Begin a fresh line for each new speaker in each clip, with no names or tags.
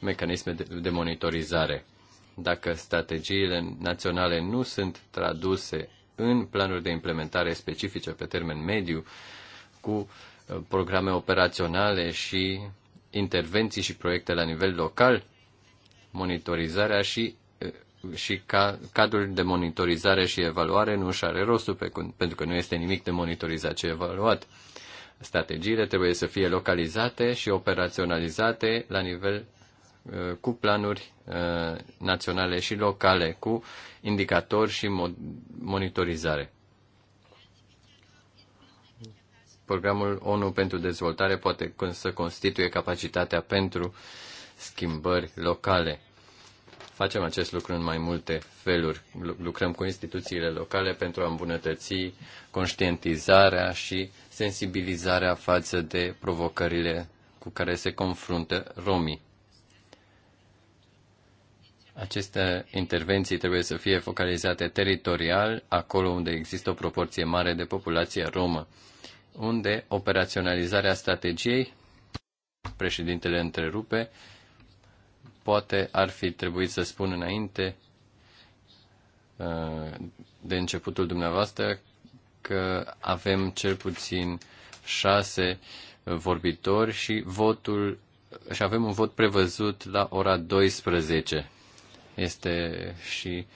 mecanisme de monitorizare. Dacă strategiile naționale nu sunt traduse în planuri de implementare specifice pe termen mediu, cu uh, programe operaționale și intervenții și proiecte la nivel local, monitorizarea și, uh, și ca, cadrul de monitorizare și evaluare nu își are rostul, pe, pentru că nu este nimic de monitorizat și evaluat. Strategiile trebuie să fie localizate și operaționalizate la nivel Uh, cu planuri uh, naționale și locale, cu indicatori și monitorizare. Programul ONU pentru dezvoltare poate să constituie capacitatea pentru schimbări locale. Facem acest lucru în mai multe feluri. Lucrăm cu instituțiile locale pentru a îmbunătăți conștientizarea și sensibilizarea față de provocările cu care se confruntă romii aceste intervenții trebuie să fie focalizate teritorial, acolo unde există o proporție mare de populație romă, unde operaționalizarea strategiei, președintele întrerupe, poate ar fi trebuit să spun înainte uh, de începutul dumneavoastră că avem cel puțin șase vorbitori și votul și avem un vot prevăzut la ora 12 este și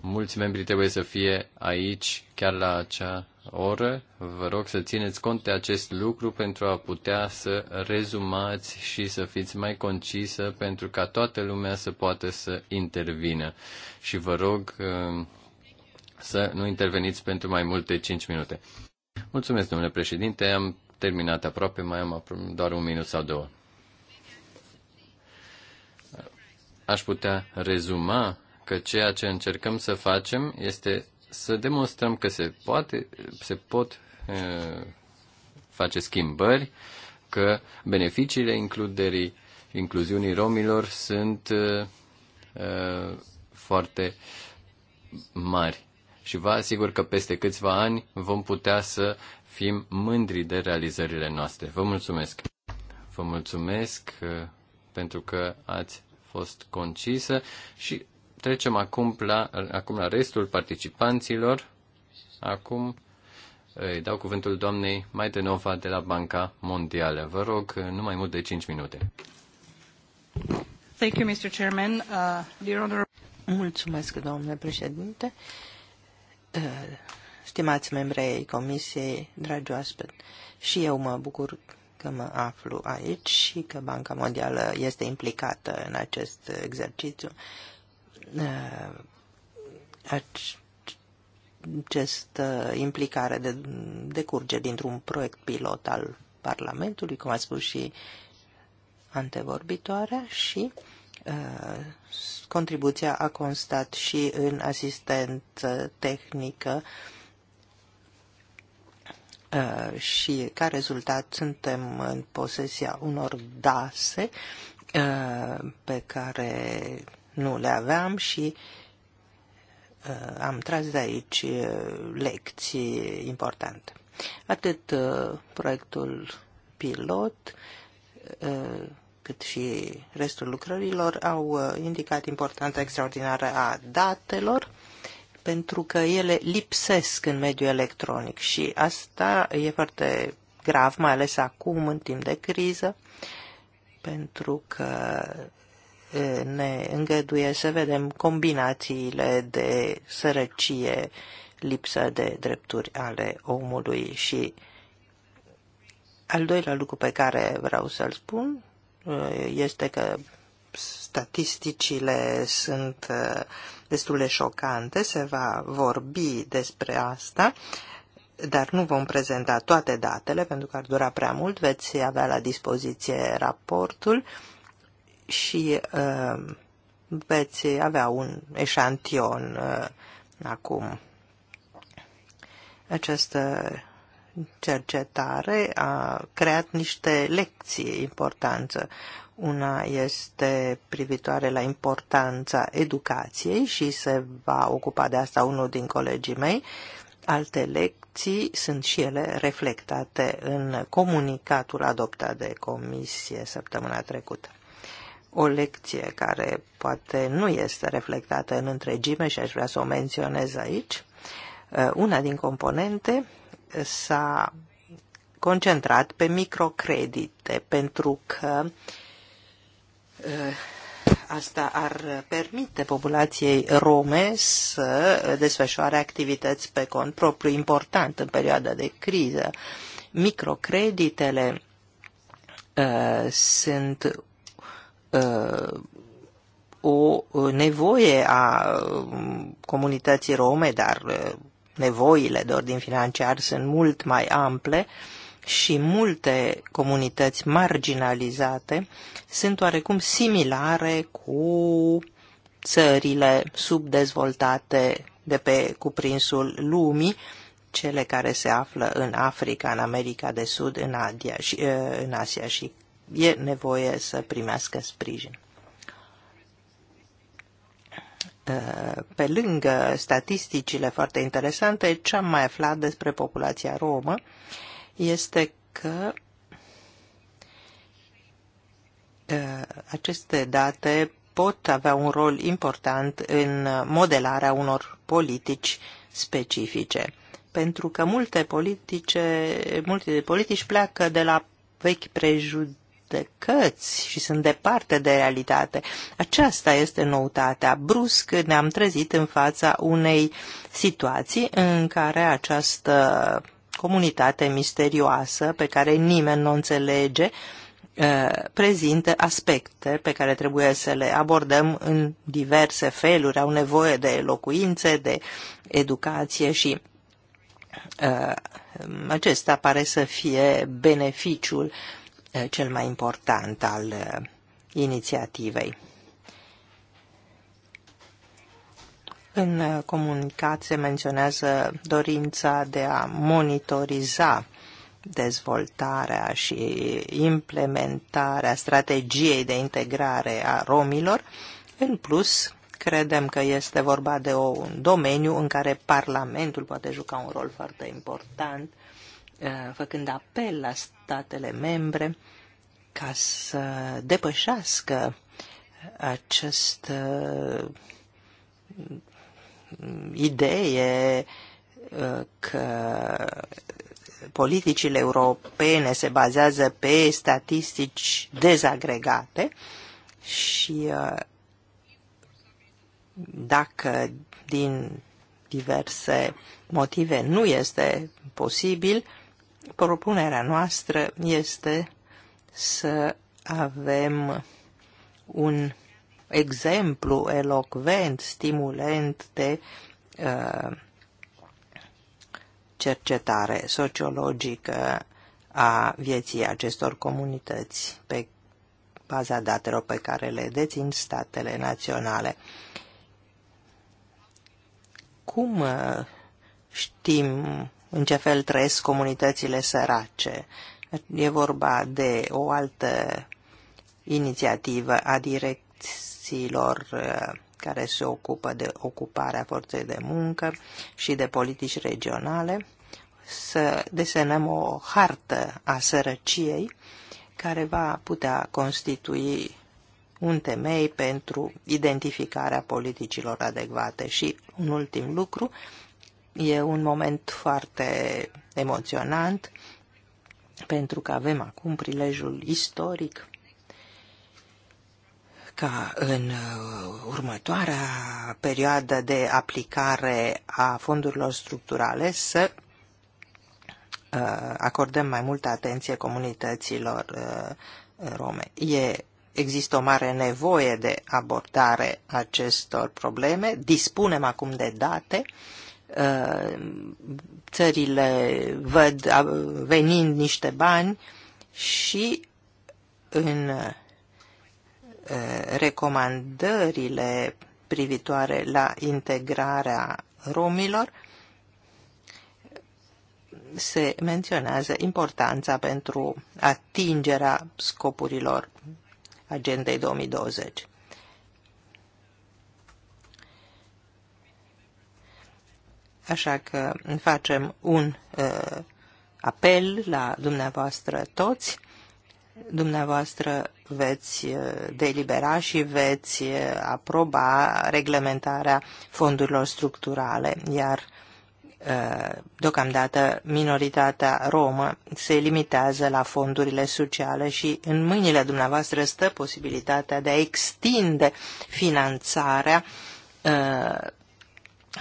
mulți membri trebuie să fie aici chiar la acea oră. Vă rog să țineți cont de acest lucru pentru a putea să rezumați și să fiți mai concisă pentru ca toată lumea să poată să intervină. Și vă rog um, să nu interveniți pentru mai multe 5 minute. Mulțumesc, domnule președinte. Am terminat aproape, mai am doar un minut sau două. aș putea rezuma că ceea ce încercăm să facem este să demonstrăm că se, poate, se pot uh, face schimbări, că beneficiile includerii, incluziunii romilor sunt uh, foarte mari. Și vă asigur că peste câțiva ani vom putea să fim mândri de realizările noastre. Vă mulțumesc! Vă mulțumesc pentru că ați fost concisă și trecem acum la, acum la restul participanților. Acum îi dau cuvântul doamnei mai de la Banca Mondială. Vă rog, nu mai mult de 5 minute.
Thank you, Mr. Chairman. Uh, dear honor... Mulțumesc, domnule președinte. Uh, stimați membri ai Comisiei, dragi oaspeți, și eu mă bucur că mă aflu aici și că Banca Mondială este implicată în acest exercițiu. Uh, această implicare de, decurge dintr-un proiect pilot al Parlamentului, cum a spus și antevorbitoarea, și uh, contribuția a constat și în asistență tehnică uh, Uh, și ca rezultat suntem în posesia unor dase uh, pe care nu le aveam și uh, am tras de aici lecții importante. Atât proiectul pilot, cât și restul lucrărilor au indicat importanța extraordinară a datelor pentru că ele lipsesc în mediul electronic și asta e foarte grav, mai ales acum, în timp de criză, pentru că ne îngăduie să vedem combinațiile de sărăcie, lipsă de drepturi ale omului și al doilea lucru pe care vreau să-l spun este că statisticile sunt uh, destul de șocante, se va vorbi despre asta, dar nu vom prezenta toate datele pentru că ar dura prea mult, veți avea la dispoziție raportul și uh, veți avea un eșantion uh, acum. Această cercetare a creat niște lecții importanță. Una este privitoare la importanța educației și se va ocupa de asta unul din colegii mei. Alte lecții sunt și ele reflectate în comunicatul adoptat de comisie săptămâna trecută. O lecție care poate nu este reflectată în întregime și aș vrea să o menționez aici, una din componente s-a concentrat pe microcredite, pentru că uh, Eh, asta ar permite populației rome să desfășoare activități pe cont propriu important în perioada de criză. Microcreditele uh, sunt uh, o nevoie a mm, comunității rome, dar nevoile de ordin financiar sunt mult mai ample și multe comunități marginalizate sunt oarecum similare cu țările subdezvoltate de pe cuprinsul lumii, cele care se află în Africa, în America de Sud, în, Adia și, în Asia și e nevoie să primească sprijin. Pe lângă statisticile foarte interesante, ce am mai aflat despre populația romă, uh, este că aceste date pot avea un rol important în modelarea unor politici specifice. Pentru că multe, politice, multe politici pleacă de la vechi prejudecăți și sunt departe de realitate. Aceasta este noutatea. Brusc ne-am trezit în fața unei situații în care această comunitate misterioasă pe care nimeni nu înțelege, uh, prezintă aspecte pe care trebuie să le abordăm în diverse feluri. Au nevoie de locuințe, de educație și uh, acesta pare să fie beneficiul uh, cel mai important al inițiativei. În comunicat se menționează dorința de a monitoriza dezvoltarea și implementarea strategiei de integrare a romilor. În plus, credem că este vorba de o, un domeniu în care Parlamentul poate juca un rol foarte important, eh, făcând apel la statele membre ca să depășească acest eh, idee uh, că politicile europene se bazează pe statistici dezagregate și uh, dacă din diverse motive nu este posibil, propunerea noastră este să avem un exemplu elocvent, stimulent de uh, cercetare sociologică a vieții acestor comunități pe baza datelor pe care le dețin statele naționale. Cum uh, știm în ce fel trăiesc comunitățile sărace? E vorba de o altă inițiativă a direct instituțiilor eh, care se ocupă de ocuparea forței de muncă și de politici regionale, să desenăm o hartă a sărăciei care va putea constitui un temei pentru identificarea politicilor adecvate. Și un ultim lucru, e un moment foarte emoționant pentru că avem acum prilejul istoric ca în uh, următoarea perioadă de aplicare a fondurilor structurale să uh, acordăm mai multă atenție comunităților uh, rome. E, există o mare nevoie de abordare acestor probleme. Dispunem acum de date. Țările văd venind niște bani și în Eh, recomandările privitoare la integrarea romilor, se menționează importanța pentru atingerea scopurilor Agendei 2020. Așa că facem un uh, apel la dumneavoastră toți dumneavoastră veți eh, delibera și veți eh, aproba reglementarea fondurilor structurale, iar eh, deocamdată minoritatea romă se limitează la fondurile sociale și în mâinile dumneavoastră stă posibilitatea de a extinde finanțarea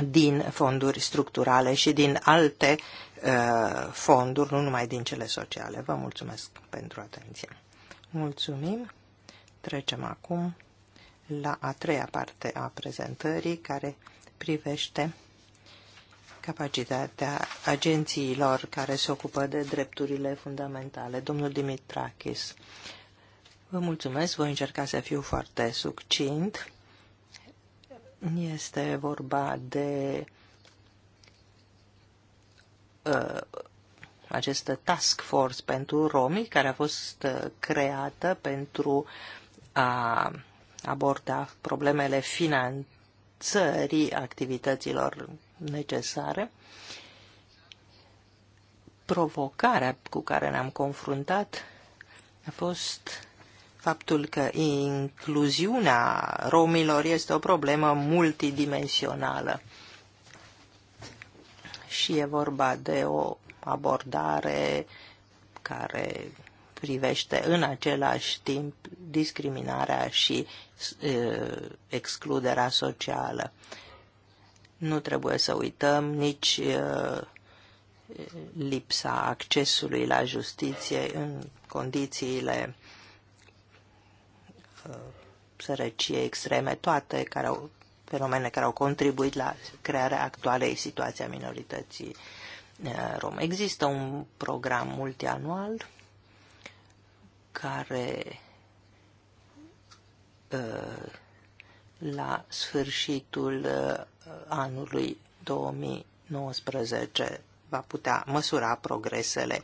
din fonduri structurale și din alte uh, Uh, fonduri, nu numai din cele sociale. Vă mulțumesc pentru atenție. Mulțumim. Trecem acum la a treia parte a prezentării care privește capacitatea agențiilor care se ocupă de drepturile fundamentale. Domnul Dimitrakis, vă mulțumesc, voi încerca să fiu foarte succint. Este vorba de Uh, această task force pentru romi care a fost uh, creată pentru a aborda problemele finanțării activităților necesare. Provocarea cu care ne-am confruntat a fost faptul că incluziunea romilor este o problemă multidimensională și e vorba de o abordare care privește în același timp discriminarea și e, excluderea socială. Nu trebuie să uităm nici e, lipsa accesului la justiție în condițiile e, sărăciei extreme, toate care au fenomene care au contribuit la crearea actualei situații a minorității eh, rom. Există un program multianual care eh, la sfârșitul eh, anului 2019 va putea măsura progresele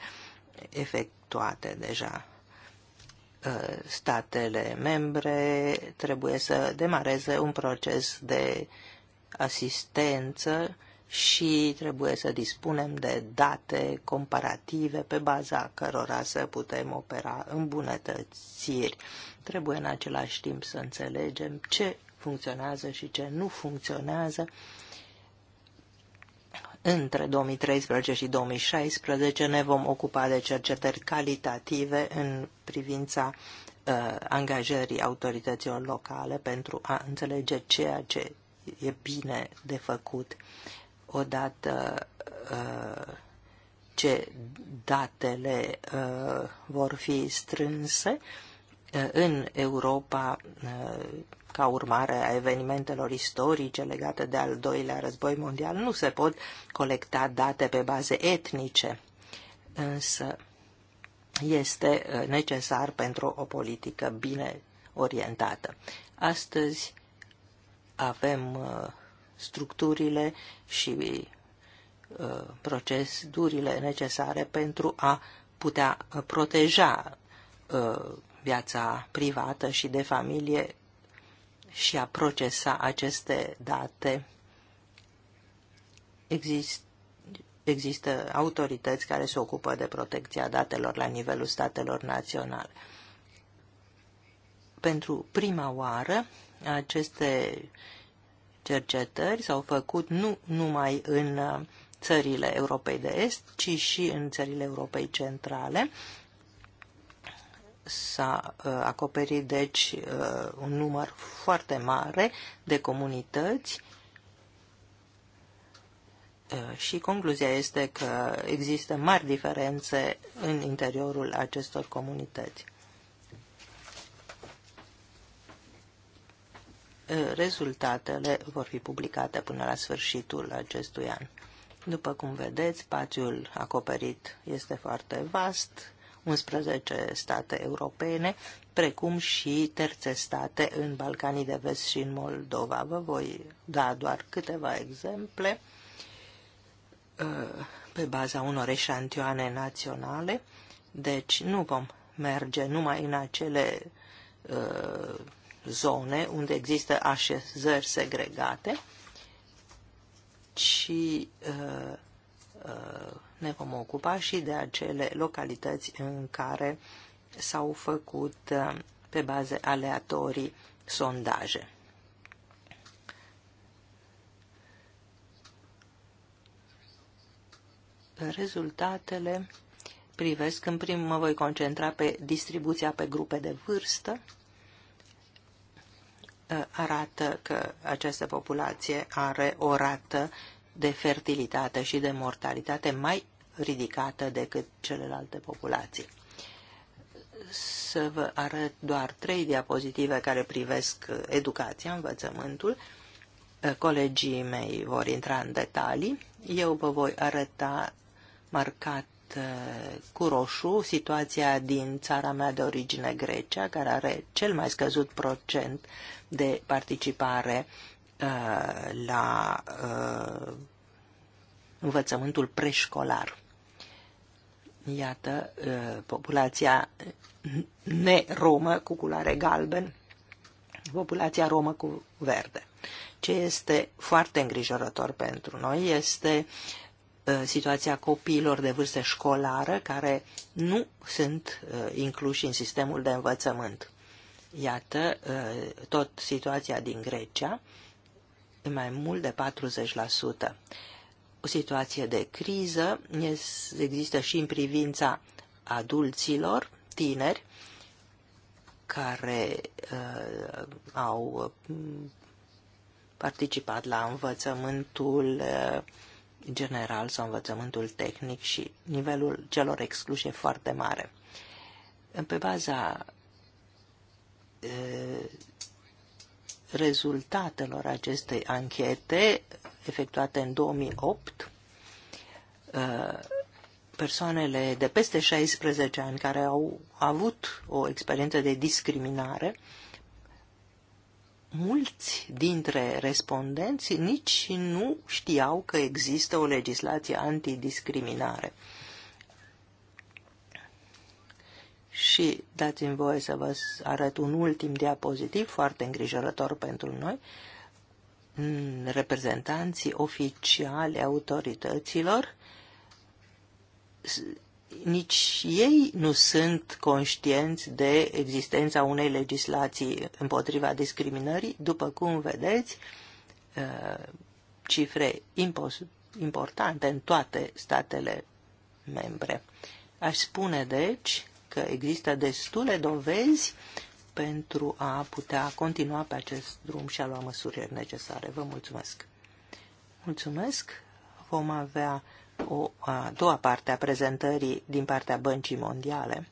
efectuate deja statele membre trebuie să demareze un proces de asistență și trebuie să dispunem de date comparative pe baza cărora să putem opera îmbunătățiri. Trebuie în același timp să înțelegem ce funcționează și ce nu funcționează între 2013 și 2016 ne vom ocupa de cercetări calitative în privința uh, angajării autorităților locale pentru a înțelege ceea ce e bine de făcut odată uh, ce datele uh, vor fi strânse. Uh, în Europa uh, ca urmare a evenimentelor istorice legate de al doilea război mondial, nu se pot colecta date pe baze etnice, însă este uh, necesar pentru o politică bine orientată. Astăzi avem uh, structurile și procedurile necesare pentru a putea proteja viața privată și de familie și a procesa aceste date. Exist, există autorități care se ocupă de protecția datelor la nivelul statelor naționale. Pentru prima oară, aceste cercetări s-au făcut nu numai în uh, țările Europei de Est, ci și în țările Europei Centrale, s-a uh, acoperit deci uh, un număr foarte mare de comunități uh, și concluzia este că există mari diferențe în interiorul acestor comunități. Rezultatele vor fi publicate până la sfârșitul acestui an. După cum vedeți, spațiul acoperit este foarte vast, 11 state europene, precum și terțe state în Balcanii de Vest și în Moldova. Vă voi da doar câteva exemple uh, pe baza unor eșantioane naționale, deci nu vom merge numai în acele uh, zone unde există așezări segregate, ci uh, uh, ne vom ocupa și de acele localități în care s-au făcut uh, pe baze aleatorii sondaje. Rezultatele privesc, în prim mă voi concentra pe distribuția pe grupe de vârstă, uh, arată că această populație are o rată de fertilitate și de mortalitate mai ridicată decât celelalte populații. Să vă arăt doar trei diapozitive care privesc educația, învățământul. Colegii mei vor intra în detalii. Eu vă voi arăta marcat eh, cu roșu situația din țara mea de origine Grecia, care are cel mai scăzut procent de participare uh, la uh, învățământul preșcolar. Iată, uh, populația neromă cu culoare galben, populația romă cu verde. Ce este foarte îngrijorător pentru noi este uh, situația copiilor de vârstă școlară care nu sunt uh, incluși în sistemul de învățământ. Iată, tot situația din Grecia, mai mult de 40% o situație de criză, există și în privința adulților, tineri, care uh, au participat la învățământul uh, general sau învățământul tehnic și nivelul celor excluși e foarte mare. Pe baza uh, rezultatelor acestei anchete, efectuate în 2008, uh, persoanele de peste 16 ani care au avut o experiență de discriminare, mulți dintre respondenți nici nu știau că există o legislație antidiscriminare. Și dați-mi voie să vă arăt un ultim diapozitiv foarte îngrijorător pentru noi. Uh, reprezentanții oficiali autorităților, nici ei nu sunt conștienți de existența unei legislații împotriva discriminării. După cum vedeți, uh, cifre importante în toate statele membre. Aș spune, deci, că există destule dovezi pentru a putea continua pe acest drum și a lua măsurile necesare. Vă mulțumesc! Mulțumesc! Vom avea o a doua parte a prezentării din partea Băncii Mondiale.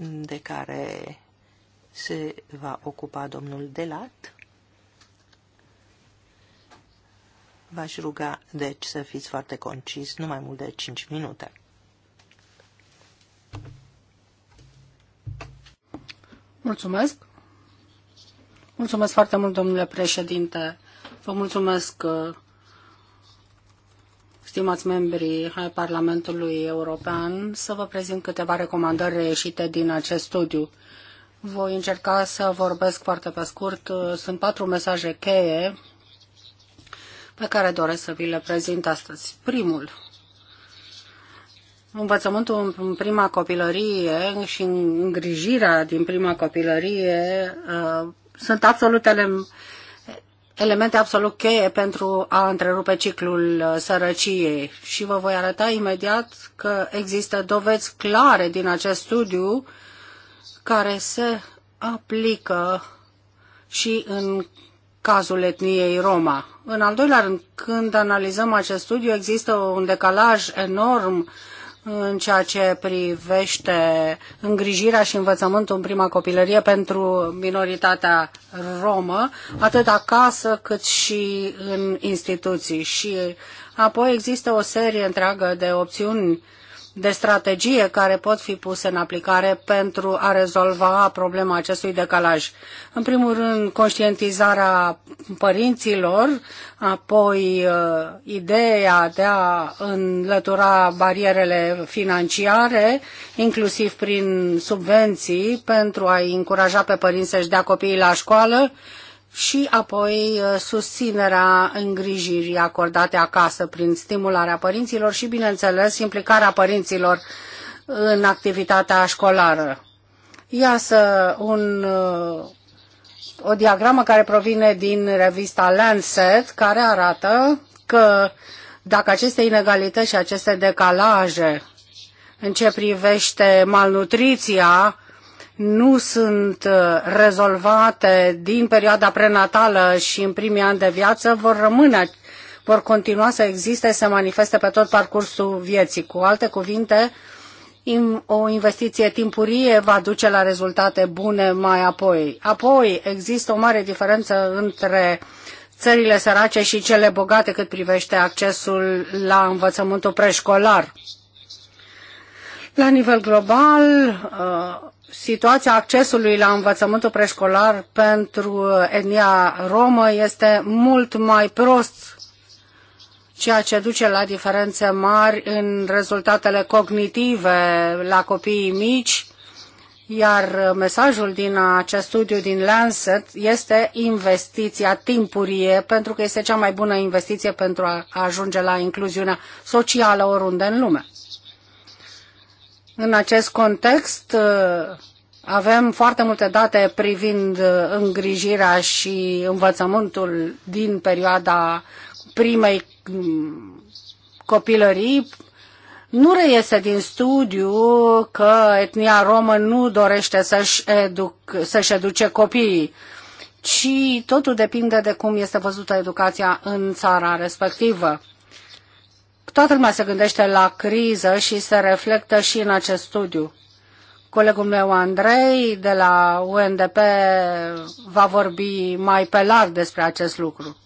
de care se va ocupa domnul Delat. V-aș ruga, deci, să fiți foarte concis, nu mai mult de 5 minute.
Mulțumesc. Mulțumesc foarte mult, domnule președinte. Vă mulțumesc, uh, stimați membrii ai Parlamentului European, să vă prezint câteva recomandări reieșite din acest studiu. Voi încerca să vorbesc foarte pe scurt. Sunt patru mesaje cheie pe care doresc să vi le prezint astăzi. Primul, Învățământul în prima copilărie și îngrijirea din prima copilărie uh, sunt absolut ele, elemente absolut cheie pentru a întrerupe ciclul uh, sărăciei. Și vă voi arăta imediat că există dovezi clare din acest studiu care se aplică și în cazul etniei Roma. În al doilea rând, când analizăm acest studiu, există un decalaj enorm uh, în ceea ce privește îngrijirea și învățământul în prima copilărie pentru minoritatea romă, atât acasă cât și în instituții. Și apoi există o serie întreagă de opțiuni de strategie care pot fi puse în aplicare pentru a rezolva problema acestui decalaj. În primul rând, conștientizarea părinților, apoi uh, ideea de a înlătura barierele financiare, inclusiv prin subvenții, pentru a-i încuraja pe părinți să-și dea copiii la școală, și apoi uh, susținerea îngrijirii acordate acasă prin stimularea părinților și, bineînțeles, implicarea părinților în activitatea școlară. Iasă un, uh, o diagramă care provine din revista Lancet, care arată că dacă aceste inegalități și aceste decalaje în ce privește malnutriția nu sunt uh, rezolvate din perioada prenatală și în primii ani de viață vor rămâne, vor continua să existe, să manifeste pe tot parcursul vieții. Cu alte cuvinte, o investiție timpurie va duce la rezultate bune mai apoi. Apoi există o mare diferență între țările sărace și cele bogate cât privește accesul la învățământul preșcolar. La nivel global, uh, situația accesului la învățământul preșcolar pentru etnia romă este mult mai prost, ceea ce duce la diferențe mari în rezultatele cognitive la copiii mici, iar mesajul din acest studiu din Lancet este investiția timpurie, pentru că este cea mai bună investiție pentru a ajunge la incluziunea socială oriunde în lume. În acest context uh, avem foarte multe date privind uh, îngrijirea și învățământul din perioada primei mm, copilării. Nu reiese din studiu că etnia romă nu dorește să-și, educ, să-și educe copiii, ci totul depinde de cum este văzută educația în țara respectivă. Toată lumea se gândește la criză și se reflectă și în acest studiu. Colegul meu Andrei de la UNDP va vorbi mai pe larg despre acest lucru.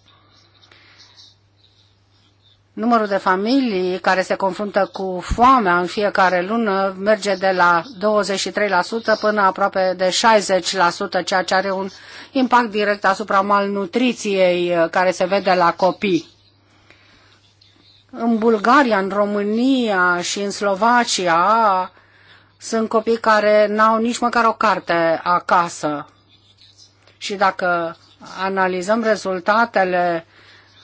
Numărul de familii care se confruntă cu foamea în fiecare lună merge de la 23% până aproape de 60%, ceea ce are un impact direct asupra malnutriției care se vede la copii. În Bulgaria, în România și în Slovacia sunt copii care n-au nici măcar o carte acasă. Și dacă analizăm rezultatele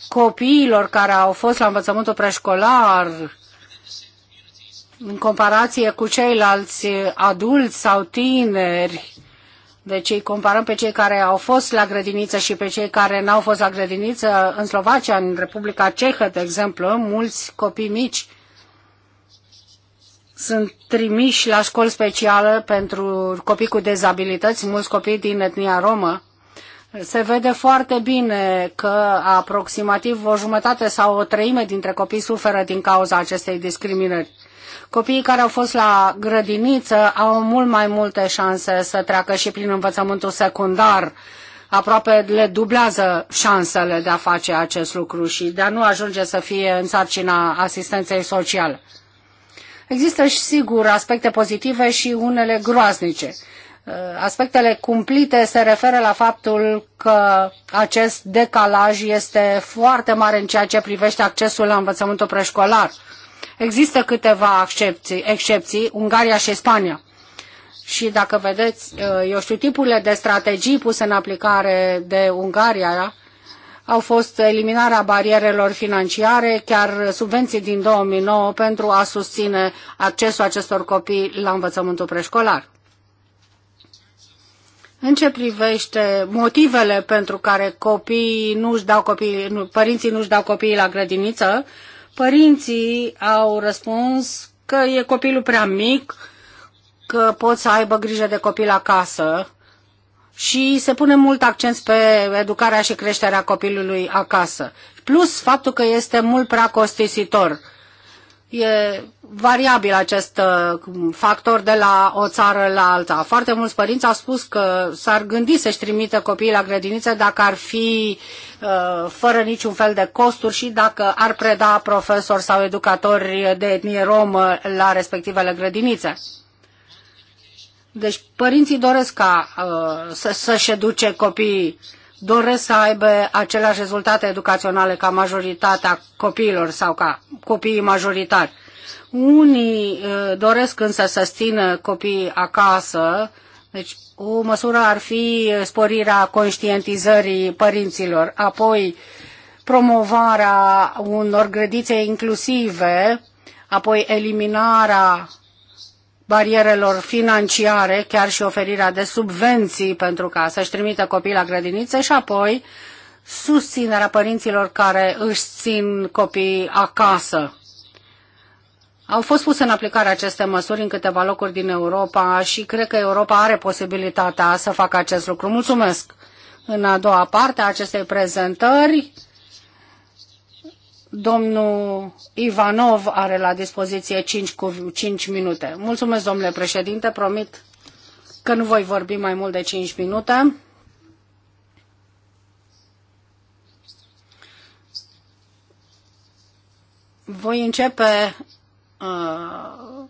copiilor care au fost la învățământul preșcolar în comparație cu ceilalți adulți sau tineri deci îi comparăm pe cei care au fost la grădiniță și pe cei care n-au fost la grădiniță în Slovacia, în Republica Cehă, de exemplu, mulți copii mici sunt trimiși la școli speciale pentru copii cu dezabilități, mulți copii din etnia romă. Se vede foarte bine că aproximativ o jumătate sau o treime dintre copii suferă din cauza acestei discriminări. Copiii care au fost la grădiniță au mult mai multe șanse să treacă și prin învățământul secundar. Aproape le dublează șansele de a face acest lucru și de a nu ajunge să fie în sarcina asistenței sociale. Există și sigur aspecte pozitive și unele groaznice. Uh, aspectele cumplite se referă la faptul că acest decalaj este foarte mare în ceea ce privește accesul la învățământul preșcolar. Există câteva excepții, excepții Ungaria și Spania. Și dacă vedeți, uh, eu știu, tipurile de strategii puse în aplicare de Ungaria au fost eliminarea barierelor financiare, chiar subvenții din 2009 pentru a susține accesul acestor copii la învățământul preșcolar. În ce privește motivele pentru care copiii nu-și dau copiii, părinții nu-și dau copiii la grădiniță, Părinții au răspuns că e copilul prea mic, că pot să aibă grijă de copil acasă și se pune mult accent pe educarea și creșterea copilului acasă. Plus faptul că este mult prea costisitor e variabil acest uh, factor de la o țară la alta. Foarte mulți părinți au spus că s-ar gândi să-și trimită copiii la grădiniță dacă ar fi uh, fără niciun fel de costuri și dacă ar preda profesori sau educatori de etnie romă la respectivele grădinițe. Deci părinții doresc ca uh, să, să-și educe copiii doresc să aibă aceleași rezultate educaționale ca majoritatea copiilor sau ca copiii majoritari. Unii uh, doresc însă să țină copiii acasă, deci o măsură ar fi sporirea conștientizării părinților, apoi promovarea unor grădițe inclusive, apoi eliminarea barierelor financiare, chiar și oferirea de subvenții pentru ca să-și trimită copiii la grădiniță și apoi susținerea părinților care își țin copiii acasă. Au fost puse în aplicare aceste măsuri în câteva locuri din Europa și cred că Europa are posibilitatea să facă acest lucru. Mulțumesc! În a doua parte a acestei prezentări Domnul Ivanov are la dispoziție 5, cu 5 minute. Mulțumesc, domnule președinte, promit că nu voi vorbi mai mult de 5 minute. Voi începe uh,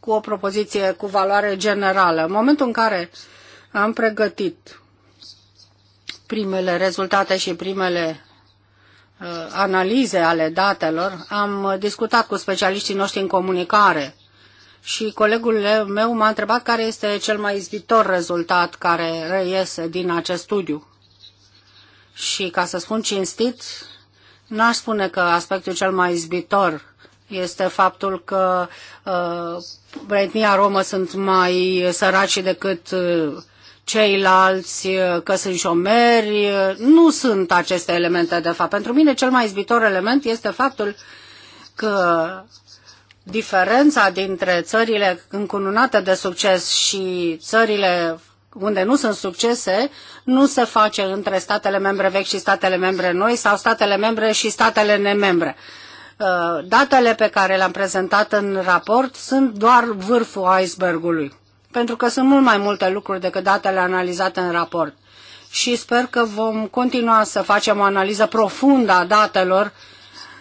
cu o propoziție cu valoare generală. În momentul în care am pregătit primele rezultate și primele Uh, analize ale datelor. Am uh, discutat cu specialiștii noștri în comunicare și colegul meu m-a întrebat care este cel mai izbitor rezultat care reiese din acest studiu. Și ca să spun cinstit, n-aș spune că aspectul cel mai izbitor este faptul că uh, etnia romă sunt mai săraci decât uh, ceilalți uh, că sunt șomeri. Uh, nu sunt aceste elemente, de fapt. Pentru mine cel mai izbitor element este faptul că diferența dintre țările încununate de succes și țările unde nu sunt succese, nu se face între statele membre vechi și statele membre noi sau statele membre și statele nemembre. Uh, datele pe care le-am prezentat în raport sunt doar vârful icebergului pentru că sunt mult mai multe lucruri decât datele analizate în raport. Și sper că vom continua să facem o analiză profundă a datelor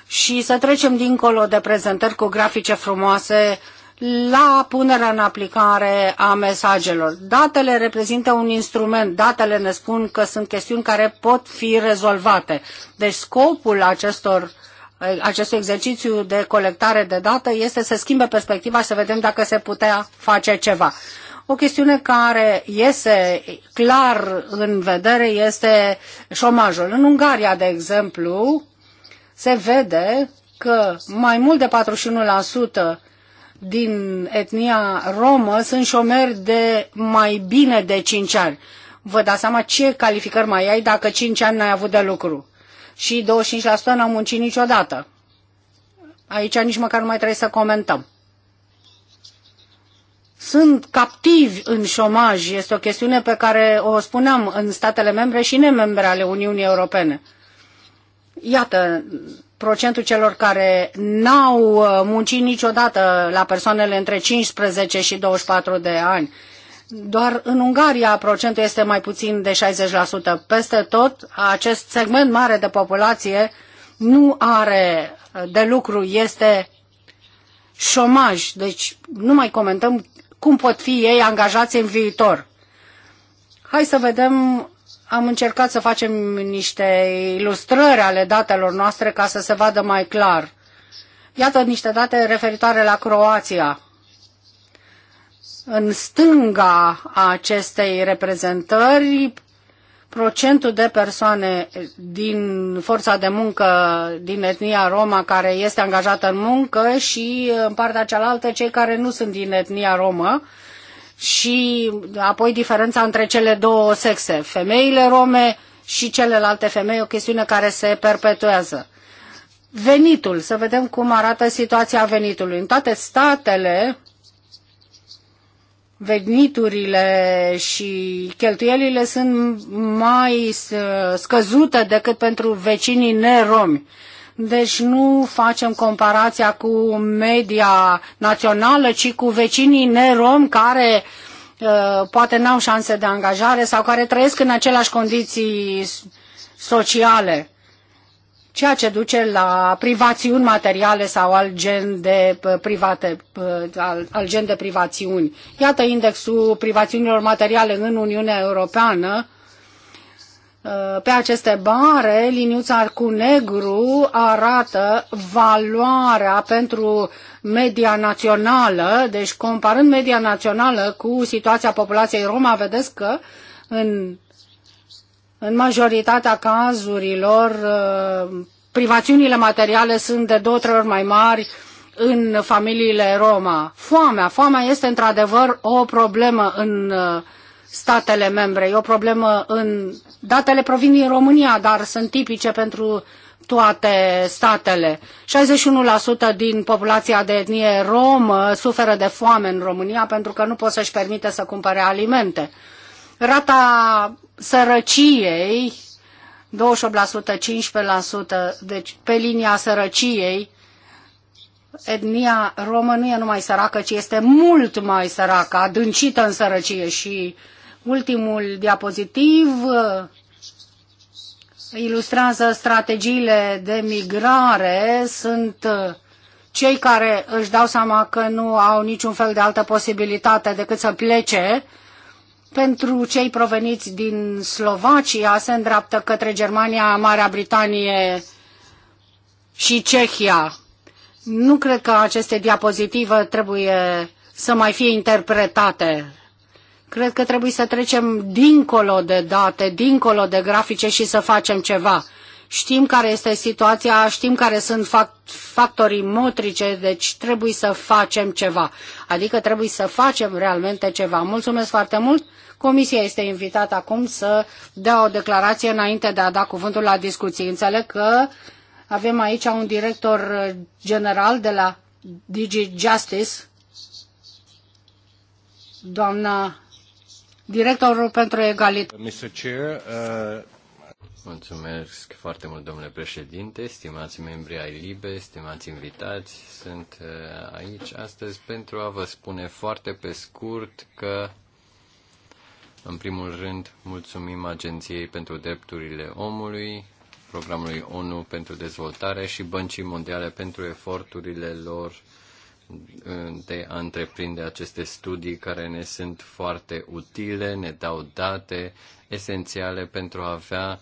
și să trecem dincolo de prezentări cu grafice frumoase la punerea în aplicare a mesajelor. Datele reprezintă un instrument, datele ne spun că sunt chestiuni care pot fi rezolvate. Deci scopul acestor uh, acest exercițiu de colectare de dată este să schimbe perspectiva și să vedem dacă se putea face ceva. O chestiune care iese clar în vedere este șomajul. În Ungaria, de exemplu, se vede că mai mult de 41% din etnia romă sunt șomeri de mai bine de 5 ani. Vă dați seama ce calificări mai ai dacă 5 ani n-ai avut de lucru și 25% n-au muncit niciodată. Aici nici măcar nu mai trebuie să comentăm. Sunt captivi în șomaj. Este o chestiune pe care o spuneam în statele membre și nemembre ale Uniunii Europene. Iată, procentul celor care n-au uh, muncit niciodată la persoanele între 15 și 24 de ani. Doar în Ungaria procentul este mai puțin de 60%. Peste tot, acest segment mare de populație nu are de lucru, este șomaj. Deci nu mai comentăm cum pot fi ei angajați în viitor. Hai să vedem, am încercat să facem niște ilustrări ale datelor noastre ca să se vadă mai clar. Iată niște date referitoare la Croația în stânga acestei reprezentări, procentul de persoane din forța de muncă din etnia Roma care este angajată în muncă și uh, în partea cealaltă cei care nu sunt din etnia Romă și uh, apoi diferența între cele două sexe, femeile rome și celelalte femei, o chestiune care se perpetuează. Venitul, să vedem cum arată situația venitului. În toate statele, veniturile și cheltuielile sunt mai uh, scăzute decât pentru vecinii neromi. Deci nu facem comparația cu media națională, ci cu vecinii neromi care uh, poate n-au șanse de angajare sau care trăiesc în aceleași condiții sociale ceea ce duce la privațiuni materiale sau al gen de, uh, private, uh, al, al gen de privațiuni. Iată indexul privațiunilor materiale în Uniunea Europeană. Uh, pe aceste bare, liniuța cu negru arată valoarea pentru media națională, deci comparând media națională cu situația populației Roma, vedeți că în în majoritatea cazurilor, uh, privațiunile materiale sunt de două, trei ori mai mari în familiile Roma. Foamea, foamea este într-adevăr o problemă în uh, statele membre, e o problemă în... Datele provin din România, dar sunt tipice pentru toate statele. 61% din populația de etnie romă suferă de foame în România pentru că nu pot să-și permite să cumpere alimente. Rata sărăciei, 28%, 15%, deci pe linia sărăciei, etnia romă nu e numai săracă, ci este mult mai săracă, adâncită în sărăcie și ultimul diapozitiv uh, ilustrează strategiile de migrare, sunt uh, cei care își dau seama că nu au niciun fel de altă posibilitate decât să plece, pentru cei proveniți din Slovacia se îndreaptă către Germania, Marea Britanie și Cehia. Nu cred că aceste diapozitive trebuie să mai fie interpretate. Cred că trebuie să trecem dincolo de date, dincolo de grafice și să facem ceva. Știm care este situația, știm care sunt fact, factorii motrice, deci trebuie să facem ceva. Adică trebuie să facem realmente ceva. Mulțumesc foarte mult! Comisia este invitată acum să dea o declarație înainte de a da cuvântul la discuții. Înțeleg că avem aici un director general de la Digi Justice, doamna directorul pentru egalitate.
Mulțumesc foarte mult, domnule președinte, stimați membri ai LIBE, stimați invitați. Sunt uh, aici astăzi pentru a vă spune foarte pe scurt că, în primul rând, mulțumim Agenției pentru Drepturile Omului, Programului ONU pentru Dezvoltare și Băncii Mondiale pentru eforturile lor uh, de a întreprinde aceste studii care ne sunt foarte utile, ne dau date esențiale pentru a avea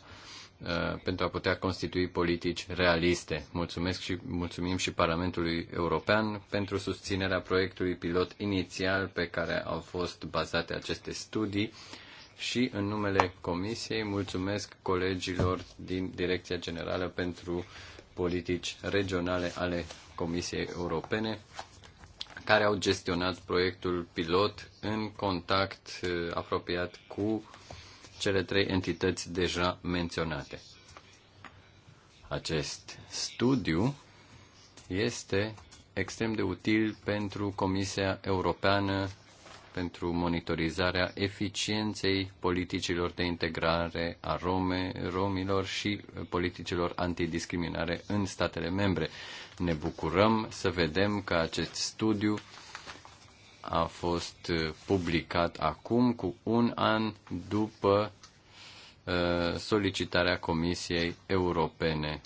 Uh, pentru a putea constitui politici realiste. Mulțumesc și mulțumim și Parlamentului European pentru susținerea proiectului pilot inițial pe care au fost bazate aceste studii și în numele Comisiei mulțumesc colegilor din Direcția Generală pentru Politici Regionale ale Comisiei Europene care au gestionat proiectul pilot în contact uh, apropiat cu cele trei entități deja menționate. Acest studiu este extrem de util pentru Comisia Europeană pentru monitorizarea eficienței politicilor de integrare a rome, romilor și politicilor antidiscriminare în statele membre. Ne bucurăm să vedem că acest studiu a fost uh, publicat acum cu un an după uh, solicitarea Comisiei Europene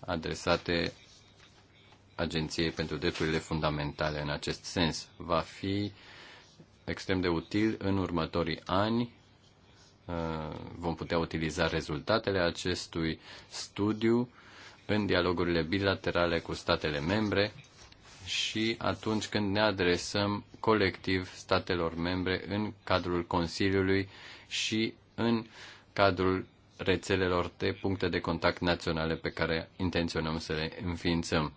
adresate Agenției pentru Drepturile Fundamentale în acest sens. Va fi extrem de util în următorii ani. Uh, vom putea utiliza rezultatele acestui studiu în dialogurile bilaterale cu statele membre și atunci când ne adresăm colectiv statelor membre în cadrul Consiliului și în cadrul rețelelor de puncte de contact naționale pe care intenționăm să le înființăm.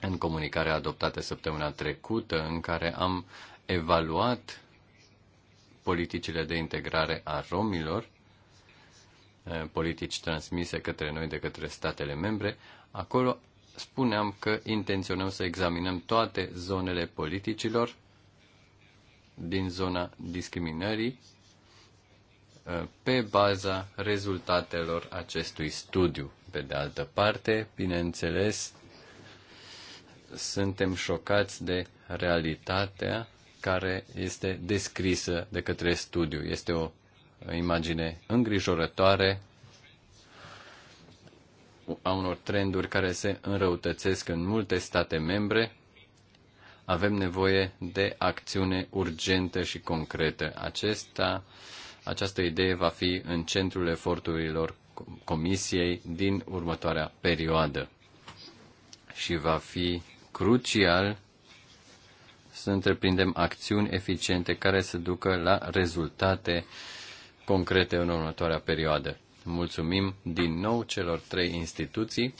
În comunicarea adoptată săptămâna trecută, în care am evaluat politicile de integrare a romilor, eh, politici transmise către noi de către statele membre, acolo spuneam că intenționăm să examinăm toate zonele politicilor din zona discriminării uh, pe baza rezultatelor acestui studiu. Pe de altă parte, bineînțeles, suntem șocați de realitatea care este descrisă de către studiu. Este o imagine îngrijorătoare a unor trenduri care se înrăutățesc în multe state membre, avem nevoie de acțiune urgentă și concretă. Acesta, această idee va fi în centrul eforturilor Comisiei din următoarea perioadă și va fi crucial să întreprindem acțiuni eficiente care să ducă la rezultate concrete în următoarea perioadă. Mulțumim din nou celor trei instituții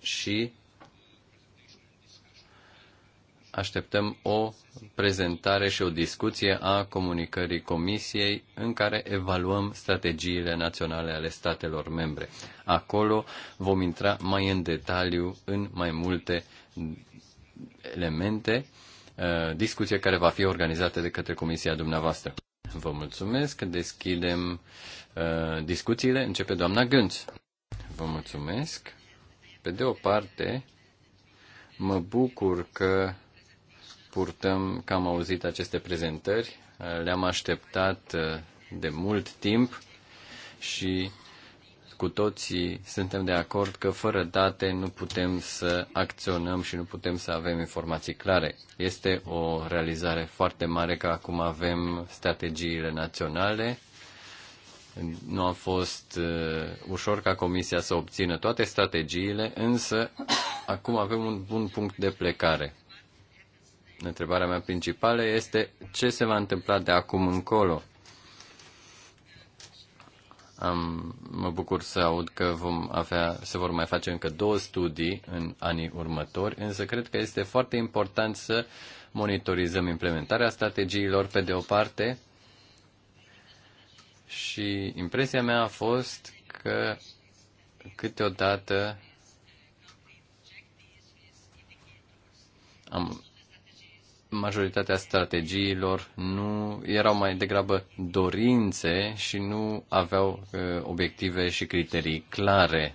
și așteptăm o prezentare și o discuție a comunicării Comisiei în care evaluăm strategiile naționale ale statelor membre. Acolo vom intra mai în detaliu în mai multe elemente, uh, discuție care va fi organizată de către Comisia dumneavoastră. Vă mulțumesc. Deschidem uh, discuțiile. Începe doamna Gânț. Vă mulțumesc. Pe de o parte, mă bucur că purtăm, că am auzit aceste prezentări. Uh, le-am așteptat uh, de mult timp și cu toții suntem de acord că fără date nu putem să acționăm și nu putem să avem informații clare. Este o realizare foarte mare că acum avem strategiile naționale. Nu a fost uh, ușor ca Comisia să obțină toate strategiile, însă acum avem un bun punct de plecare. Întrebarea mea principală este ce se va întâmpla de acum încolo am, mă bucur să aud că vom avea, se vor mai face încă două studii în anii următori, însă cred că este foarte important să monitorizăm implementarea strategiilor pe de o parte și impresia mea a fost că câteodată am majoritatea strategiilor nu erau mai degrabă dorințe și nu aveau uh, obiective și criterii clare.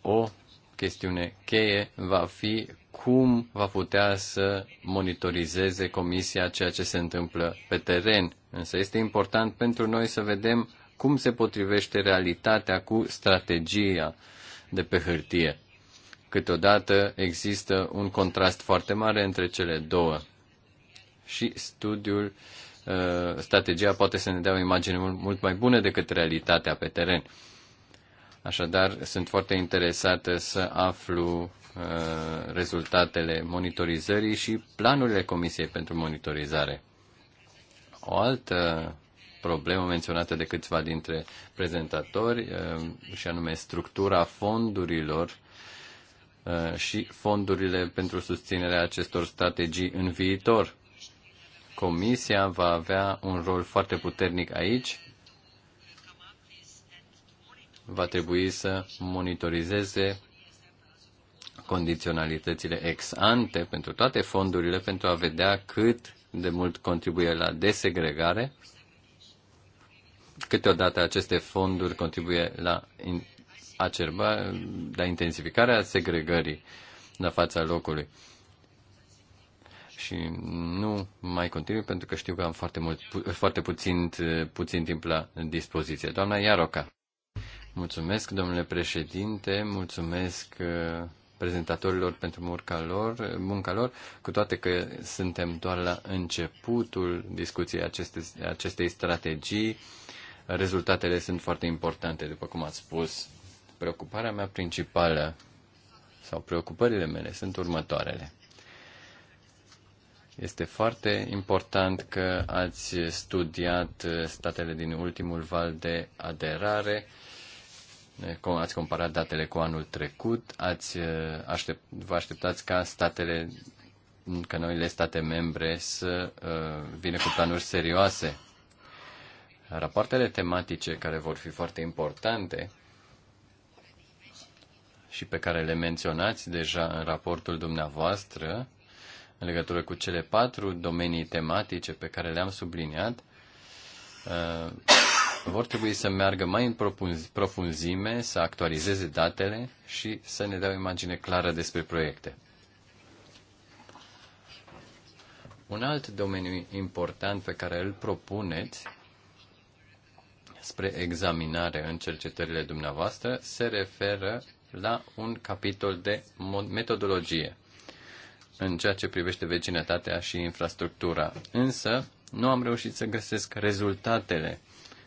O chestiune cheie va fi cum va putea să monitorizeze comisia ceea ce se întâmplă pe teren. Însă este important pentru noi să vedem cum se potrivește realitatea cu strategia de pe hârtie. Câteodată există un contrast foarte mare între cele două. Și studiul, uh, strategia poate să ne dea o imagine mult mai bună decât realitatea pe teren. Așadar, sunt foarte interesată să aflu uh, rezultatele monitorizării și planurile Comisiei pentru monitorizare. O altă problemă menționată de câțiva dintre prezentatori, uh, și anume structura fondurilor Uh, și fondurile pentru susținerea acestor strategii în viitor. Comisia va avea un rol foarte puternic aici. Va trebui să monitorizeze condiționalitățile ex ante pentru toate fondurile pentru a vedea cât de mult contribuie la desegregare. Câteodată aceste fonduri contribuie la acerba, la intensificarea segregării la fața locului. Și nu mai continui pentru că știu că am foarte, mult, foarte puțin, puțin timp la dispoziție. Doamna Iaroca. Mulțumesc, domnule președinte, mulțumesc uh, prezentatorilor pentru munca lor, munca lor, cu toate că suntem doar la începutul discuției aceste, acestei strategii. Rezultatele sunt foarte importante, după cum ați spus. Preocuparea mea principală sau preocupările mele sunt următoarele. Este foarte important că ați studiat statele din ultimul val de aderare, ați comparat datele cu anul trecut, ați uh, aștept, vă așteptați ca statele, ca noile state membre să uh, vină cu planuri serioase. Rapoartele tematice care vor fi foarte importante și pe care le menționați deja în raportul dumneavoastră, în legătură cu cele patru domenii tematice pe care le-am subliniat, uh, vor trebui să meargă mai în profunzime, să actualizeze datele și să ne dea o imagine clară despre proiecte. Un alt domeniu important pe care îl propuneți spre examinare în cercetările dumneavoastră se referă la un capitol de metodologie în ceea ce privește vecinătatea și infrastructura. Însă, nu am reușit să găsesc rezultatele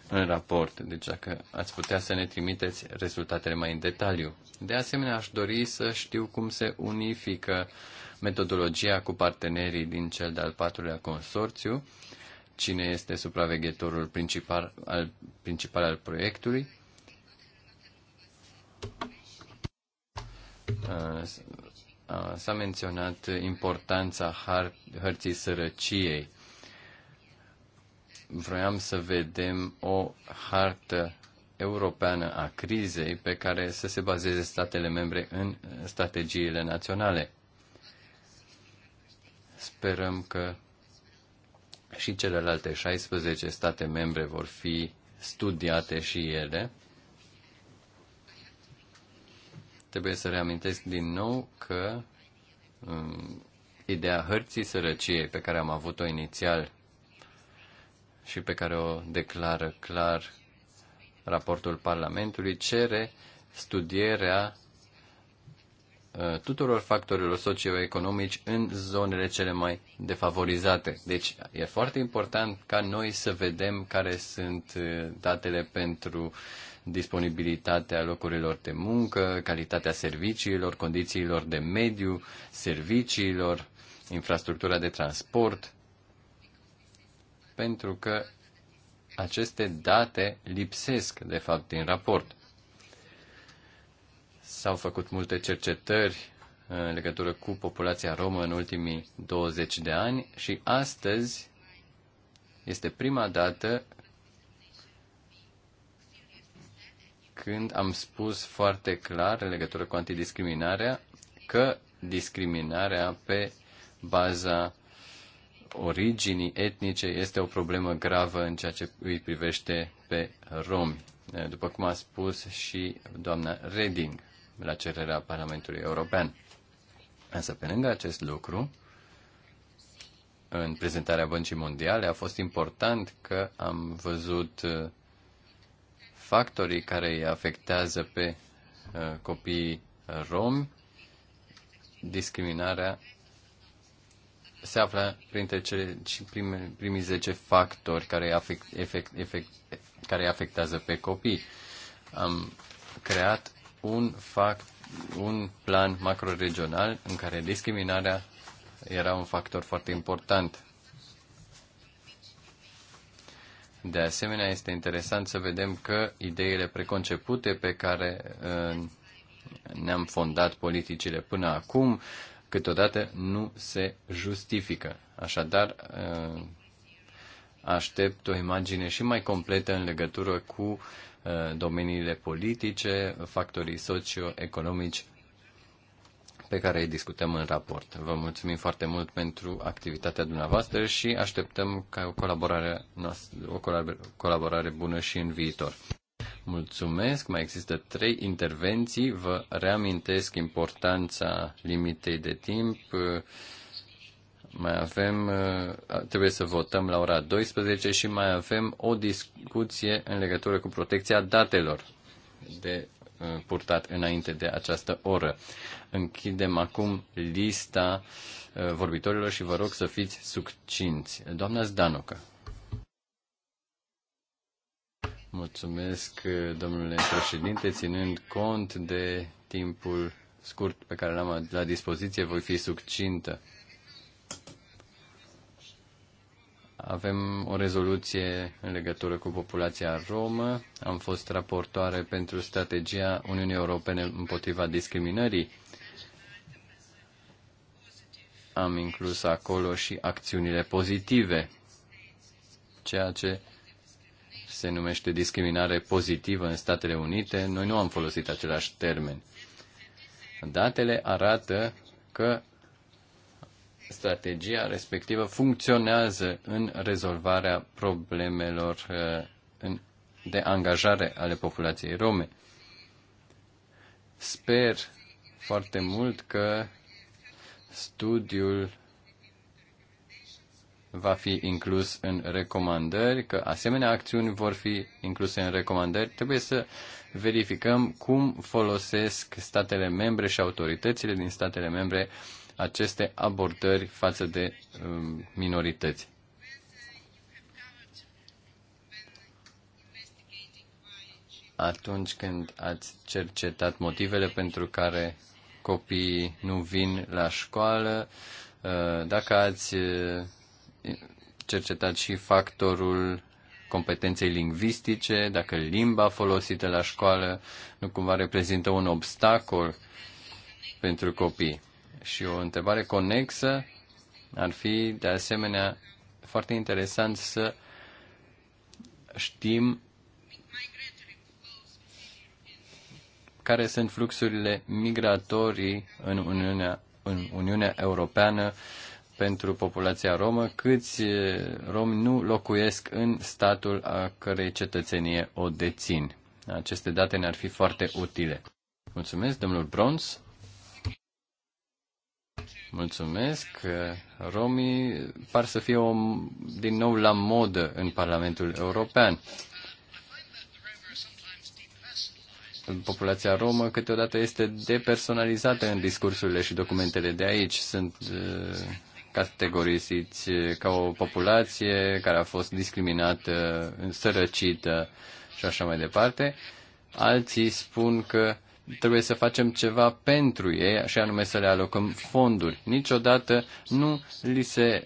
în raport, deci dacă ați putea să ne trimiteți rezultatele mai în detaliu. De asemenea, aș dori să știu cum se unifică metodologia cu partenerii din cel de-al patrulea consorțiu, cine este supraveghetorul principal al, principal al proiectului. Uh, uh, s-a menționat importanța har- hărții sărăciei. Vroiam să vedem o hartă europeană a crizei pe care să se bazeze statele membre în strategiile naționale. Sperăm că și celelalte 16 state membre vor fi studiate și ele Trebuie să reamintesc din nou că um, ideea hărții sărăciei pe care am avut-o inițial și pe care o declară clar raportul Parlamentului cere studierea uh, tuturor factorilor socioeconomici în zonele cele mai defavorizate. Deci e foarte important ca noi să vedem care sunt uh, datele pentru uh, disponibilitatea locurilor de muncă, calitatea serviciilor, condițiilor de mediu, serviciilor, infrastructura de transport, pentru că aceste date lipsesc, de fapt, din raport. S-au făcut multe cercetări în legătură cu populația romă în ultimii 20 de ani și astăzi este prima dată când am spus foarte clar în legătură cu antidiscriminarea că discriminarea pe baza originii etnice este o problemă gravă în ceea ce îi privește pe romi, după cum a spus și doamna Reding la cererea Parlamentului European. Însă, pe lângă acest lucru, în prezentarea Băncii Mondiale, a fost important că am văzut uh, factorii care îi afectează pe uh, copiii uh, romi, discriminarea se află printre cele prime, primii 10 factori care îi, afect, efect, efect, care îi afectează pe copii. Am creat un, fact, un plan macroregional în care discriminarea era un factor foarte important. De asemenea, este interesant să vedem că ideile preconcepute pe care uh, ne-am fondat politicile până acum, câteodată nu se justifică. Așadar, uh, aștept o imagine și mai completă în legătură cu uh, domeniile politice, factorii socioeconomici pe care îi discutăm în raport. Vă mulțumim foarte mult pentru activitatea dumneavoastră și așteptăm ca o colaborare, noastră, o colaborare bună și în viitor. Mulțumesc, mai există trei intervenții. Vă reamintesc importanța limitei de timp. Mai avem, trebuie să votăm la ora 12 și mai avem o discuție în legătură cu protecția datelor de Uh, purtat înainte de această oră. Închidem acum lista uh, vorbitorilor și vă rog să fiți succinți. Doamna Zdanocă. Mulțumesc, uh, domnule președinte, ținând cont de timpul scurt pe care l-am la dispoziție, voi fi succintă. Avem o rezoluție în legătură cu populația romă. Am fost raportoare pentru strategia Uniunii Europene împotriva discriminării. Am inclus acolo și acțiunile pozitive, ceea ce se numește discriminare pozitivă în Statele Unite. Noi nu am folosit același termen. Datele arată că strategia respectivă funcționează în rezolvarea problemelor uh, de angajare ale populației rome. Sper foarte mult că studiul va fi inclus în recomandări, că asemenea acțiuni vor fi incluse în recomandări. Trebuie să verificăm cum folosesc statele membre și autoritățile din statele membre uh, aceste abordări față de um, minorități. Atunci când ați cercetat motivele pentru care copiii nu vin la școală, uh, dacă ați uh, cercetat și factorul competenței lingvistice, dacă limba folosită la școală nu cumva reprezintă un obstacol pentru copii. Și o întrebare conexă ar fi, de asemenea, foarte interesant să știm care sunt fluxurile migratorii în Uniunea, în Uniunea Europeană pentru populația romă, câți eh, romi nu locuiesc în statul a cărei cetățenie o dețin. Aceste date ne-ar fi foarte utile. Mulțumesc, domnul Brons. Mulțumesc. Romii par să fie o, din nou la modă în Parlamentul European. Populația romă câteodată este depersonalizată în discursurile și documentele de aici. Sunt uh, categorisiți ca o populație care a fost discriminată, însărăcită și așa mai departe. Alții spun că uh, trebuie să facem ceva pentru ei, și anume să le alocăm fonduri. Niciodată nu, li se,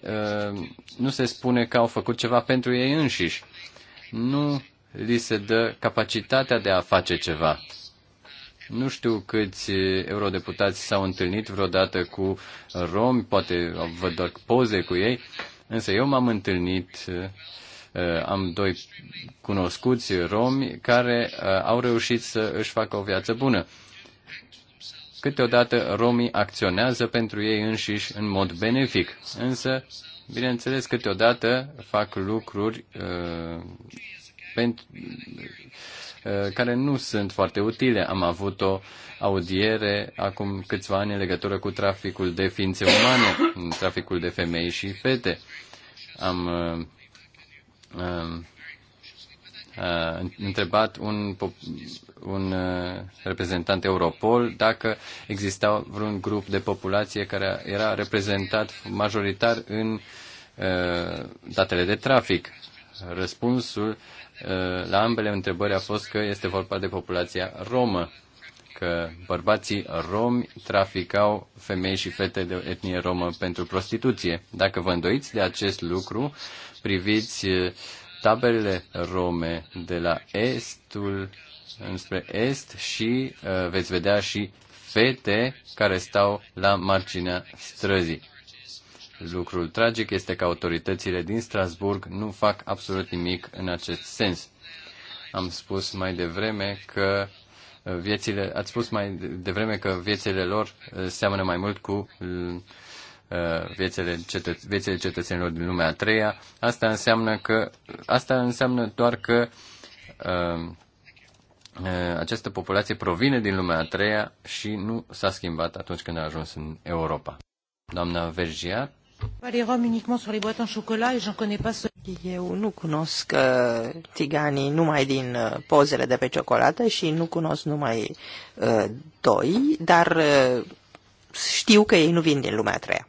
uh, nu se spune că au făcut ceva pentru ei înșiși. Nu li se dă capacitatea de a face ceva. Nu știu câți eurodeputați s-au întâlnit vreodată cu romi, poate văd doar poze cu ei, însă eu m-am întâlnit uh, Uh, am doi cunoscuți romi care uh, au reușit să își facă o viață bună. Câteodată romii acționează pentru ei înșiși în mod benefic, însă, bineînțeles, câteodată fac lucruri uh, pentru, uh, care nu sunt foarte utile. Am avut o audiere acum câțiva ani în legătură cu traficul de ființe umane, traficul de femei și fete. Am uh, Um, uh, întrebat un, un uh, reprezentant Europol dacă exista vreun grup de populație care era reprezentat majoritar în uh, datele de trafic. Răspunsul uh, la ambele întrebări a fost că este vorba de populația romă, că bărbații romi traficau femei și fete de etnie romă pentru prostituție. Dacă vă îndoiți de acest lucru, priviți eh, tabelele rome de la estul înspre est și eh, veți vedea și fete care stau la marginea străzii. Lucrul tragic este că autoritățile din Strasburg nu fac absolut nimic în acest sens. Am spus mai devreme că eh, viețile, ați spus mai devreme că viețile lor seamănă mai mult cu Uh, viețile, cetăț- viețile cetățenilor din lumea a treia. Asta înseamnă, că, asta înseamnă doar că uh, uh, această populație provine din lumea a treia și nu s-a schimbat atunci când a ajuns în Europa. Doamna Vergia.
Eu nu cunosc tiganii uh, numai din pozele de pe ciocolată și nu cunosc numai uh, doi, dar uh, știu că ei nu vin din lumea a treia.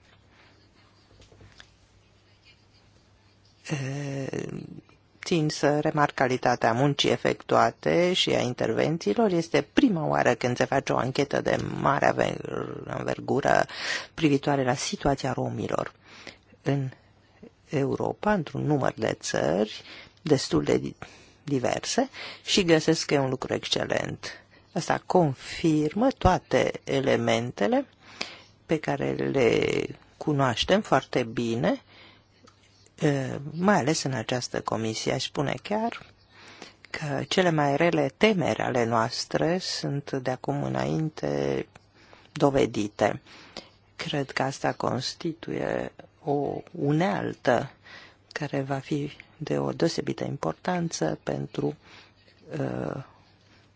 țin să remarc calitatea muncii efectuate și a intervențiilor. Este prima oară când se face o anchetă de mare învergură privitoare la situația romilor în Europa, într-un număr de țări destul de diverse și găsesc că e un lucru excelent. Asta confirmă toate elementele pe care le cunoaștem foarte bine mai ales în această comisie, aș spune chiar că cele mai rele temeri ale noastre sunt de acum înainte dovedite. Cred că asta constituie o unealtă care va fi de o deosebită importanță pentru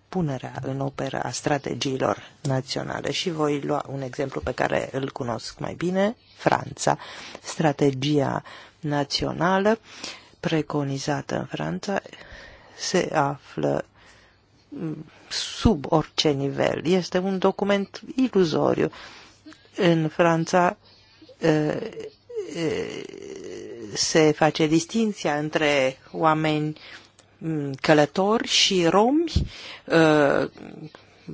punerea în operă a strategiilor naționale. Și voi lua un exemplu pe care îl cunosc mai bine, Franța. Strategia uh, națională preconizată în Franța se află sub orice nivel. Este un document iluzoriu. În Franța se face distinția între oameni călători și romi.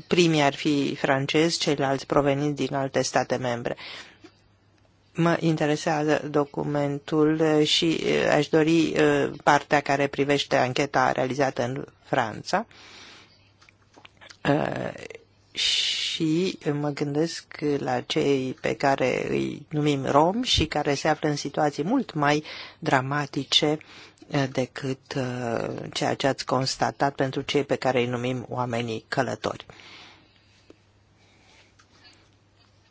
Primii ar fi francezi, ceilalți provenind din alte state membre. Mă interesează documentul și eh, aș dori eh, partea care privește ancheta realizată în Franța eh, și mă gândesc la cei pe care îi numim rom și care se află în situații mult mai dramatice decât ceea ce ați constatat pentru cei pe care îi numim oamenii călători.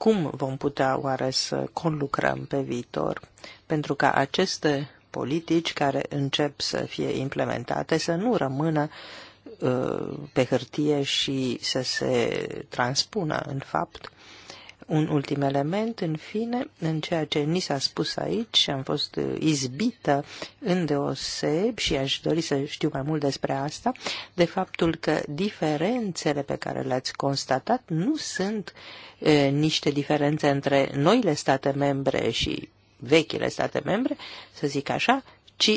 Cum vom putea oare să conlucrăm pe viitor pentru ca aceste politici care încep să fie implementate să nu rămână uh, pe hârtie și să se transpună în fapt? Un ultim element, în fine, în ceea ce ni s-a spus aici, am fost izbită în deoseb și aș dori să știu mai mult despre asta, de faptul că diferențele pe care le-ați constatat nu sunt e, niște diferențe între noile state membre și vechile state membre, să zic așa, ci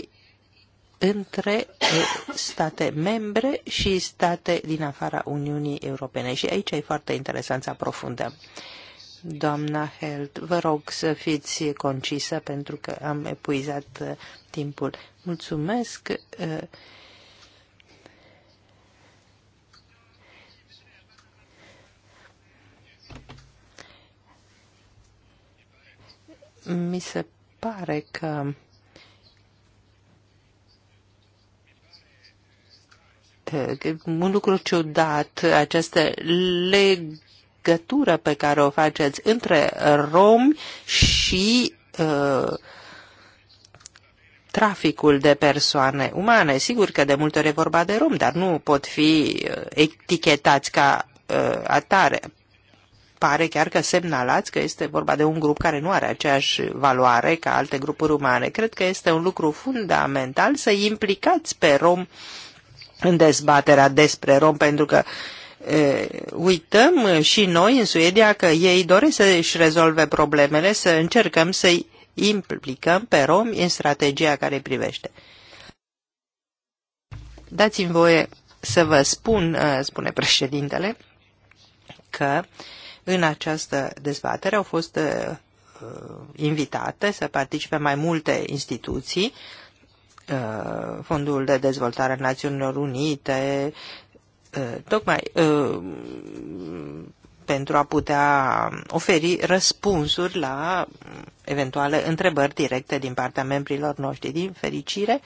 între state membre și state din afara Uniunii Europene. Și aici e foarte interesant să aprofundăm doamna Held. Vă rog să fiți concisă pentru că am epuizat uh, timpul. Mulțumesc. Uh, mi se pare că un lucru ciudat, această leg legătură pe care o faceți între romi și uh, traficul de persoane umane. Sigur că de multe ori e vorba de rom, dar nu pot fi uh, etichetați ca uh, atare. Pare chiar că semnalați că este vorba de un grup care nu are aceeași valoare ca alte grupuri umane. Cred că este un lucru fundamental să implicați pe rom în dezbaterea despre rom, pentru că Eh, uităm eh, și noi în Suedia că ei doresc să-și rezolve problemele, să încercăm să-i implicăm pe romi în strategia care privește. Dați-mi voie să vă spun, eh, spune președintele, că în această dezbatere au fost invitate să participe mai multe instituții, Fondul de Dezvoltare a Națiunilor Unite, Uh, tocmai uh, pentru a putea oferi răspunsuri la eventuale întrebări directe din partea membrilor noștri. Din fericire,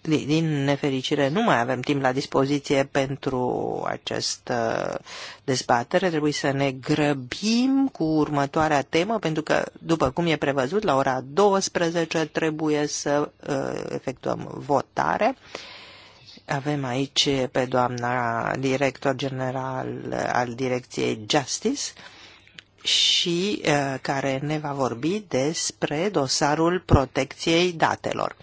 din, din nefericire, nu mai avem timp la dispoziție pentru această dezbatere. Trebuie să ne grăbim cu următoarea temă, pentru că, după cum e prevăzut, la ora 12 trebuie să uh, efectuăm votare avem aici pe doamna director general al direcției Justice și eh, care ne va vorbi despre dosarul protecției datelor.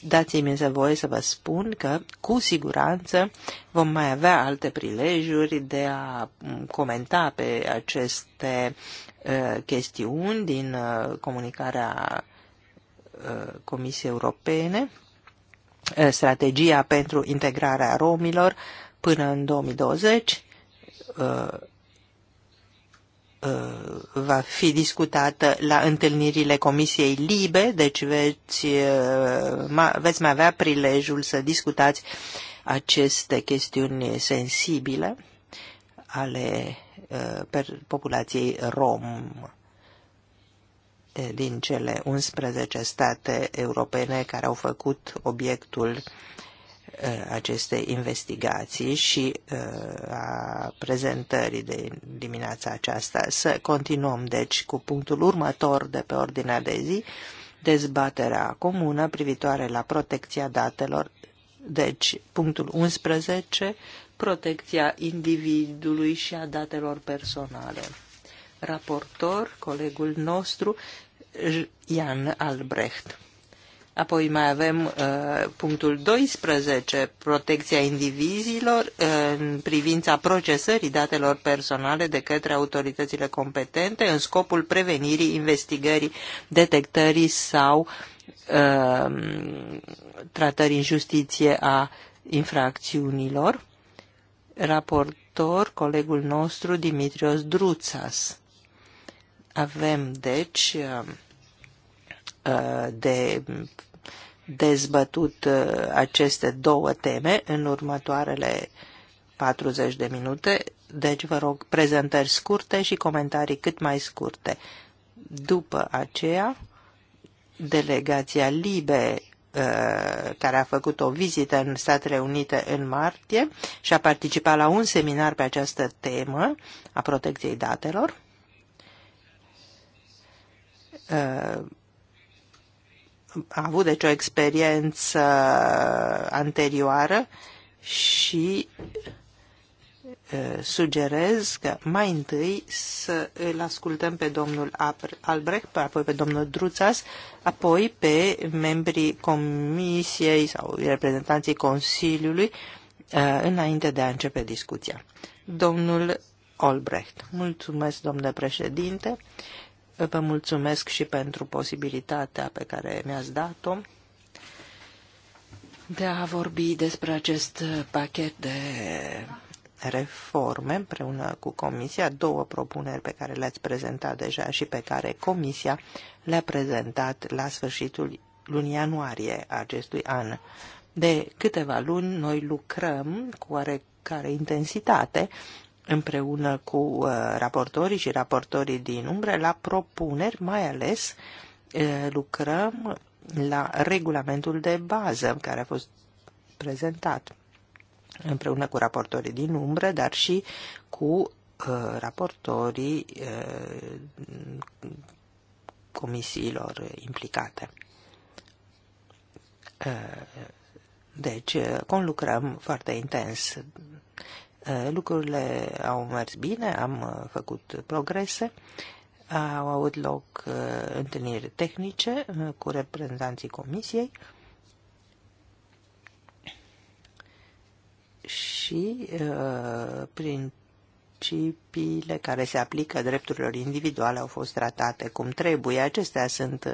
Dați-mi însă voie să vă spun că, cu siguranță, vom mai avea alte prilejuri de a mm, comenta pe aceste eh, chestiuni din eh, comunicarea Comisiei Europene Eh, strategia pentru integrarea romilor până în 2020 eh, eh, va fi discutată la întâlnirile Comisiei Libe, deci veți, veți mai avea prilejul să discutați aceste chestiuni sensibile ale populației rom din cele 11 state europene care au făcut obiectul uh, acestei investigații și uh, a prezentării de dimineața aceasta. Să continuăm, deci, cu punctul următor de pe ordinea de zi, dezbaterea comună privitoare la protecția datelor. Deci, punctul 11, protecția individului și a datelor personale. Raportor, colegul nostru, Jan Albrecht. Apoi mai avem uh, punctul 12, protecția indivizilor uh, în privința procesării datelor personale de către autoritățile competente în scopul prevenirii, investigării, detectării sau uh, tratării în justiție a infracțiunilor. Raportor, colegul nostru Dimitrios Druțas. Avem, deci, uh, Uh, de dezbătut uh, aceste două teme în următoarele 40 de minute, deci vă rog prezentări scurte și comentarii cât mai scurte. După aceea, delegația Libe uh, care a făcut o vizită în Statele Unite în martie și a participat la un seminar pe această temă a protecției datelor a avut deci o experiență anterioară și uh, sugerez că mai întâi să îl ascultăm pe domnul Albrecht, apoi pe domnul Druțas, apoi pe membrii comisiei sau reprezentanții Consiliului, uh, înainte de a începe discuția. Domnul Albrecht, mulțumesc, domnule președinte, Vă mulțumesc și pentru posibilitatea pe care mi-ați dat-o de a vorbi despre acest pachet de reforme împreună cu Comisia, două propuneri pe care le-ați prezentat deja și pe care Comisia le-a prezentat la sfârșitul lunii ianuarie acestui an. De câteva luni noi lucrăm cu oarecare intensitate împreună cu uh, raportorii și raportorii din umbră la propuneri, mai ales uh, lucrăm la regulamentul de bază care a fost prezentat împreună cu raportorii din umbră, dar și cu uh, raportorii uh, comisiilor implicate. Uh, deci, conlucrăm foarte intens Eh, lucrurile au mers bine, am eh, făcut progrese, au avut loc eh, întâlniri tehnice cu reprezentanții comisiei și principiile care se aplică drepturilor individuale au fost tratate cum trebuie. Acestea sunt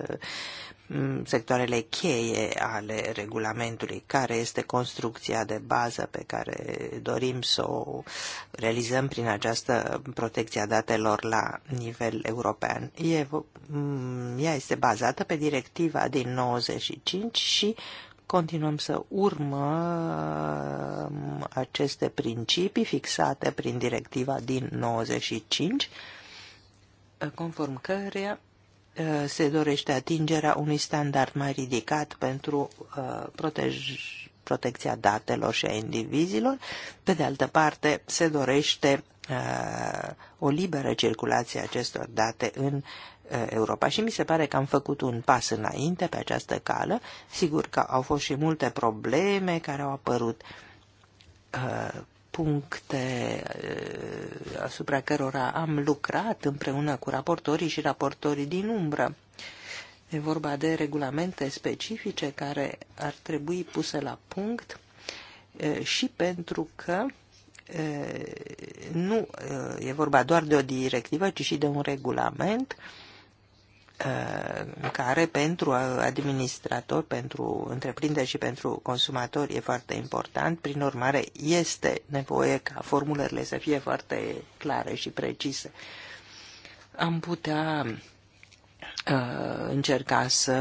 Mm, sectoarele cheie ale regulamentului, care este construcția de bază pe care dorim să o realizăm prin această protecție a datelor la nivel european. E, mm, ea este bazată pe directiva din 95 și continuăm să urmăm aceste principii fixate prin directiva din 95, conform căreia Uh, se dorește atingerea unui standard mai ridicat pentru uh, protej protecția datelor și a indivizilor. Pe de altă parte, se dorește uh, o liberă circulație a acestor date în uh, Europa și mi se pare că am făcut un pas înainte pe această cală. Sigur că au fost și multe probleme care au apărut uh, puncte uh, asupra cărora am lucrat împreună cu raportorii și raportorii din umbră. E vorba de regulamente specifice care ar trebui puse la punct uh, și pentru că uh, nu e vorba doar de o directivă, ci și de un regulament Uh, care pentru administrator, pentru întreprinderi și pentru consumatori e foarte important. Prin urmare, este nevoie ca formulările să fie foarte clare și precise. Am putea uh, încerca să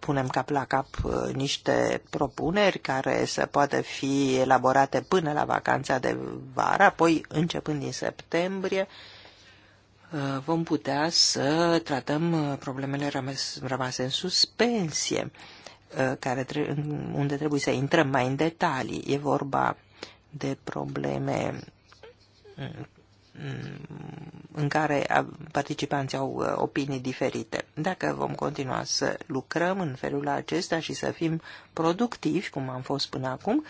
punem cap la cap uh, niște propuneri care să poată fi elaborate până la vacanța de vară, apoi începând din septembrie, Uh, vom putea să tratăm uh, problemele rămase în suspensie, uh, care tre- unde trebuie să intrăm mai în detalii. E vorba de probleme mm, în care participanții au opinii diferite. Dacă vom continua să lucrăm în felul acesta și să fim productivi, cum am fost până acum,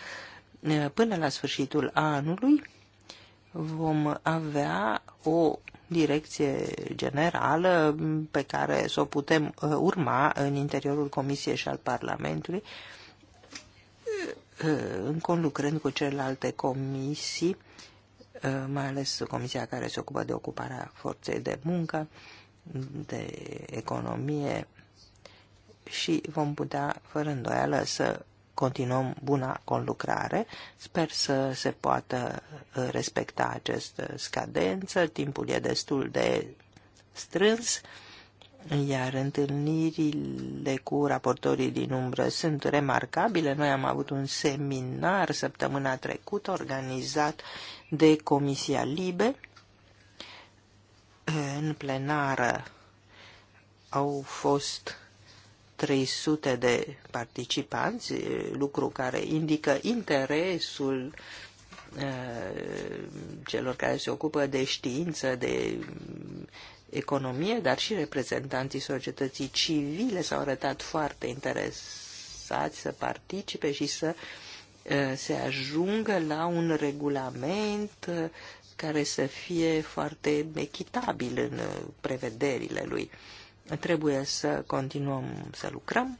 până la sfârșitul anului, vom avea o direcție generală pe care să o putem uh, urma în interiorul Comisiei și al Parlamentului, uh, în conlucrând cu celelalte comisii, uh, mai ales comisia care se ocupă de ocuparea forței de muncă, de economie și vom putea, fără îndoială, să continuăm buna conlucrare. Sper să se poată uh, respecta această scadență. Timpul e destul de strâns, iar întâlnirile cu raportorii din umbră sunt remarcabile. Noi am avut un seminar săptămâna trecută organizat de Comisia Libe. În plenară au fost 300 de participanți, lucru care indică interesul uh, celor care se ocupă de știință, de economie, dar și reprezentanții societății civile s-au arătat foarte interesați să participe și să uh, se ajungă la un regulament uh, care să fie foarte echitabil în prevederile lui. Trebuie să continuăm să lucrăm.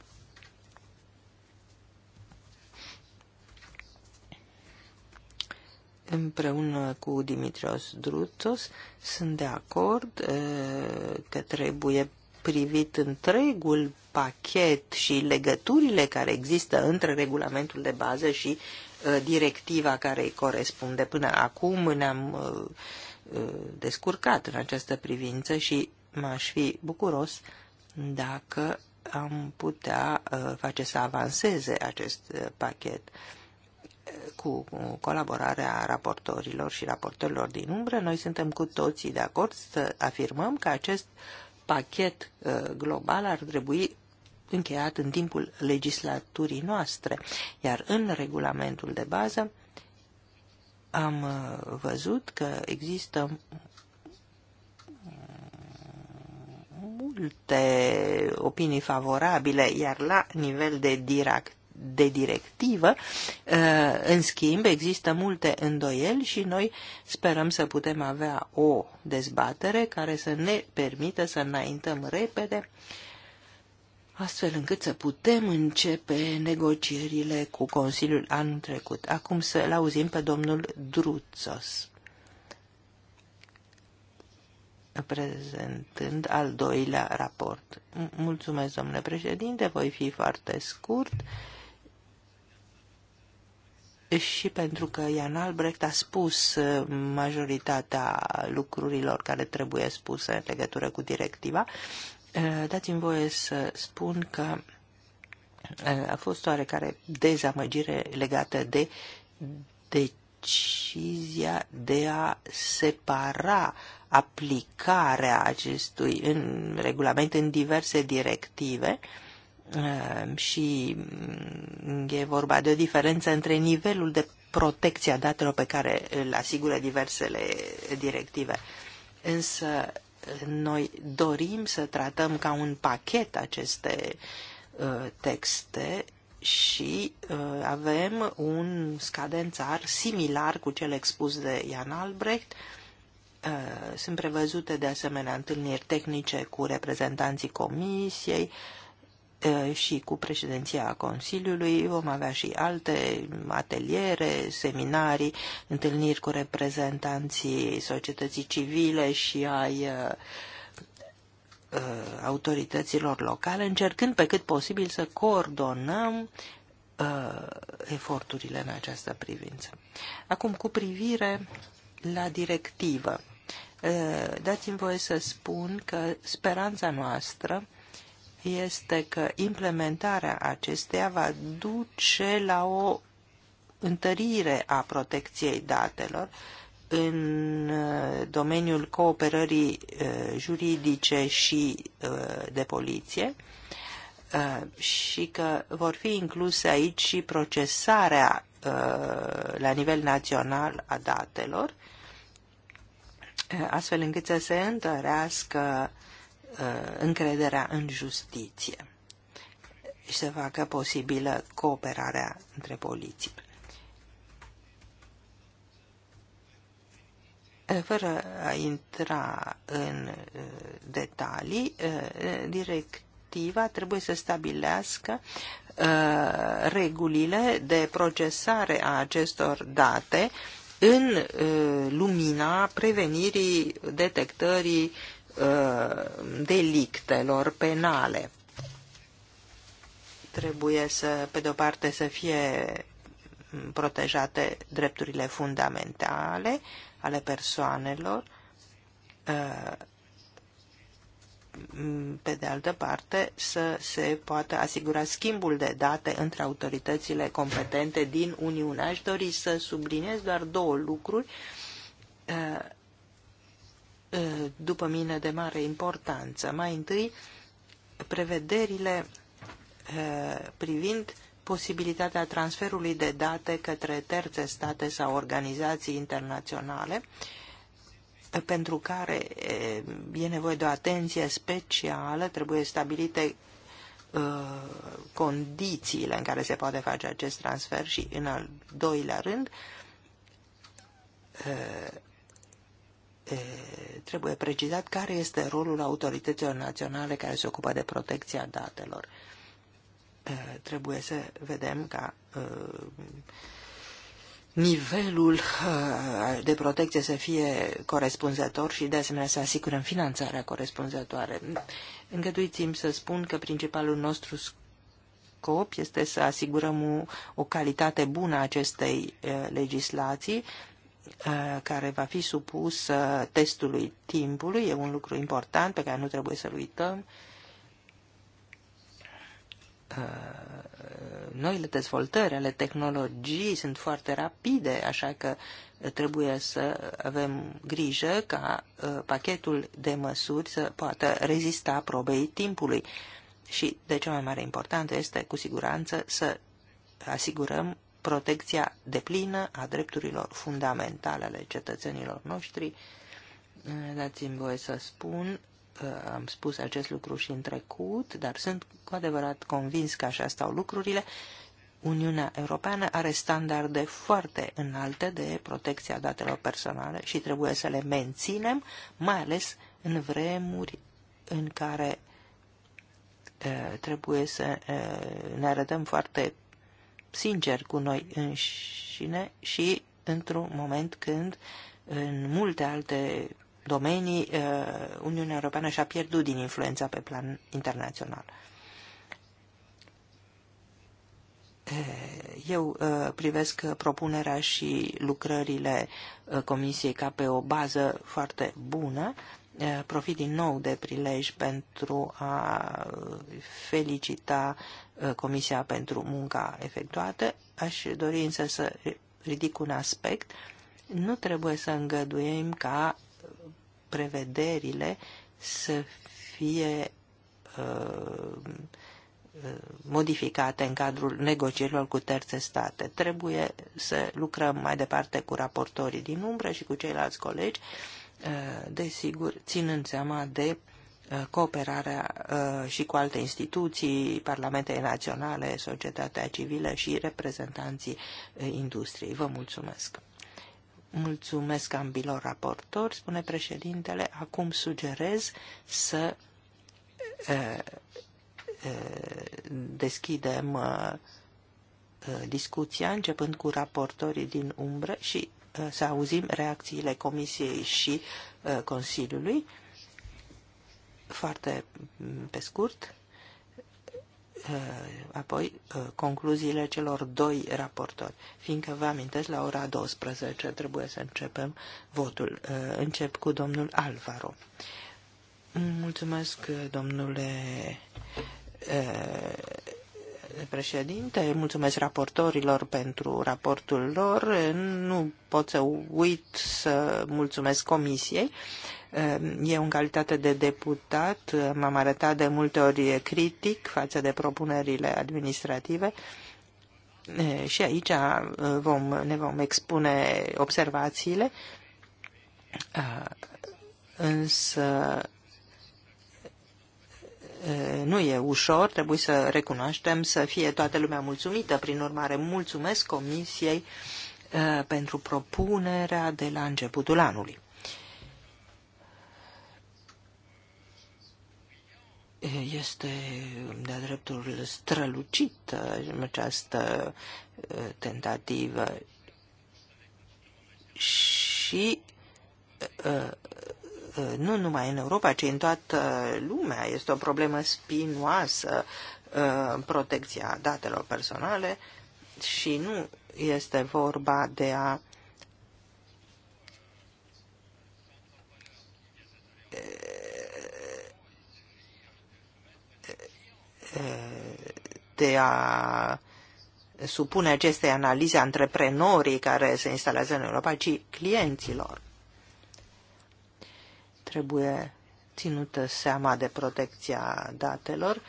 împreună cu Dimitrios Drutos sunt de acord că trebuie privit întregul pachet și legăturile care există între regulamentul de bază și directiva care îi corespunde. Până acum ne-am descurcat în această privință și m-aș fi bucuros dacă am putea uh, face să avanseze acest uh, pachet uh, cu colaborarea raportorilor și raportorilor din umbră. Noi suntem cu toții de acord să afirmăm că acest pachet global ar trebui încheiat în timpul legislaturii noastre, iar în regulamentul de bază am văzut că există multe opinii favorabile, iar la nivel de direct de directivă, uh, în schimb există multe îndoieli și noi sperăm să putem avea o dezbatere care să ne permită să înaintăm repede astfel încât să putem începe negocierile cu Consiliul anul trecut. Acum să-l auzim pe domnul Druțos prezentând al doilea raport. Mulțumesc, domnule președinte, voi fi foarte scurt și pentru că Ian Albrecht a spus uh, majoritatea lucrurilor care trebuie spuse în legătură cu directiva, uh, dați-mi voie să spun că uh, a fost oarecare dezamăgire legată de, de decizia de a separa aplicarea acestui în regulament în diverse directive um, și mm, e vorba de o diferență între nivelul de protecție a datelor pe care îl asigură diversele directive. Însă noi dorim să tratăm ca un pachet aceste uh, texte și uh, avem un scadențar similar cu cel expus de Ian Albrecht. Uh, sunt prevăzute de asemenea întâlniri tehnice cu reprezentanții comisiei uh, și cu președinția Consiliului. Vom avea și alte ateliere, seminarii, întâlniri cu reprezentanții societății civile și ai uh, Uh, autorităților locale, încercând pe cât posibil să coordonăm uh, eforturile în această privință. Acum, cu privire la directivă, uh, dați-mi voie să spun că speranța noastră este că implementarea acesteia va duce la o întărire a protecției datelor în uh, domeniul cooperării uh, juridice și uh, de poliție și că vor fi incluse aici și procesarea la nivel național a datelor, astfel încât să se întărească încrederea în justiție și să facă posibilă cooperarea între poliții. Eh, fără a intra în eh, detalii, eh, directiva trebuie să stabilească regulile de procesare a acestor date în lumina prevenirii detectării delictelor penale. Trebuie să, pe de-o parte, să fie protejate drepturile fundamentale, ale persoanelor. Uh, pe de altă parte, să se poată asigura schimbul de date între autoritățile competente din Uniune. Aș dori să subliniez doar două lucruri uh, uh, după mine de mare importanță. Mai întâi, prevederile privind posibilitatea transferului de date către terțe state sau organizații internaționale, pentru care e nevoie de o atenție specială, trebuie stabilite condițiile în care se poate face acest transfer și, în al doilea rând, trebuie precizat care este rolul autorităților naționale care se ocupă de protecția datelor. Eh, trebuie să vedem ca eh, nivelul eh, de protecție să fie corespunzător și de asemenea să asigurăm finanțarea corespunzătoare. Îngăduiți-mi să spun că principalul nostru scop este să asigurăm o, o calitate bună a acestei legislații care va fi supus testului timpului. E un lucru important pe care nu trebuie să-l uităm. Uh, noile dezvoltări ale tehnologiei sunt foarte rapide, așa că trebuie să avem grijă ca uh, pachetul de măsuri să poată rezista probei timpului. Și de cea mai mare importantă este, cu siguranță, să asigurăm protecția deplină a drepturilor fundamentale ale cetățenilor noștri. Uh, dați-mi voie să spun am spus acest lucru și în trecut, dar sunt cu adevărat convins că așa stau lucrurile. Uniunea Europeană are standarde foarte înalte de protecția datelor personale și trebuie să le menținem, mai ales în vremuri în care trebuie să ne arătăm foarte sincer cu noi înșine și într-un moment când în multe alte domenii uh, Uniunea Europeană și-a pierdut din influența pe plan internațional. Uh, eu uh, privesc propunerea și lucrările Comisiei ca pe o bază foarte bună. Profit din nou de prilej pentru a felicita Comisia pentru munca efectuată. Aș dori însă să ridic un aspect. Nu trebuie să îngăduim ca prevederile să fie uh, uh, modificate în cadrul negocierilor cu terțe state. Trebuie să lucrăm mai departe cu raportorii din umbră și cu ceilalți colegi, uh, desigur, ținând seama de uh, cooperarea uh, și cu alte instituții, parlamentele naționale, societatea civilă și reprezentanții industriei. Vă mulțumesc! Mulțumesc ambilor raportori, spune președintele. Acum sugerez să uh, uh, deschidem uh, discuția, începând cu raportorii din umbră și să auzim reacțiile Comisiei și Consiliului. Foarte pe scurt, Eh, apoi eh, concluziile celor doi raportori. Fiindcă vă amintesc, la ora 12 trebuie să începem votul. Eh, încep cu domnul Alvaro. Mulțumesc, domnule președinte, mulțumesc raportorilor pentru raportul lor. Nu pot să uit să mulțumesc comisiei eu, ehm, în calitate de deputat, m-am arătat de multe ori critic față de propunerile administrative și aici vom, ne vom expune observațiile, însă nu e ușor, trebuie să recunoaștem să fie toată lumea mulțumită. Prin urmare, mulțumesc Comisiei pentru propunerea de la începutul anului. este de-a dreptul strălucit această tentativă și nu numai în Europa, ci în toată lumea. Este o problemă spinoasă protecția datelor personale și nu este vorba de a de a supune aceste analize antreprenorii care se instalează în Europa, ci clienților. Trebuie ținută seama de protecția datelor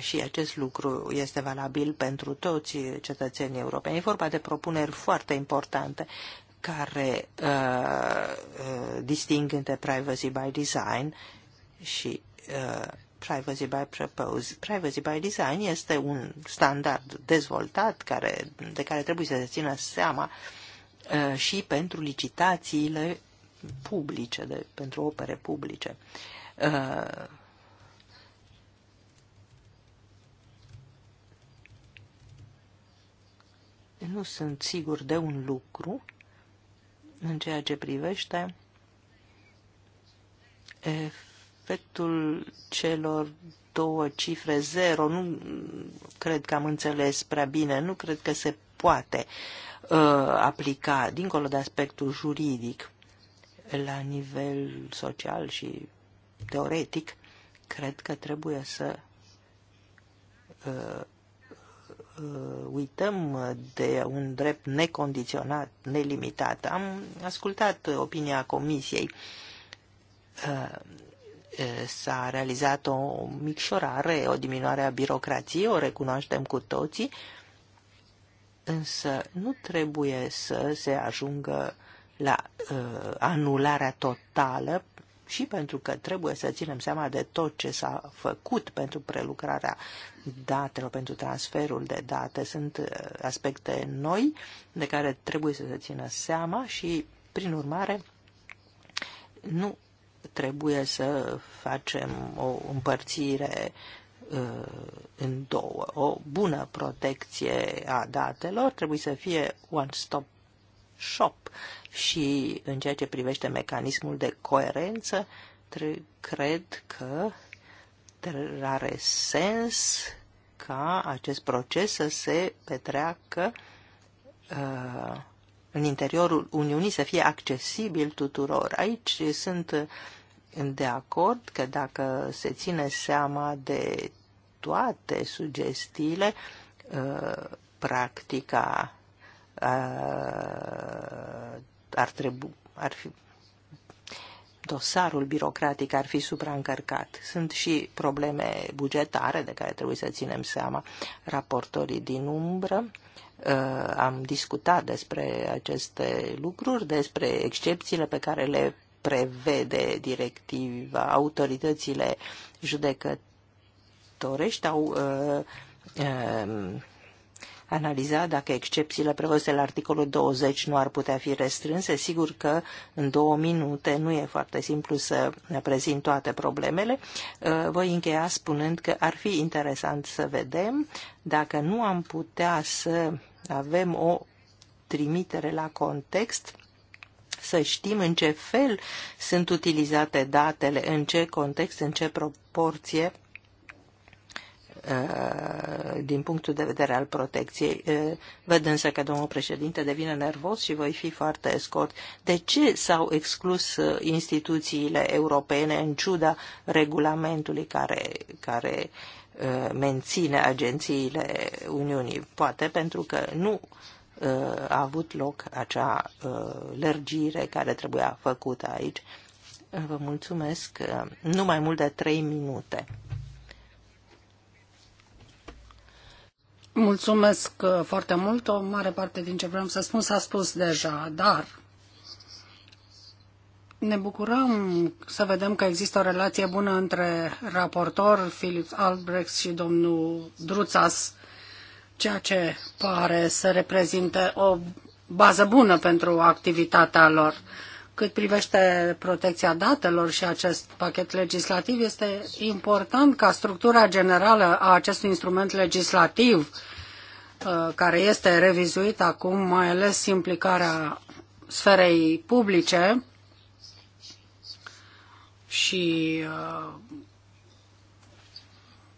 și acest lucru este valabil pentru toți cetățenii europeni. E vorba de propuneri foarte importante care uh, uh, disting între privacy by design și uh, Privacy by Propose. Privacy by Design este un standard dezvoltat care, de care trebuie să se țină seama uh, și pentru licitațiile publice, de, pentru opere publice. Uh, nu sunt sigur de un lucru în ceea ce privește aspectul celor două cifre zero, nu cred că am înțeles prea bine, nu cred că se poate uh, aplica, dincolo de aspectul juridic, la nivel social și teoretic, cred că trebuie să uh, uh, uităm de un drept necondiționat, nelimitat. Am ascultat opinia Comisiei. Uh, s-a realizat o micșorare, o diminuare a birocrației, o recunoaștem cu toții, însă nu trebuie să se ajungă la uh, anularea totală și pentru că trebuie să ținem seama de tot ce s-a făcut pentru prelucrarea datelor, pentru transferul de date. Sunt aspecte noi de care trebuie să se țină seama și, prin urmare, nu trebuie să facem o împărțire uh, în două. O bună protecție a datelor trebuie să fie one-stop shop și în ceea ce privește mecanismul de coerență, cred că are sens ca acest proces să se petreacă uh, în interiorul Uniunii să fie accesibil tuturor. Aici sunt de acord că dacă se ține seama de toate sugestiile, ă, practica ă, ar trebui, ar fi, dosarul birocratic ar fi supraîncărcat. Sunt și probleme bugetare de care trebuie să ținem seama raportorii din umbră Uh, am discutat despre aceste lucruri, despre excepțiile pe care le prevede directiva. Autoritățile judecătorești au uh, uh, analiza dacă excepțiile prevăzute la articolul 20 nu ar putea fi restrânse. Sigur că în două minute nu e foarte simplu să ne prezint toate problemele. Uh, voi încheia spunând că ar fi interesant să vedem dacă nu am putea să avem o trimitere la context să știm în ce fel sunt utilizate datele, în ce context, în ce proporție Uh, din punctul de vedere al protecției. Uh, văd însă că domnul președinte devine nervos și voi fi foarte scurt. De ce s-au exclus uh, instituțiile europene în ciuda regulamentului care, care menține agențiile Uniunii? Poate pentru că nu a avut loc acea lărgire care trebuia făcută aici. Vă mulțumesc. Nu mai mult de trei minute. Mulțumesc uh, foarte mult. O mare
parte din ce vreau să spun s-a spus deja, dar ne bucurăm să vedem că există o relație bună între raportor Philip Albrecht și domnul Druțas, ceea ce pare să reprezinte o bază bună pentru activitatea lor. Cât privește protecția datelor și acest pachet legislativ, este important ca structura generală a acestui instrument legislativ uh, care este revizuit acum, mai ales implicarea sferei publice și uh,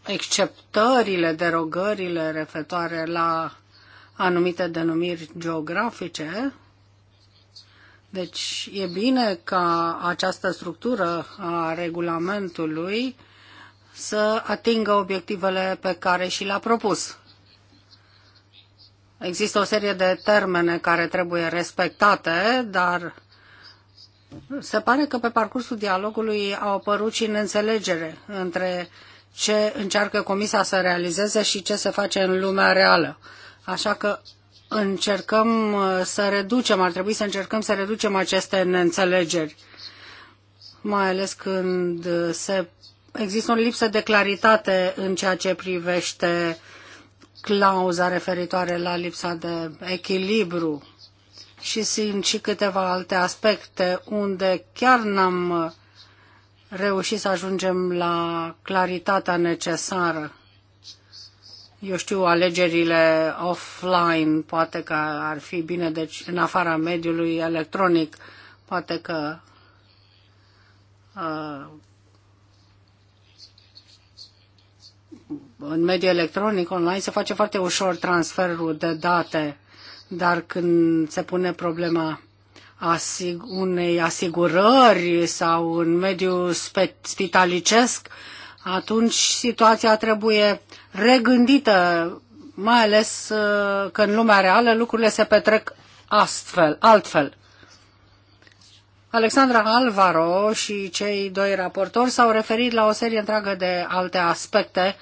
exceptările, derogările referitoare la anumite denumiri geografice, deci e bine ca această structură a regulamentului să atingă obiectivele pe care și le-a propus. Există o serie de termene care trebuie respectate, dar se pare că pe parcursul dialogului au apărut și neînțelegere între ce încearcă Comisia să realizeze și ce se face în lumea reală. Așa că încercăm uh, să reducem, ar trebui să încercăm să reducem aceste neînțelegeri, mai ales când se, există o lipsă de claritate în ceea ce privește clauza referitoare la lipsa de echilibru și sunt și câteva alte aspecte unde chiar n-am uh, reușit să ajungem la claritatea necesară eu știu, alegerile offline, poate că ar fi bine, deci în afara mediului electronic, poate că uh, în mediul electronic, online, se face foarte ușor transferul de date, dar când se pune problema asig- unei asigurări sau în mediul spe- spitalicesc, uh, atunci situația trebuie regândită, mai ales uh, că în lumea reală lucrurile se petrec astfel, altfel. Alexandra Alvaro și cei doi raportori s-au referit la o serie întreagă de alte aspecte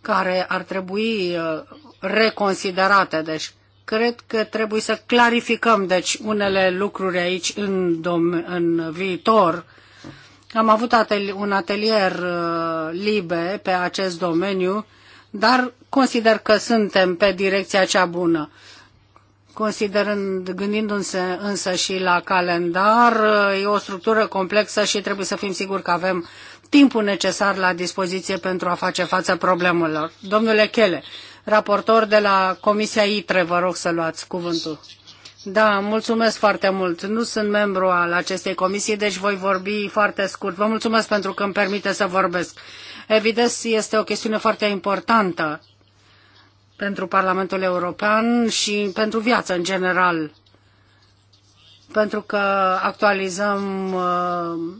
care ar trebui uh, reconsiderate. Deci, cred că trebuie să clarificăm deci, unele lucruri aici în, dom- în viitor am avut ateli- un atelier uh, liber pe acest domeniu, dar consider că suntem pe direcția cea bună. Considerând, gândindu-se însă și la calendar, uh, e o structură complexă și trebuie să fim siguri că avem timpul necesar la dispoziție pentru a face față problemelor. Domnule Chele, raportor de la Comisia ITRE, vă rog să luați cuvântul. Da, mulțumesc foarte mult. Nu sunt membru al acestei comisii, deci voi vorbi foarte scurt. Vă mulțumesc pentru că îmi permite să vorbesc. Evident, este o chestiune foarte importantă pentru Parlamentul European și pentru viață în general, pentru că actualizăm uh,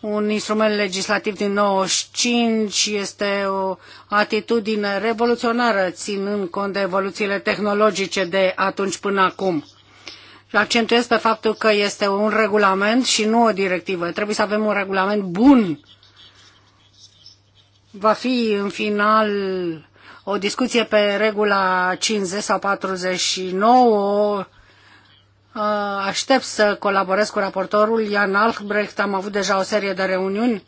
un instrument legislativ din 95, este o atitudine revoluționară, ținând cont de evoluțiile tehnologice de atunci până acum accentuez pe faptul că este un regulament și nu o directivă. Trebuie să avem un regulament bun. Va fi în final o discuție pe regula 50 sau 49. Uh, aștept să colaborez cu raportorul Ian Albrecht. Am avut deja o serie de reuniuni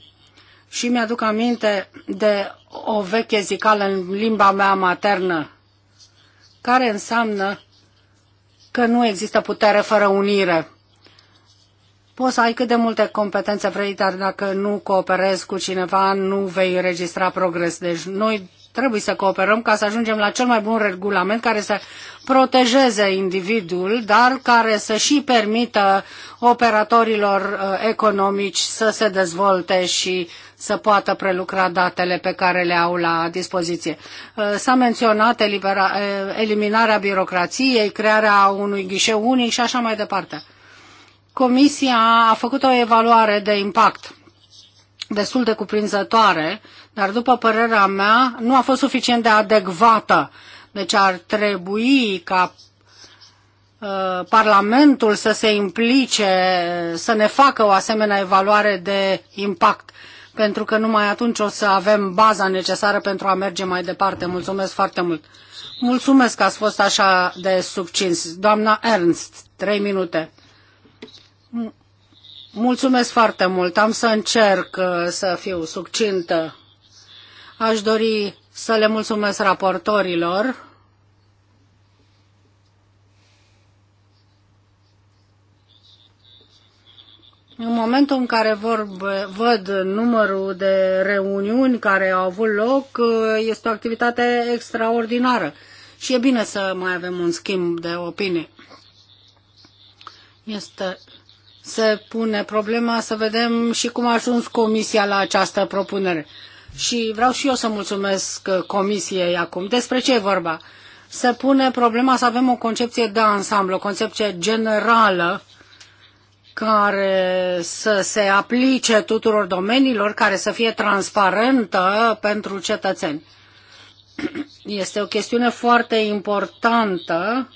și mi-aduc aminte de o veche zicală în limba mea maternă care înseamnă că nu există putere fără unire. Poți să ai cât de multe competențe vrei, dar dacă nu cooperezi cu cineva, nu vei înregistra progres. Deci noi Trebuie să cooperăm ca să ajungem la cel mai bun regulament care să protejeze individul, dar care să și permită operatorilor uh, economici să se dezvolte și să poată prelucra datele pe care le au la dispoziție. Uh, s-a menționat elibera, uh, eliminarea birocrației, crearea unui ghișeu unic și așa mai departe. Comisia a făcut o evaluare de impact destul de cuprinzătoare, dar după părerea mea nu a fost suficient de adecvată. Deci ar trebui ca uh, Parlamentul să se implice, să ne facă o asemenea evaluare de impact, pentru că numai atunci o să avem baza necesară pentru a merge mai departe. Mulțumesc foarte mult! Mulțumesc că ați fost așa de succins. Doamna Ernst, trei minute. Mulțumesc foarte mult. Am să încerc uh, să fiu succintă. Aș dori să le mulțumesc raportorilor. În momentul în care vor, văd numărul de reuniuni care au avut loc, uh, este o activitate extraordinară. Și e bine să mai avem un schimb de opinie. Este se pune problema să vedem și cum a ajuns Comisia la această propunere. Și vreau și eu să mulțumesc uh, Comisiei acum. Despre ce e vorba? Se pune problema să avem o concepție de ansamblu, o concepție generală care să se aplice tuturor domeniilor, care să fie transparentă pentru cetățeni. Este o chestiune foarte importantă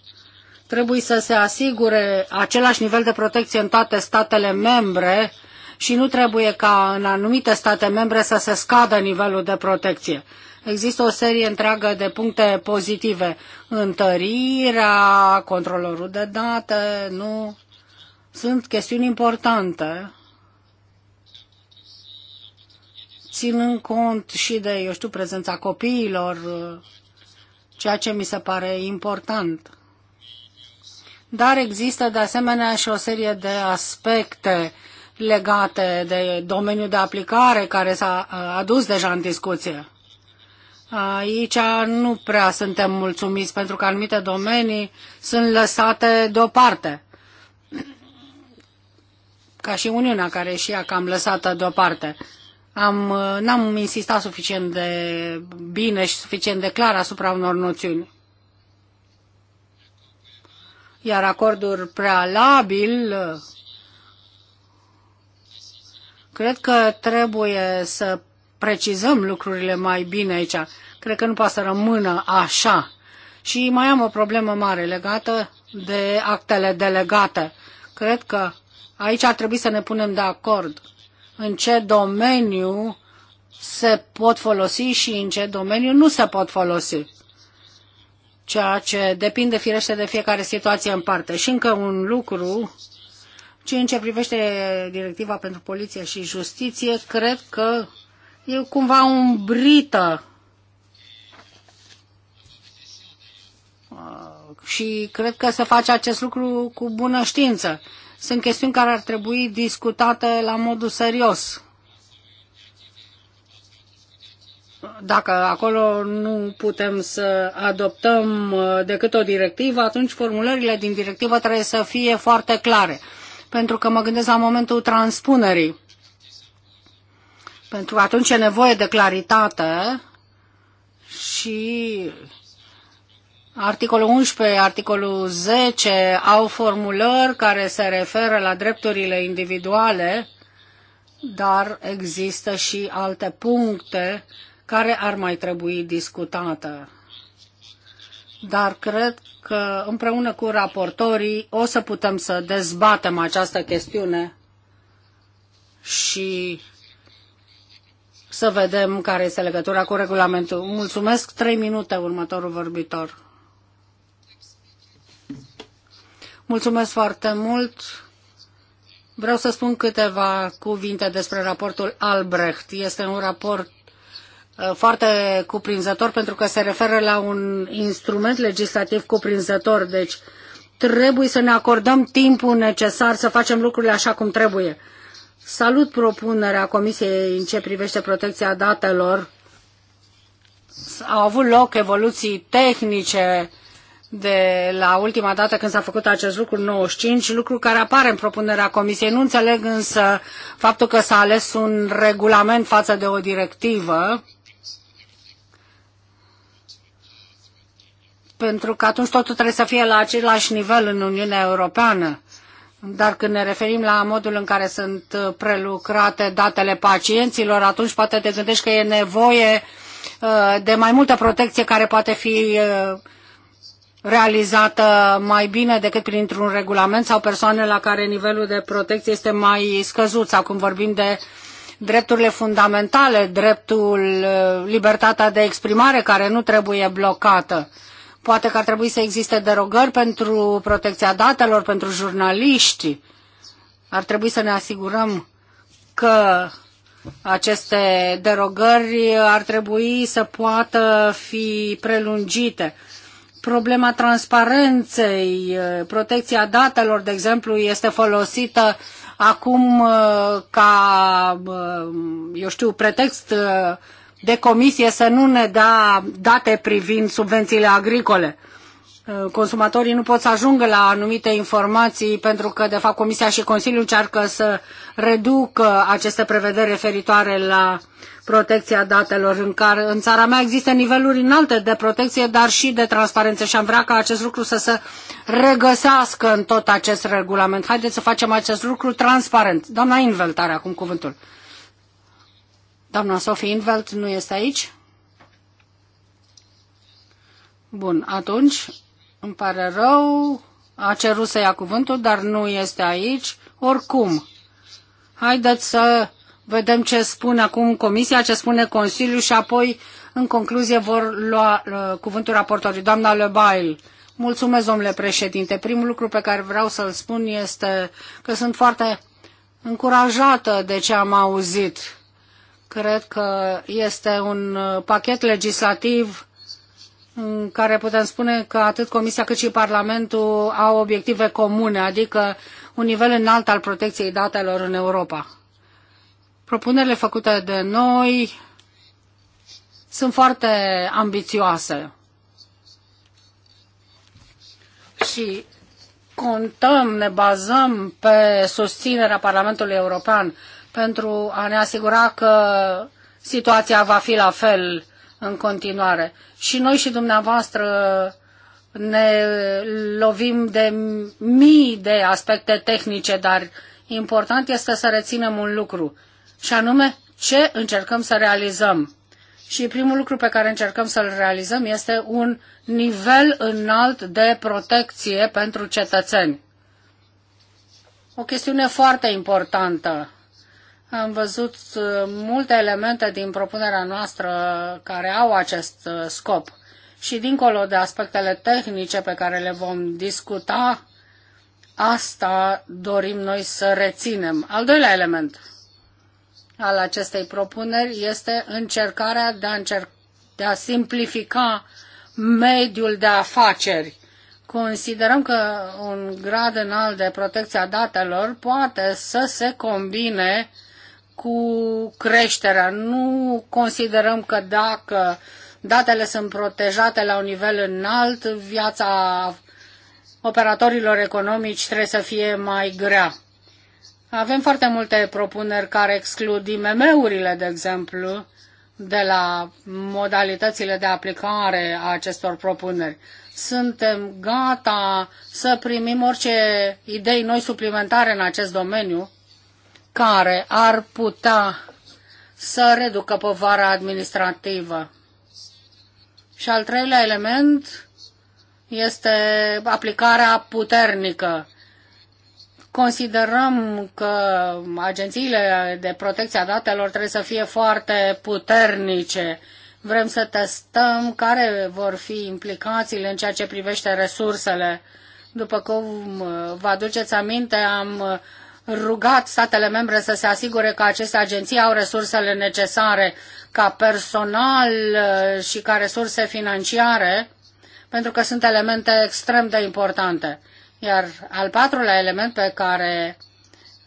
Trebuie să se asigure același nivel de protecție în toate statele membre și nu trebuie ca în anumite state membre să se scadă nivelul de protecție. Există o serie întreagă de puncte pozitive. Întărirea, controlorul de date, nu. Sunt chestiuni importante. Ținând cont și de, eu știu, prezența copiilor, ceea ce mi se pare important dar există de asemenea și o serie de aspecte legate de domeniul de aplicare care s-a adus deja în discuție. Aici nu prea suntem mulțumiți pentru că anumite domenii sunt lăsate deoparte. Ca și Uniunea care și ea cam lăsată deoparte. Am, n-am insistat suficient de bine și suficient de clar asupra unor noțiuni iar acordul prealabil cred că trebuie să precizăm lucrurile mai bine aici. Cred că nu poate să rămână așa. Și mai am o problemă mare legată de actele delegate. Cred că aici ar trebui să ne punem de acord în ce domeniu se pot folosi și în ce domeniu nu se pot folosi ceea ce depinde firește de fiecare situație în parte. Și încă un lucru, ce în ce privește directiva pentru poliție și justiție, cred că e cumva umbrită și cred că se face acest lucru cu bună știință. Sunt chestiuni care ar trebui discutate la modul serios. dacă acolo nu putem să adoptăm uh, decât o directivă, atunci formulările din directivă trebuie să fie foarte clare. Pentru că mă gândesc la momentul transpunerii. Pentru că atunci e nevoie de claritate și articolul 11, articolul 10 au formulări care se referă la drepturile individuale, dar există și alte puncte uh, care ar mai trebui discutată. Dar cred că împreună cu raportorii o să putem să dezbatem această chestiune și să vedem care este legătura cu regulamentul. Mulțumesc. Trei minute următorul vorbitor. Mulțumesc foarte mult. Vreau să spun câteva cuvinte despre raportul Albrecht. Este un raport Uh, foarte cuprinzător pentru că se referă la un instrument legislativ cuprinzător, deci trebuie să ne acordăm timpul necesar să facem lucrurile așa cum trebuie. Salut propunerea Comisiei în ce privește protecția datelor. Au avut loc evoluții tehnice de la ultima dată când s-a făcut acest lucru, 95, lucru care apare în propunerea Comisiei. Nu înțeleg însă faptul că s-a ales un regulament față de o directivă pentru că atunci totul trebuie să fie la același nivel în Uniunea Europeană. Dar când ne referim la modul în care sunt uh, prelucrate datele pacienților, atunci poate te gândești că e nevoie uh, de mai multă protecție care poate fi uh, realizată mai bine decât printr-un regulament sau persoane la care nivelul de protecție este mai scăzut sau când vorbim de drepturile fundamentale, dreptul, libertatea de exprimare care nu trebuie blocată Poate că ar trebui să existe derogări pentru protecția datelor, pentru jurnaliști. Ar trebui să ne asigurăm că aceste derogări ar trebui să poată fi prelungite. Problema transparenței, protecția datelor, de exemplu, este folosită acum uh, ca, uh, eu știu, pretext uh, de comisie să nu ne dea date privind subvențiile agricole. Uh, consumatorii nu pot să ajungă la anumite informații pentru că, de fapt, Comisia și Consiliul încearcă să reducă aceste prevederi referitoare la protecția datelor în care în țara mea există niveluri înalte de protecție, dar și de transparență și am vrea ca acest lucru să se regăsească în tot acest regulament. Haideți să facem acest lucru transparent. Doamna Inveltare, acum cuvântul. Doamna Sophie Invelt nu este aici? Bun, atunci îmi pare rău, a cerut să ia cuvântul, dar nu este aici. Oricum, haideți să vedem ce spune acum Comisia, ce spune Consiliul și apoi, în concluzie, vor lua uh, cuvântul raportorii. Doamna Lebail, mulțumesc, domnule președinte. Primul lucru pe care vreau să-l spun este că sunt foarte încurajată de ce am auzit Cred că este un uh, pachet legislativ în mm, care putem spune că atât Comisia cât și Parlamentul au obiective comune, adică un nivel înalt al protecției datelor în Europa. Propunerile făcute de noi sunt foarte ambițioase și contăm, ne bazăm pe susținerea Parlamentului European pentru a ne asigura că situația va fi la fel în continuare. Și noi și dumneavoastră ne lovim de mii de aspecte tehnice, dar important este să reținem un lucru, și anume ce încercăm să realizăm. Și primul lucru pe care încercăm să-l realizăm este un nivel înalt de protecție pentru cetățeni. O chestiune foarte importantă am văzut uh, multe elemente din propunerea noastră care au acest uh, scop. Și dincolo de aspectele tehnice pe care le vom discuta, asta dorim noi să reținem. Al doilea element al acestei propuneri este încercarea de a, încerc- de a simplifica mediul de afaceri. Considerăm că un grad înalt de protecția datelor poate să se combine uh, cu creșterea. Nu considerăm că dacă datele sunt protejate la un nivel înalt, viața operatorilor economici trebuie să fie mai grea. Avem foarte multe propuneri care exclud IMM-urile, de exemplu, de la modalitățile de aplicare a acestor propuneri. Suntem gata să primim orice idei noi suplimentare în acest domeniu care ar putea să reducă povara administrativă. Și al treilea element este aplicarea puternică. Considerăm că agențiile de protecție a datelor trebuie să fie foarte puternice. Vrem să testăm care vor fi implicațiile în ceea ce privește resursele. După cum vă aduceți aminte, am rugat statele membre să se asigure că aceste agenții au resursele necesare ca personal uh, și ca resurse financiare, pentru că sunt elemente extrem de importante. Iar al patrulea element pe care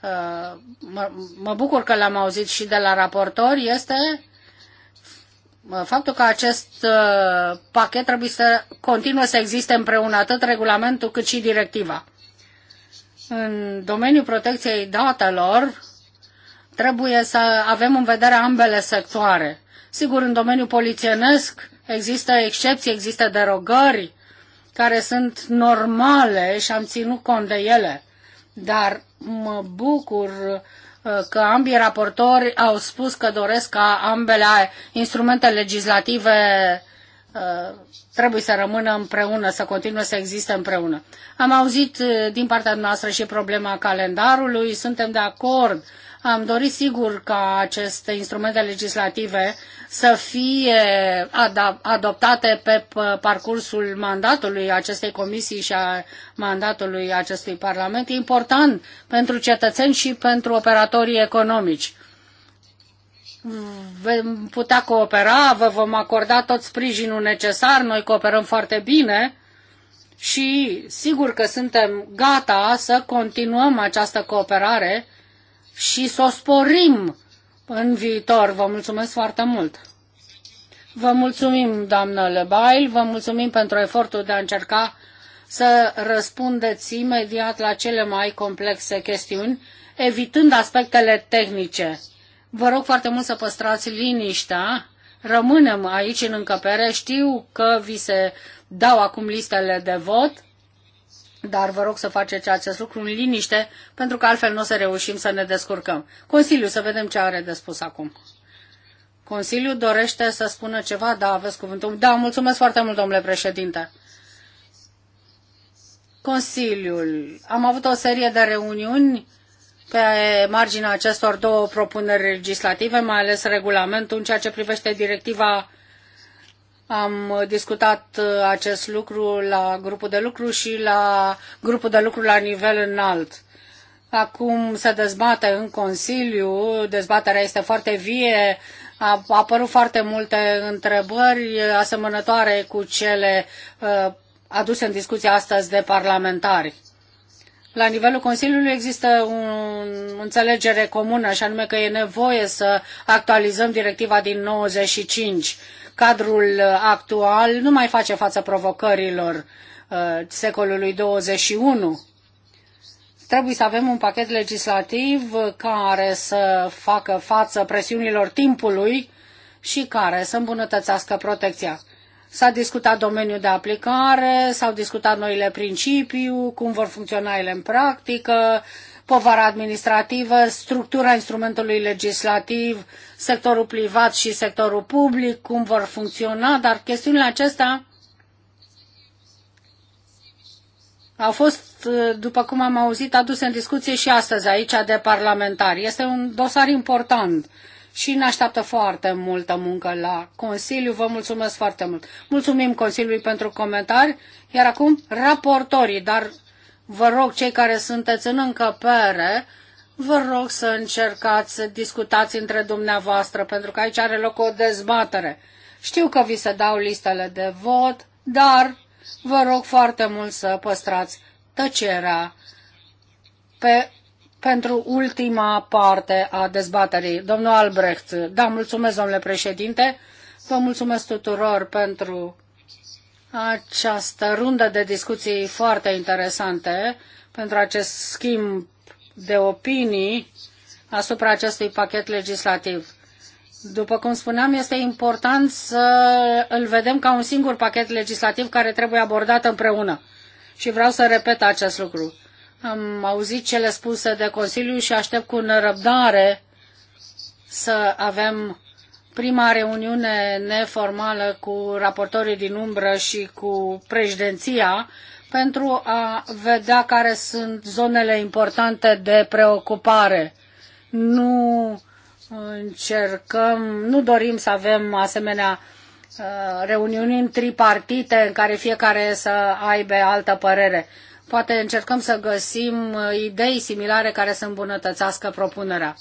uh, mă, mă bucur că l-am auzit și de la raportori este faptul că acest uh, pachet trebuie să continue să existe împreună atât regulamentul cât și directiva. În domeniul protecției datelor trebuie să avem în vedere ambele sectoare. Sigur, în domeniul polițienesc există excepții, există derogări care sunt normale și am ținut cont de ele. Dar mă bucur uh, că ambii raportori au spus că doresc ca ambele instrumente legislative Uh, trebuie să rămână împreună, să continue să existe împreună. Am auzit uh, din partea noastră și problema calendarului, suntem de acord. Am dorit sigur ca aceste instrumente legislative să fie adoptate pe parcursul mandatului acestei comisii și a mandatului acestui Parlament. E important pentru cetățeni și pentru operatorii economici vom putea coopera, vă vom acorda tot sprijinul necesar, noi cooperăm foarte bine și sigur că suntem gata să continuăm această cooperare și să o sporim în viitor. Vă mulțumesc foarte mult! Vă mulțumim, doamnă Lebail, vă mulțumim pentru efortul de a încerca să răspundeți imediat la cele mai complexe chestiuni, evitând aspectele tehnice. Vă rog foarte mult să păstrați liniștea. Rămânem aici în încăpere. Știu că vi se dau acum listele de vot, dar vă rog să faceți acest lucru în liniște, pentru că altfel nu o să reușim să ne descurcăm. Consiliul, să vedem ce are de spus acum. Consiliul dorește să spună ceva? Da, aveți cuvântul. Da, mulțumesc foarte mult, domnule președinte. Consiliul. Am avut o serie de reuniuni pe marginea acestor două propuneri legislative, mai ales regulamentul în ceea ce privește directiva. Am discutat uh, acest lucru la grupul de lucru și la grupul de lucru la nivel înalt. Acum se dezbate în Consiliu, dezbaterea este foarte vie, a apărut foarte multe întrebări asemănătoare cu cele uh, aduse în discuție astăzi de parlamentari la nivelul Consiliului există o înțelegere comună, și anume că e nevoie să actualizăm directiva din 95. Cadrul actual nu mai face față provocărilor uh, secolului 21. Trebuie să avem un pachet legislativ care să facă față presiunilor timpului și care să îmbunătățească protecția. S-a discutat domeniul de aplicare, s-au discutat noile principii, cum vor funcționa ele în practică, povara administrativă, structura instrumentului legislativ, sectorul privat și sectorul public, cum vor funcționa, dar chestiunile acestea au fost, după cum am auzit, aduse în discuție și astăzi aici de parlamentari. Este un dosar important și ne așteaptă foarte multă muncă la Consiliu. Vă mulțumesc foarte mult. Mulțumim Consiliului pentru comentari, iar acum raportorii, dar vă rog cei care sunteți în încăpere, vă rog să încercați să discutați între dumneavoastră, pentru că aici are loc o dezbatere. Știu că vi se dau listele de vot, dar vă rog foarte mult să păstrați tăcerea pe pentru ultima parte a dezbaterii. Domnul Albrecht, da, mulțumesc, domnule președinte. Vă mulțumesc tuturor pentru această rundă de discuții foarte interesante, pentru acest schimb de opinii asupra acestui pachet legislativ. După cum spuneam, este important să îl vedem ca un singur pachet legislativ care trebuie abordat împreună. Și vreau să repet acest lucru. Am auzit cele spuse de Consiliu și aștept cu nerăbdare să avem prima reuniune neformală cu raportorii din umbră și cu președinția pentru a vedea care sunt zonele importante de preocupare. Nu încercăm, nu dorim să avem asemenea uh, reuniuni tripartite în care fiecare să aibă altă părere. Poate încercăm să găsim uh, idei similare care să îmbunătățească propunerea.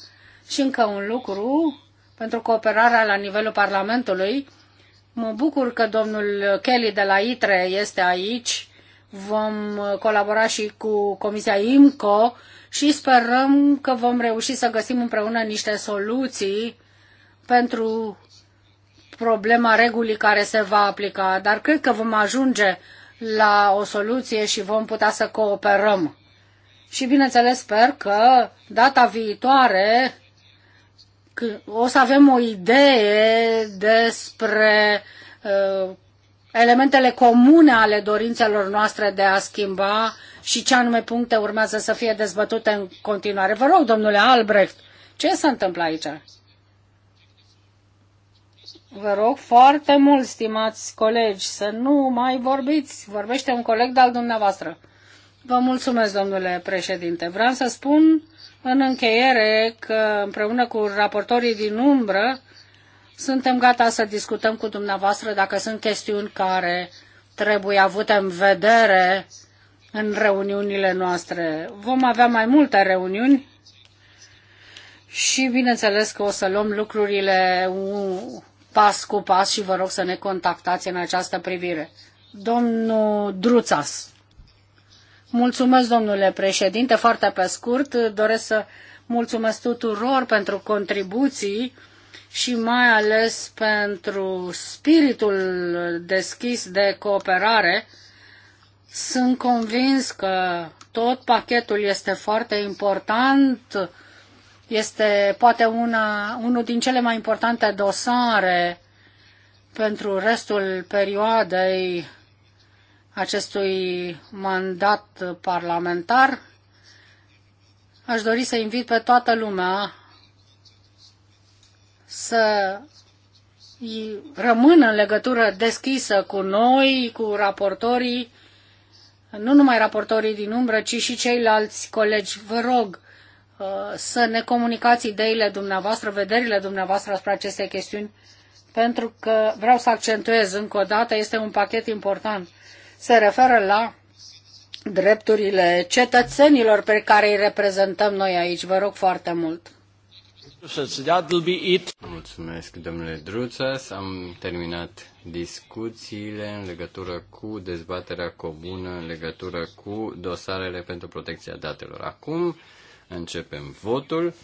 Și încă un lucru, pentru cooperarea la nivelul Parlamentului, mă bucur că domnul Kelly de la ITRE este aici. Vom uh, colabora și cu Comisia IMCO și sperăm că vom reuși să găsim împreună niște soluții pentru problema regulii care se va aplica, dar cred că vom ajunge la o soluție și vom putea să cooperăm. Și bineînțeles sper că data viitoare o să avem o idee despre uh, elementele comune ale dorințelor noastre de a schimba și ce anume puncte urmează să fie dezbătute în continuare. Vă rog, domnule Albrecht, ce se întâmplă aici? Vă rog foarte mult, stimați colegi, să nu mai vorbiți. Vorbește un coleg de-al dumneavoastră. Vă mulțumesc, domnule președinte. Vreau să spun în încheiere că împreună cu raportorii din umbră suntem gata să discutăm cu dumneavoastră dacă sunt chestiuni care trebuie avute în vedere în reuniunile noastre. Vom avea mai multe reuniuni și bineînțeles că o să luăm lucrurile pas cu pas și vă rog să ne contactați în această privire. Domnul Druțas. Mulțumesc, domnule președinte, foarte pe scurt. Doresc să mulțumesc tuturor pentru contribuții și mai ales pentru spiritul deschis de cooperare. Sunt convins că tot pachetul este foarte important este poate una, unul din cele mai importante dosare pentru restul perioadei acestui mandat parlamentar. Aș dori să invit pe toată lumea să rămână în legătură deschisă cu noi, cu raportorii, nu numai raportorii din umbră, ci și ceilalți colegi. Vă rog Uh, să ne comunicați ideile dumneavoastră, vederile dumneavoastră asupra acestei chestiuni, pentru că vreau să accentuez încă o dată, este un pachet important. Se referă la drepturile cetățenilor pe care îi reprezentăm noi aici. Vă rog foarte mult.
Mulțumesc, domnule Druțas. Am terminat discuțiile în legătură cu dezbaterea comună, în legătură cu dosarele pentru protecția datelor. Acum Începem votul.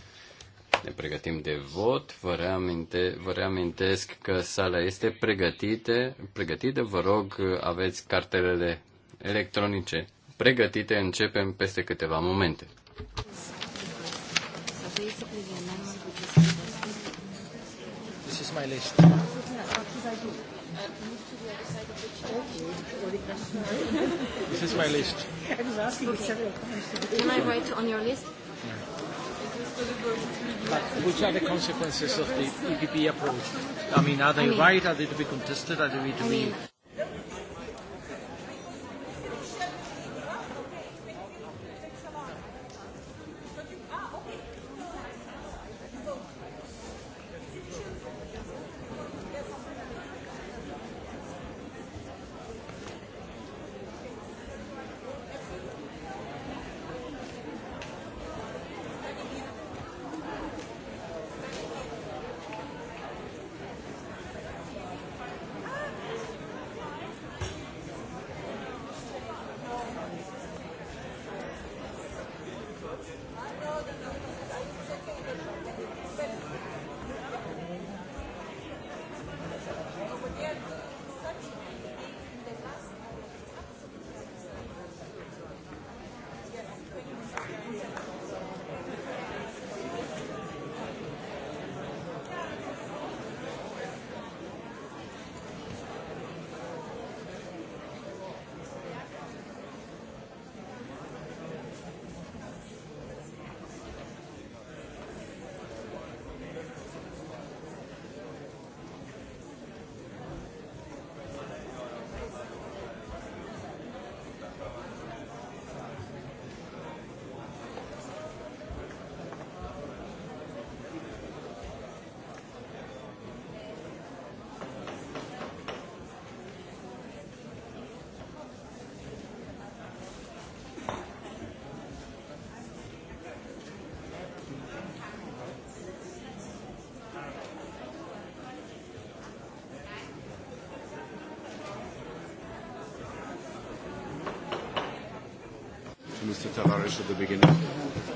Ne pregătim de vot. Vă, reaminte, vă reamintesc că sala este pregătită. pregătită. Vă rog, aveți cartelele electronice pregătite. Începem peste câteva momente.
This is my list.
This is my list. Can I write on your list?
But which are the consequences of the EPP
approach? I mean, are they I mean, right? Are they to be contested? Are they to I be? Mean,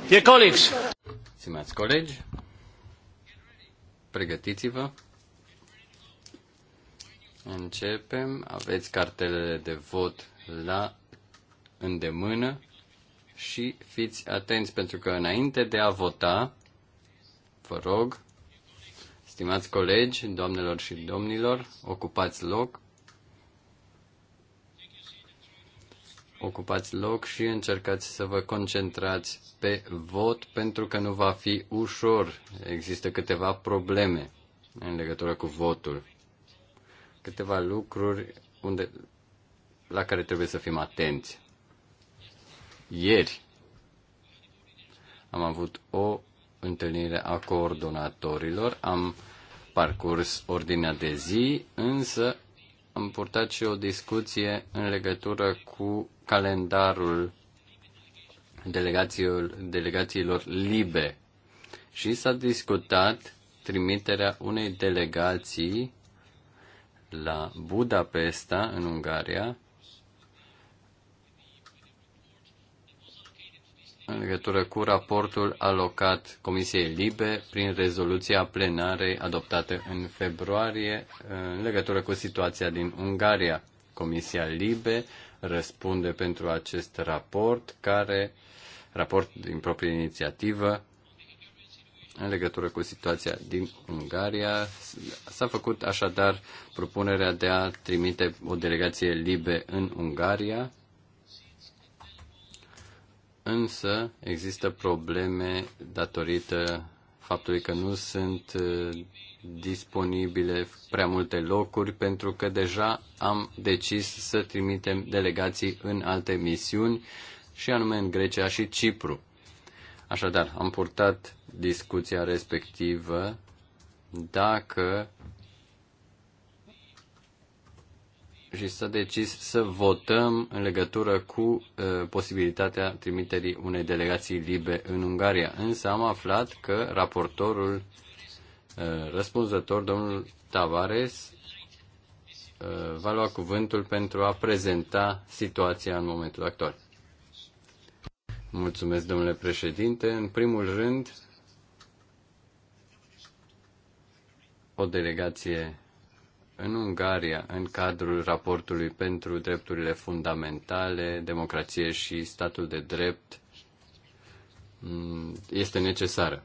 Dear colleagues. Stimați colegi, pregătiți-vă. Începem. Aveți cartelele de vot la îndemână și fiți atenți pentru că înainte de a vota, vă rog, stimați colegi, doamnelor și domnilor, ocupați loc ocupați loc și încercați să vă concentrați pe vot pentru că nu va fi ușor. Există câteva probleme în legătură cu votul. Câteva lucruri unde, la care trebuie să fim atenți. Ieri am avut o întâlnire a coordonatorilor, am parcurs ordinea de zi, însă am purtat și o discuție în legătură cu calendarul delegațiilor libe și s-a discutat trimiterea unei delegații la Budapesta, în Ungaria, în legătură cu raportul alocat Comisiei Libe prin rezoluția plenarei adoptată în februarie în legătură cu situația din Ungaria. Comisia Libe răspunde pentru acest raport, care, raport din proprie inițiativă, în legătură cu situația din Ungaria. S-a făcut așadar propunerea de a trimite o delegație libe în Ungaria, însă există probleme datorită faptului că nu sunt disponibile prea multe locuri pentru că deja am decis să trimitem delegații în alte misiuni și anume în Grecia și Cipru. Așadar, am purtat discuția respectivă dacă și s-a decis să votăm în legătură cu uh, posibilitatea trimiterii unei delegații libe în Ungaria. Însă am aflat că raportorul Uh, răspunzător, domnul Tavares uh, va lua cuvântul pentru a prezenta situația în momentul actual. Mulțumesc, domnule președinte. În primul rând, o delegație în Ungaria, în cadrul raportului pentru drepturile fundamentale, democrație și statul de drept, mm, este necesară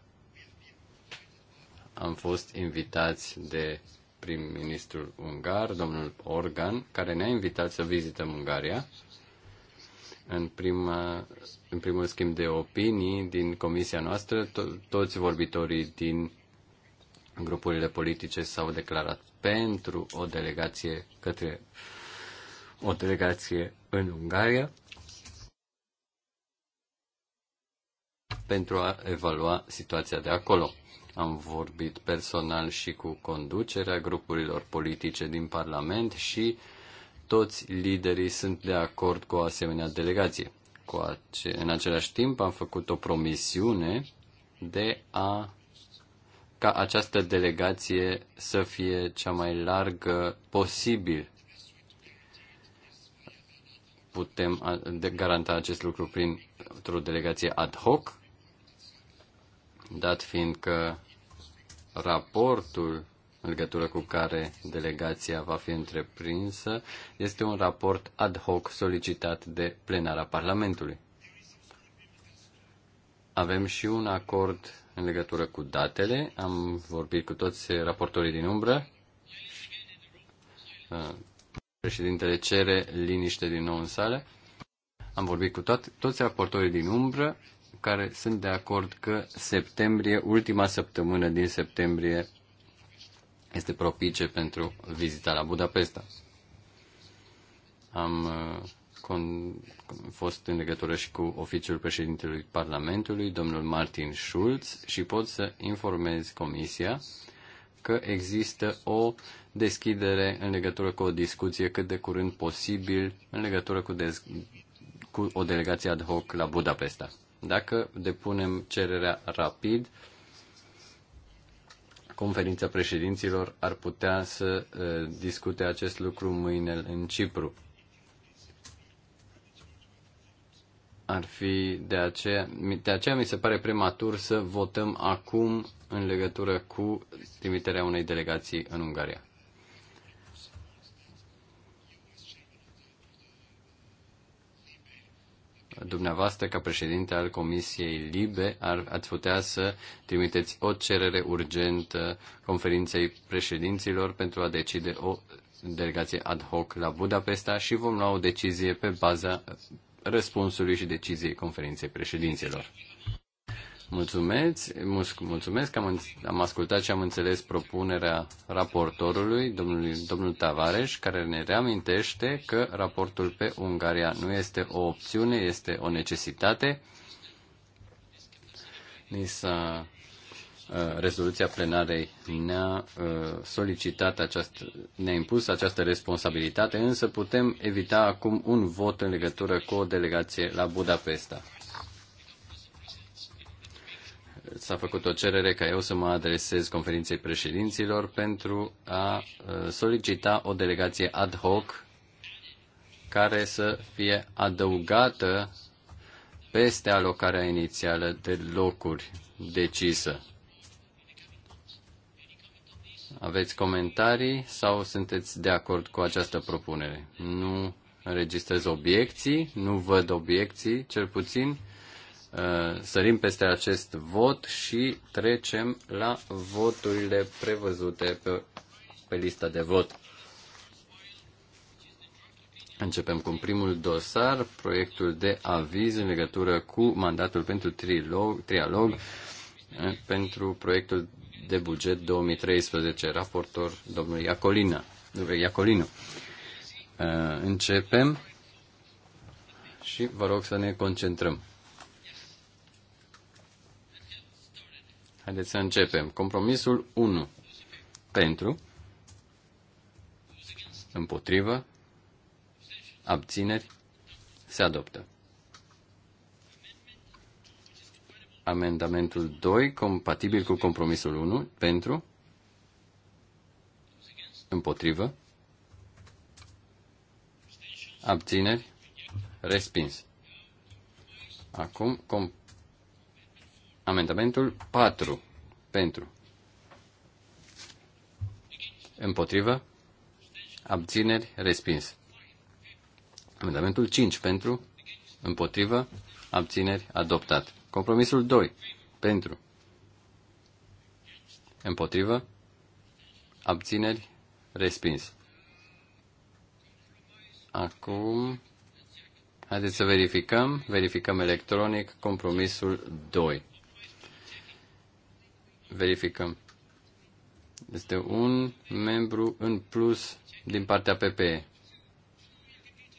am fost invitați de prim-ministrul ungar, domnul Organ, care ne-a invitat să vizităm Ungaria în, prima, în primul schimb de opinii din comisia noastră, to- toți vorbitorii din grupurile politice s-au declarat pentru o delegație către o delegație în Ungaria pentru a evalua situația de acolo. Am vorbit personal și cu conducerea grupurilor politice din Parlament și toți liderii sunt de acord cu o asemenea delegație. Cu ace- în același timp am făcut o promisiune de a ca această delegație să fie cea mai largă posibil. Putem garanta acest lucru printr-o delegație ad hoc dat fiind că raportul în legătură cu care delegația va fi întreprinsă este un raport ad hoc solicitat de plenara Parlamentului. Avem și un acord în legătură cu datele. Am vorbit cu toți raportorii din umbră. Președintele cere liniște din nou în sală. Am vorbit cu toți raportorii din umbră care sunt de acord că septembrie, ultima săptămână din septembrie, este propice pentru vizita la Budapesta. Am uh, con- fost în legătură și cu oficiul președintelui Parlamentului, domnul Martin Schulz, și pot să informez Comisia că există o deschidere în legătură cu o discuție cât de curând posibil în legătură cu, dez- cu o delegație ad hoc la Budapesta. Dacă depunem cererea rapid, conferința președinților ar putea să discute acest lucru mâine în Cipru. Ar fi de aceea, de aceea mi se pare prematur să votăm acum în legătură cu trimiterea unei delegații în Ungaria. dumneavoastră, ca președinte al Comisiei Libe, ar, ați putea să trimiteți o cerere urgentă conferinței președinților pentru a decide o delegație ad hoc la Budapesta și vom lua o decizie pe baza răspunsului și deciziei conferinței președinților. Mulțumesc, mulțumesc că am, am ascultat și am înțeles propunerea raportorului, domnului, domnul Tavares, care ne reamintește că raportul pe Ungaria nu este o opțiune, este o necesitate. Ni s-a, uh, rezoluția plenarei ne-a uh, solicitat această, ne-a impus această responsabilitate, însă putem evita acum un vot în legătură cu o delegație la Budapesta s-a făcut o cerere ca eu să mă adresez conferinței președinților pentru a uh, solicita o delegație ad hoc care să fie adăugată peste alocarea inițială de locuri decisă. Aveți comentarii sau sunteți de acord cu această propunere? Nu înregistrez obiecții, nu văd obiecții, cel puțin. Uh, sărim peste acest vot și trecem la voturile prevăzute pe, pe lista de vot. Începem cu primul dosar, proiectul de aviz în legătură cu mandatul pentru trilog, trialog uh, pentru proiectul de buget 2013, raportor domnul Iacolina, Iacolino. Uh, începem și vă rog să ne concentrăm. Haideți să începem. Compromisul 1. Pentru. Împotrivă. Abțineri. Se adoptă. Amendamentul 2, compatibil cu compromisul 1, pentru, împotrivă, abțineri, respins. Acum, comp- Amendamentul 4. Pentru. Împotrivă. Abțineri. Respins. Amendamentul 5. Pentru. Împotrivă. Abțineri. Adoptat. Compromisul 2. Pentru. Împotrivă. Abțineri. Respins. Acum, haideți să verificăm. Verificăm electronic compromisul 2. Verificăm. Este un membru în plus din partea PPE.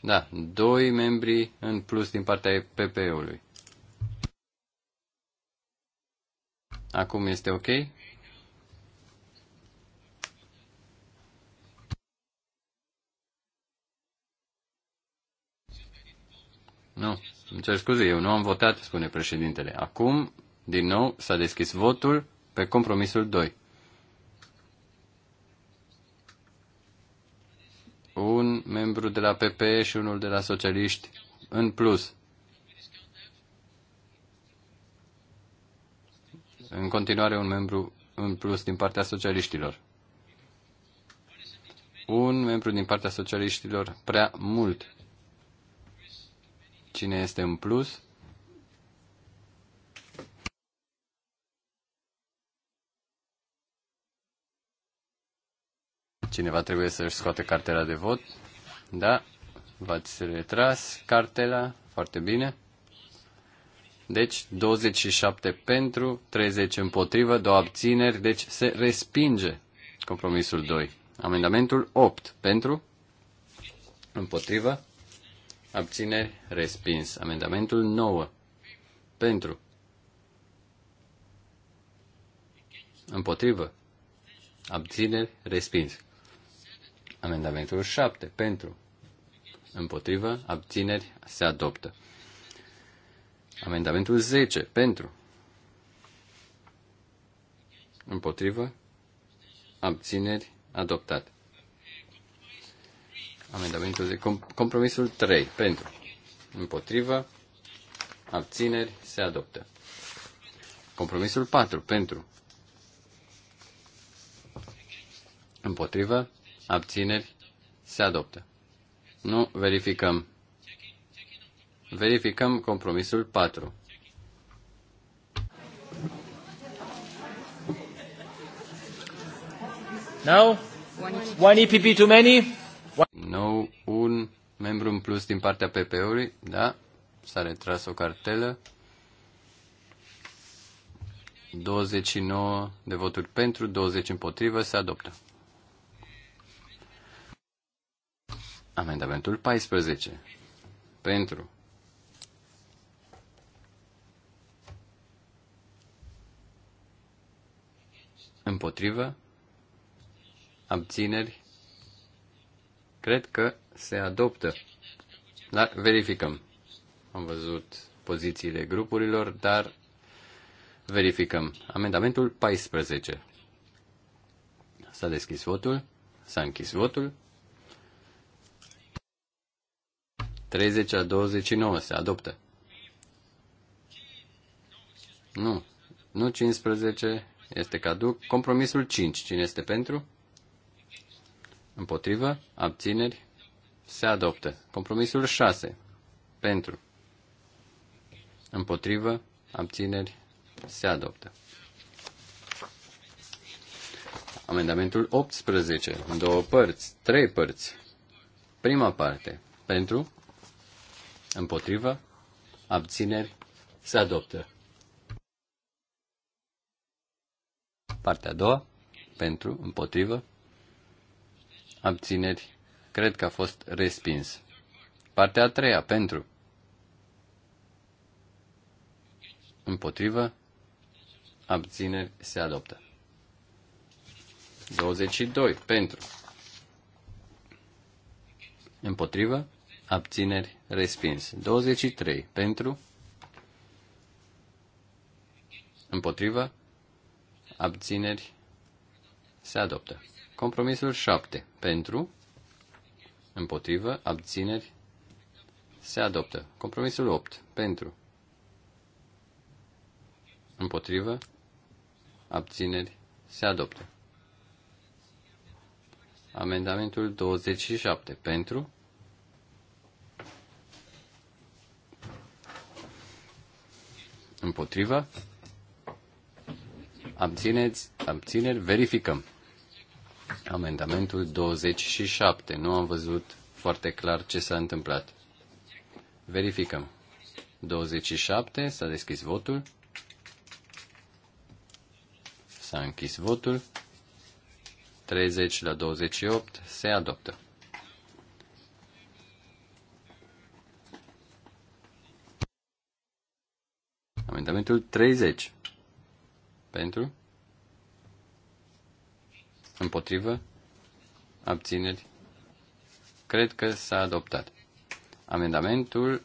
Da, doi membri în plus din partea PPE-ului. Acum este ok? Nu, îmi cer scuze, eu nu am votat, spune președintele. Acum, din nou, s-a deschis votul pe compromisul 2. Un membru de la PP și unul de la socialiști în plus. În continuare un membru în plus din partea socialiștilor. Un membru din partea socialiștilor prea mult. Cine este în plus? Cineva trebuie să-și scoate cartela de vot. Da, v-ați retras cartela, foarte bine. Deci 27 pentru, 30 împotrivă, două abțineri, deci se respinge compromisul 2. Amendamentul 8 pentru, împotrivă, abțineri, respins. Amendamentul 9 pentru, împotrivă, abțineri, respins. Amendamentul 7 pentru, împotrivă, abțineri, se adoptă. Amendamentul 10 pentru, împotrivă, abțineri, adoptat. Amendamentul de compromisul 3 pentru, împotrivă, abțineri, se adoptă. Compromisul 4 pentru, împotrivă, Abțineri? Se adoptă. Nu, verificăm. Verificăm compromisul 4. No? One EPP too many? No, un membru în plus din partea PP-ului, da? S-a retras o cartelă. 29 de voturi pentru, 20 împotrivă, se adoptă. Amendamentul 14. Pentru. Împotrivă. Abțineri. Cred că se adoptă. Dar verificăm. Am văzut pozițiile grupurilor, dar verificăm. Amendamentul 14. S-a deschis votul. S-a închis votul. 30 a 29 se adoptă. Nu. Nu 15 este caduc. Compromisul 5. Cine este pentru? Împotrivă? Abțineri? Se adoptă. Compromisul 6. Pentru. Împotrivă? Abțineri? Se adoptă. Amendamentul 18. În două părți. Trei părți. Prima parte. Pentru? Împotrivă. Abțineri. Se adoptă. Partea a doua. Pentru. Împotrivă. Abțineri. Cred că a fost respins. Partea a treia. Pentru. Împotrivă. Abțineri. Se adoptă. 22. Pentru. Împotrivă abțineri, respins. 23 pentru, împotrivă, abțineri, se adoptă. Compromisul 7 pentru, împotrivă, abțineri, se adoptă. Compromisul 8 pentru, împotrivă, abțineri, se adoptă. Amendamentul 27 pentru, Împotrivă? Abțineți? Abțineri? Verificăm. Amendamentul 27. Nu am văzut foarte clar ce s-a întâmplat. Verificăm. 27. S-a deschis votul. S-a închis votul. 30 la 28 se adoptă. Amendamentul 30. Pentru? Împotrivă? Abțineri? Cred că s-a adoptat. Amendamentul.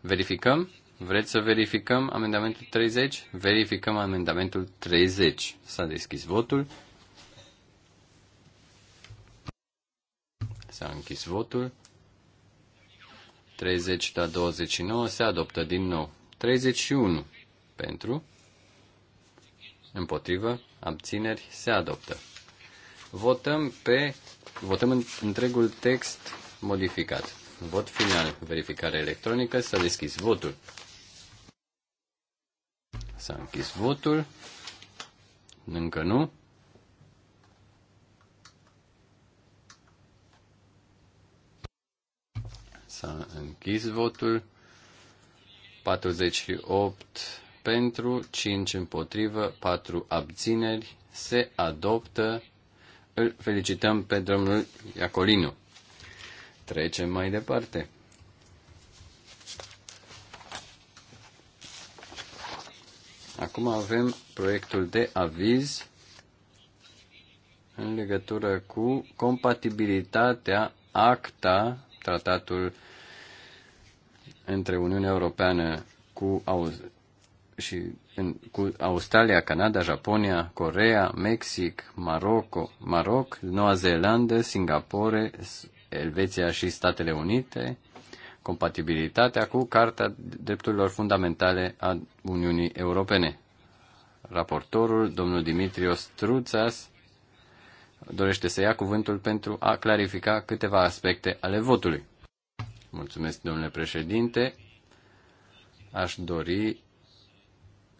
Verificăm? Vreți să verificăm amendamentul 30? Verificăm amendamentul 30. S-a deschis votul. S-a închis votul. 30 la 29 se adoptă din nou. 31 pentru, împotrivă, abțineri, se adoptă. Votăm pe, votăm întregul text modificat. Vot final, verificare electronică, s-a deschis votul. S-a închis votul. Încă nu. S-a închis votul. 48 pentru, 5 împotrivă, 4 abțineri. Se adoptă. Îl felicităm pe domnul Iacolinu. Trecem mai departe. Acum avem proiectul de aviz în legătură cu compatibilitatea ACTA, tratatul între Uniunea Europeană cu și în, cu Australia, Canada, Japonia, Corea, Mexic, Marocco, Maroc, Noua Zeelandă, Singapore, Elveția și Statele Unite, compatibilitatea cu Carta Drepturilor Fundamentale a Uniunii Europene. Raportorul, domnul Dimitrios Truțas, dorește să ia cuvântul pentru a clarifica câteva aspecte ale votului. Mulțumesc, domnule președinte. Aș dori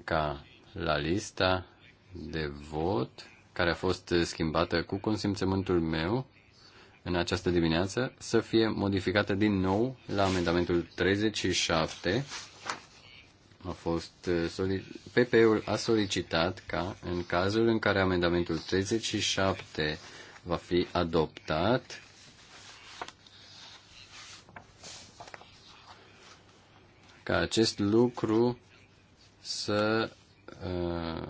ca la lista de vot care a fost schimbată cu consimțământul meu în această dimineață să fie modificată din nou la amendamentul 37. A fost uh, PP-ul a solicitat ca în cazul în care amendamentul 37 va fi adoptat, ca acest lucru să uh,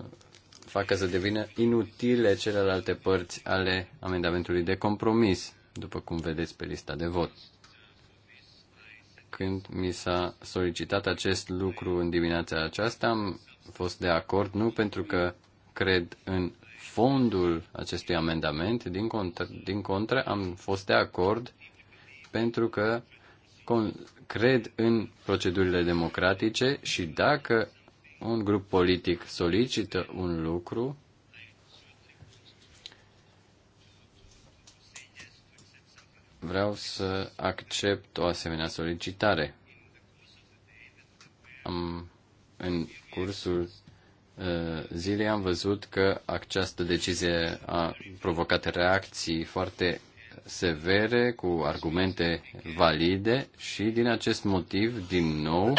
facă să devină inutile celelalte părți ale amendamentului de compromis, după cum vedeți pe lista de vot. Când mi s-a solicitat acest lucru în dimineața aceasta, am fost de acord, nu pentru că cred în fondul acestui amendament, din contră, din contră am fost de acord pentru că cred în procedurile democratice și dacă un grup politic solicită un lucru, vreau să accept o asemenea solicitare. Am, în cursul uh, zilei am văzut că această decizie a provocat reacții foarte severe, cu argumente valide și din acest motiv, din nou,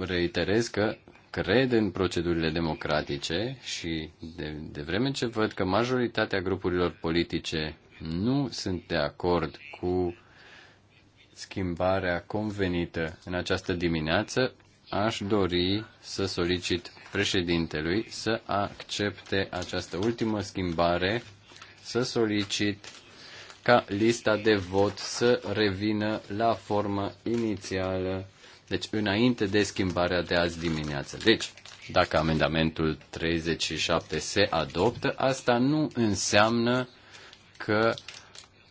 reiterez că cred în procedurile democratice și de, de vreme ce văd că majoritatea grupurilor politice nu sunt de acord cu schimbarea convenită în această dimineață, aș dori să solicit președintelui să accepte această ultimă schimbare să solicit ca lista de vot să revină la forma inițială, deci înainte de schimbarea de azi dimineață. Deci, dacă amendamentul 37 se adoptă, asta nu înseamnă că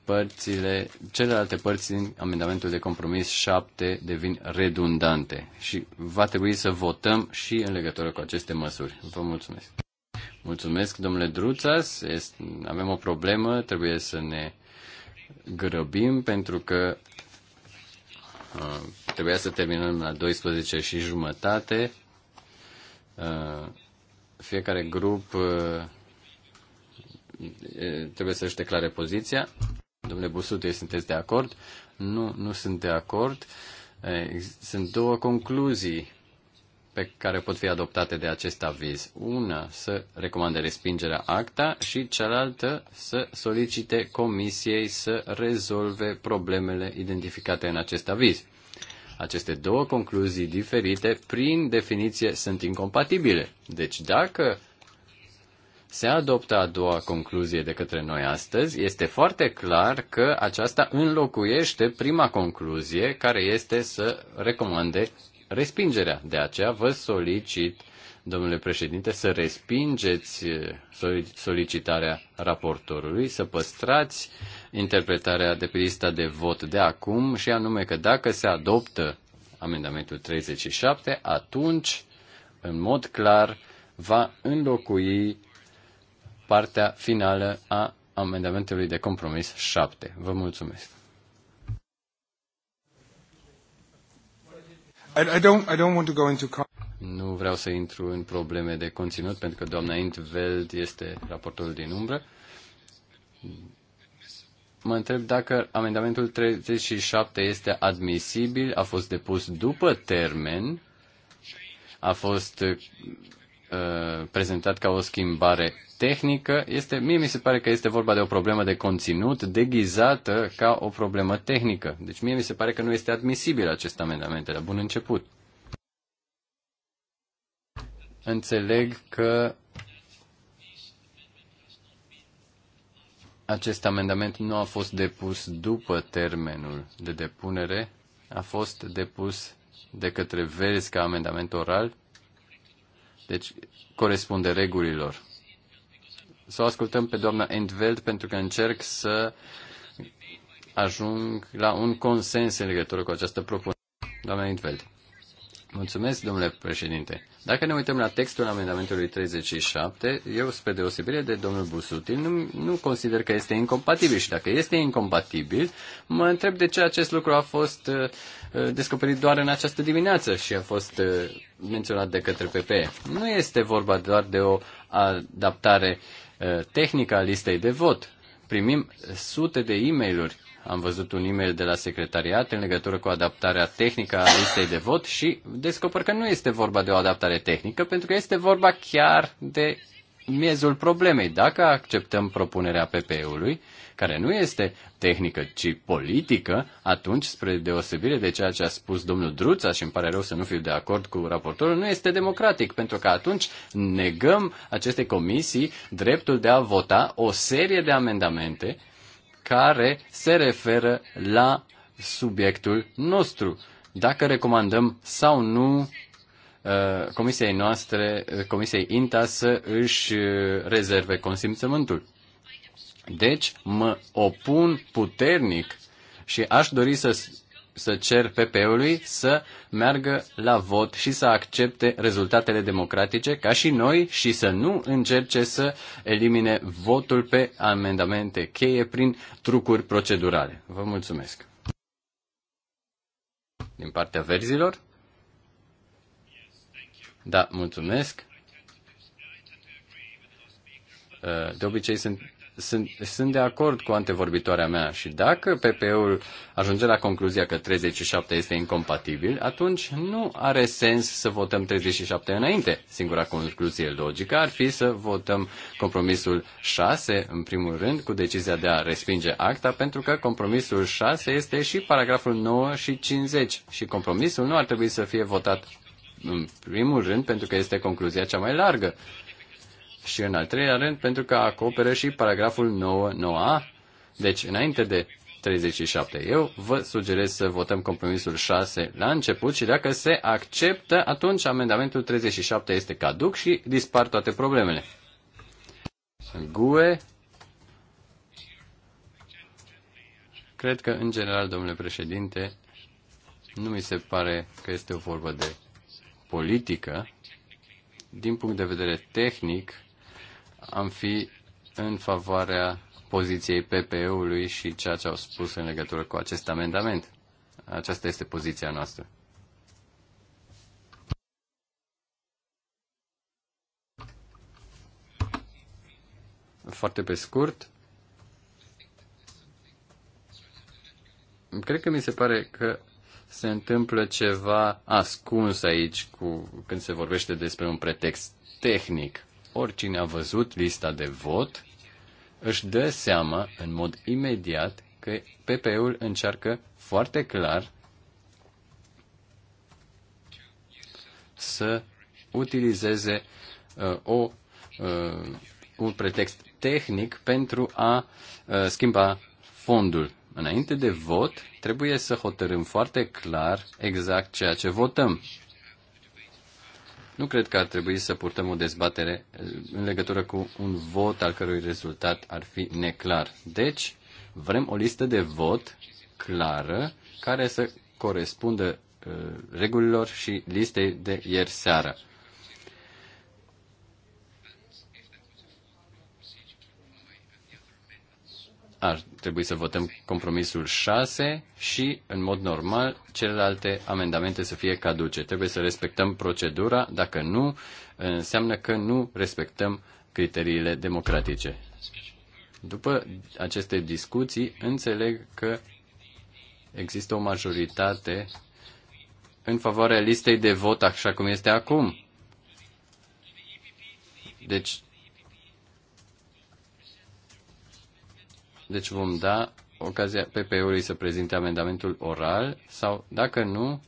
părțile, celelalte părți din amendamentul de compromis 7 devin redundante și va trebui să votăm și în legătură cu aceste măsuri. Vă mulțumesc. Mulțumesc, domnule Druțas. Este, avem o problemă, trebuie să ne grăbim pentru că uh, trebuia să terminăm la 12 și jumătate. Uh, fiecare grup uh, trebuie să-și declare poziția. Domnule Busute, sunteți de acord? Nu, nu sunt de acord. Sunt două concluzii pe care pot fi adoptate de acest aviz. Una să recomande respingerea acta și cealaltă să solicite comisiei să rezolve problemele identificate în acest aviz. Aceste două concluzii diferite, prin definiție, sunt incompatibile. Deci dacă se adoptă a doua concluzie de către noi astăzi, este foarte clar că aceasta înlocuiește prima concluzie, care este să recomande respingerea. De aceea vă solicit, domnule președinte, să respingeți eh, solicitarea raportorului, să păstrați interpretarea de pe lista de vot de acum și anume că dacă se adoptă amendamentul 37, atunci, în mod clar, va înlocui partea finală a amendamentului de compromis 7. Vă mulțumesc. Nu vreau să intru în probleme de conținut, pentru că doamna Intveld este raportorul din umbră. Mă întreb dacă amendamentul 37 este admisibil, a fost depus după termen, a fost Uh, prezentat ca o schimbare tehnică, este, mie mi se pare că este vorba de o problemă de conținut deghizată ca o problemă tehnică. Deci mie mi se pare că nu este admisibil acest amendament de la bun început. Înțeleg că acest amendament nu a fost depus după termenul de depunere, a fost depus de către Verzi ca amendament oral deci, corespunde regulilor. Să o ascultăm pe doamna Entveld pentru că încerc să ajung la un consens în legătură cu această propunere. Doamna Endveld. Mulțumesc, domnule președinte. Dacă ne uităm la textul amendamentului 37, eu, spre deosebire de domnul Busutin, nu, nu consider că este incompatibil și dacă este incompatibil, mă întreb de ce acest lucru a fost uh, uh descoperit doar în această dimineață și a fost uh, menționat de către PP. Nu este vorba doar de o adaptare uh, tehnică a listei de vot primim sute de e mail Am văzut un e-mail de la secretariat în legătură cu adaptarea tehnică a listei de vot și descoper că nu este vorba de o adaptare tehnică, pentru că este vorba chiar de miezul problemei. Dacă acceptăm propunerea PP-ului, care nu este tehnică, ci politică, atunci, spre deosebire de ceea ce a spus domnul Druța, și îmi pare rău să nu fiu de acord cu raportorul, nu este democratic, pentru că atunci negăm aceste comisii dreptul de a vota o serie de amendamente care se referă la subiectul nostru. Dacă recomandăm sau nu uh, comisiei noastre, uh, comisiei INTA, să își uh, rezerve consimțământul. Deci mă opun puternic și aș dori să, să cer PP-ului să meargă la vot și să accepte rezultatele democratice ca și noi și să nu încerce să elimine votul pe amendamente cheie prin trucuri procedurale. Vă mulțumesc. Din partea verzilor? Da, mulțumesc. De obicei sunt sunt, sunt de acord cu antevorbitoarea mea și dacă PPE-ul ajunge la concluzia că 37 este incompatibil, atunci nu are sens să votăm 37 înainte. Singura concluzie logică ar fi să votăm compromisul 6, în primul rând, cu decizia de a respinge acta, pentru că compromisul 6 este și paragraful 9 și 50 și compromisul nu ar trebui să fie votat în primul rând pentru că este concluzia cea mai largă și în al treilea rând pentru că acoperă și paragraful 9, 9a. Deci, înainte de 37. Eu vă sugerez să votăm compromisul 6 la început și dacă se acceptă, atunci amendamentul 37 este caduc și dispar toate problemele. GUE. Cred că, în general, domnule președinte, nu mi se pare că este o vorbă de politică. Din punct de vedere tehnic, am fi în favoarea poziției PPE-ului și ceea ce au spus în legătură cu acest amendament. Aceasta este poziția noastră. Foarte pe scurt, cred că mi se pare că se întâmplă ceva ascuns aici cu, când se vorbește despre un pretext tehnic oricine a văzut lista de vot își dă seama în mod imediat că pp ul încearcă foarte clar să utilizeze uh, o, uh, un pretext tehnic pentru a uh, schimba fondul. Înainte de vot, trebuie să hotărâm foarte clar exact ceea ce votăm. Nu cred că ar trebui să purtăm o dezbatere eh, în legătură cu un vot al cărui rezultat ar fi neclar. Deci, vrem o listă de vot clară care să corespundă eh, regulilor și listei de ieri seară. ar trebui să votăm compromisul 6 și, în mod normal, celelalte amendamente să fie caduce. Trebuie să respectăm procedura, dacă nu, înseamnă că nu respectăm criteriile democratice. După aceste discuții, înțeleg că există o majoritate în favoarea listei de vot așa cum este acum. Deci, Deci vom da ocazia PP-ului să prezinte amendamentul oral sau, dacă nu,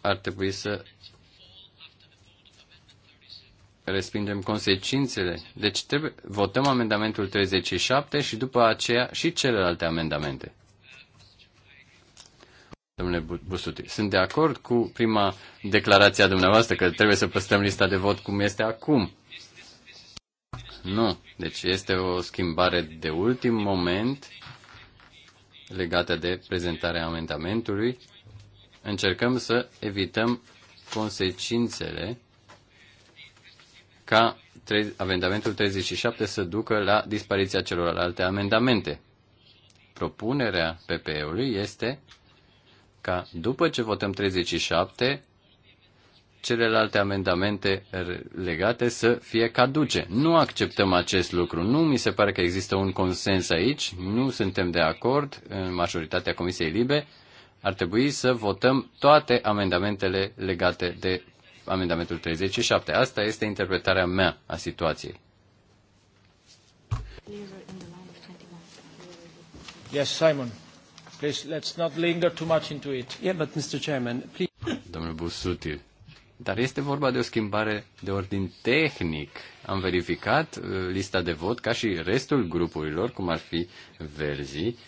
ar trebui să respingem consecințele. Deci trebuie, votăm amendamentul 37 și după aceea și celelalte amendamente. Domnule Busuti, sunt de acord cu prima declarație a dumneavoastră că trebuie să păstrăm lista de vot cum este acum. Nu. Deci este o schimbare de ultim moment legată de prezentarea amendamentului. Încercăm să evităm consecințele ca amendamentul 37 să ducă la dispariția celorlalte amendamente. Propunerea PPE-ului este ca după ce votăm 37, celelalte amendamente legate să fie caduce. Nu acceptăm acest lucru. Nu mi se pare că există un consens aici. Nu suntem de acord în majoritatea Comisiei Libe. Ar trebui să votăm toate amendamentele legate de amendamentul 37. Asta este interpretarea mea a situației. Yes, Simon. Please, let's not linger too much into it. Yeah, but Mr. Chairman, please. Domnul Busutil. Dar este vorba de o schimbare de ordin tehnic. Am verificat uh, lista de vot ca și restul grupurilor, cum ar fi verzii,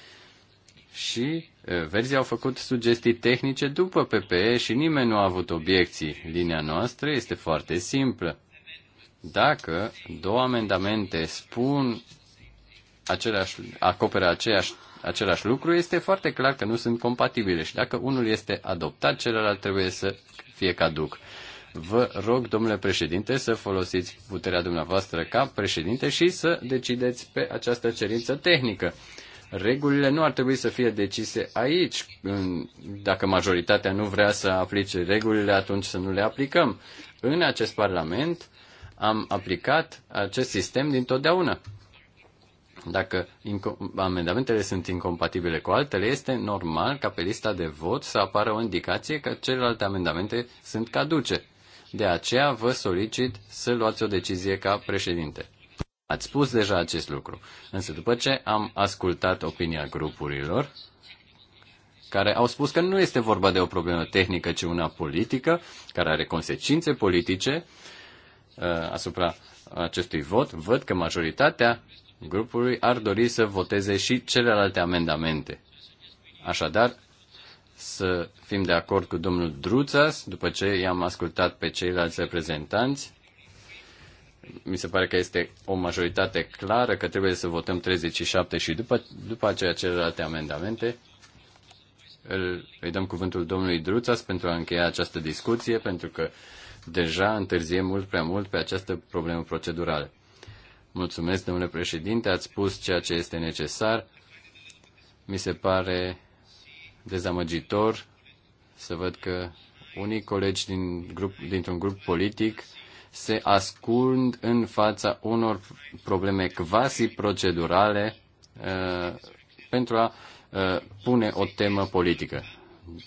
și uh, verzii au făcut sugestii tehnice după PPE și nimeni nu a avut obiecții. Linia noastră este foarte simplă. Dacă două amendamente spun același, acoperă aceeași, același lucru, este foarte clar că nu sunt compatibile și dacă unul este adoptat, celălalt trebuie să fie caduc. Vă rog, domnule președinte, să folosiți puterea dumneavoastră ca președinte și să decideți pe această cerință tehnică. Regulile nu ar trebui să fie decise aici. Dacă majoritatea nu vrea să aplice regulile, atunci să nu le aplicăm. În acest Parlament am aplicat acest sistem dintotdeauna. Dacă amendamentele sunt incompatibile cu altele, este normal ca pe lista de vot să apară o indicație că celelalte amendamente sunt caduce. De aceea vă solicit să luați o decizie ca președinte. Ați spus deja acest lucru, însă după ce am ascultat opinia grupurilor, care au spus că nu este vorba de o problemă tehnică, ci una politică, care are consecințe politice uh, asupra acestui vot, văd că majoritatea grupului ar dori să voteze și celelalte amendamente. Așadar, să fim de acord cu domnul Druțas, după ce i-am ascultat pe ceilalți reprezentanți. Mi se pare că este o majoritate clară că trebuie să votăm 37 și după, după aceea celelalte amendamente. Îl, îi dăm cuvântul domnului Druțas pentru a încheia această discuție, pentru că deja întârzie mult prea mult pe această problemă procedurală. Mulțumesc, domnule președinte, ați spus ceea ce este necesar. Mi se pare dezamăgitor să văd că unii colegi din grup, dintr-un grup politic se ascund în fața unor probleme quasi procedurale uh, pentru a uh, pune o temă politică.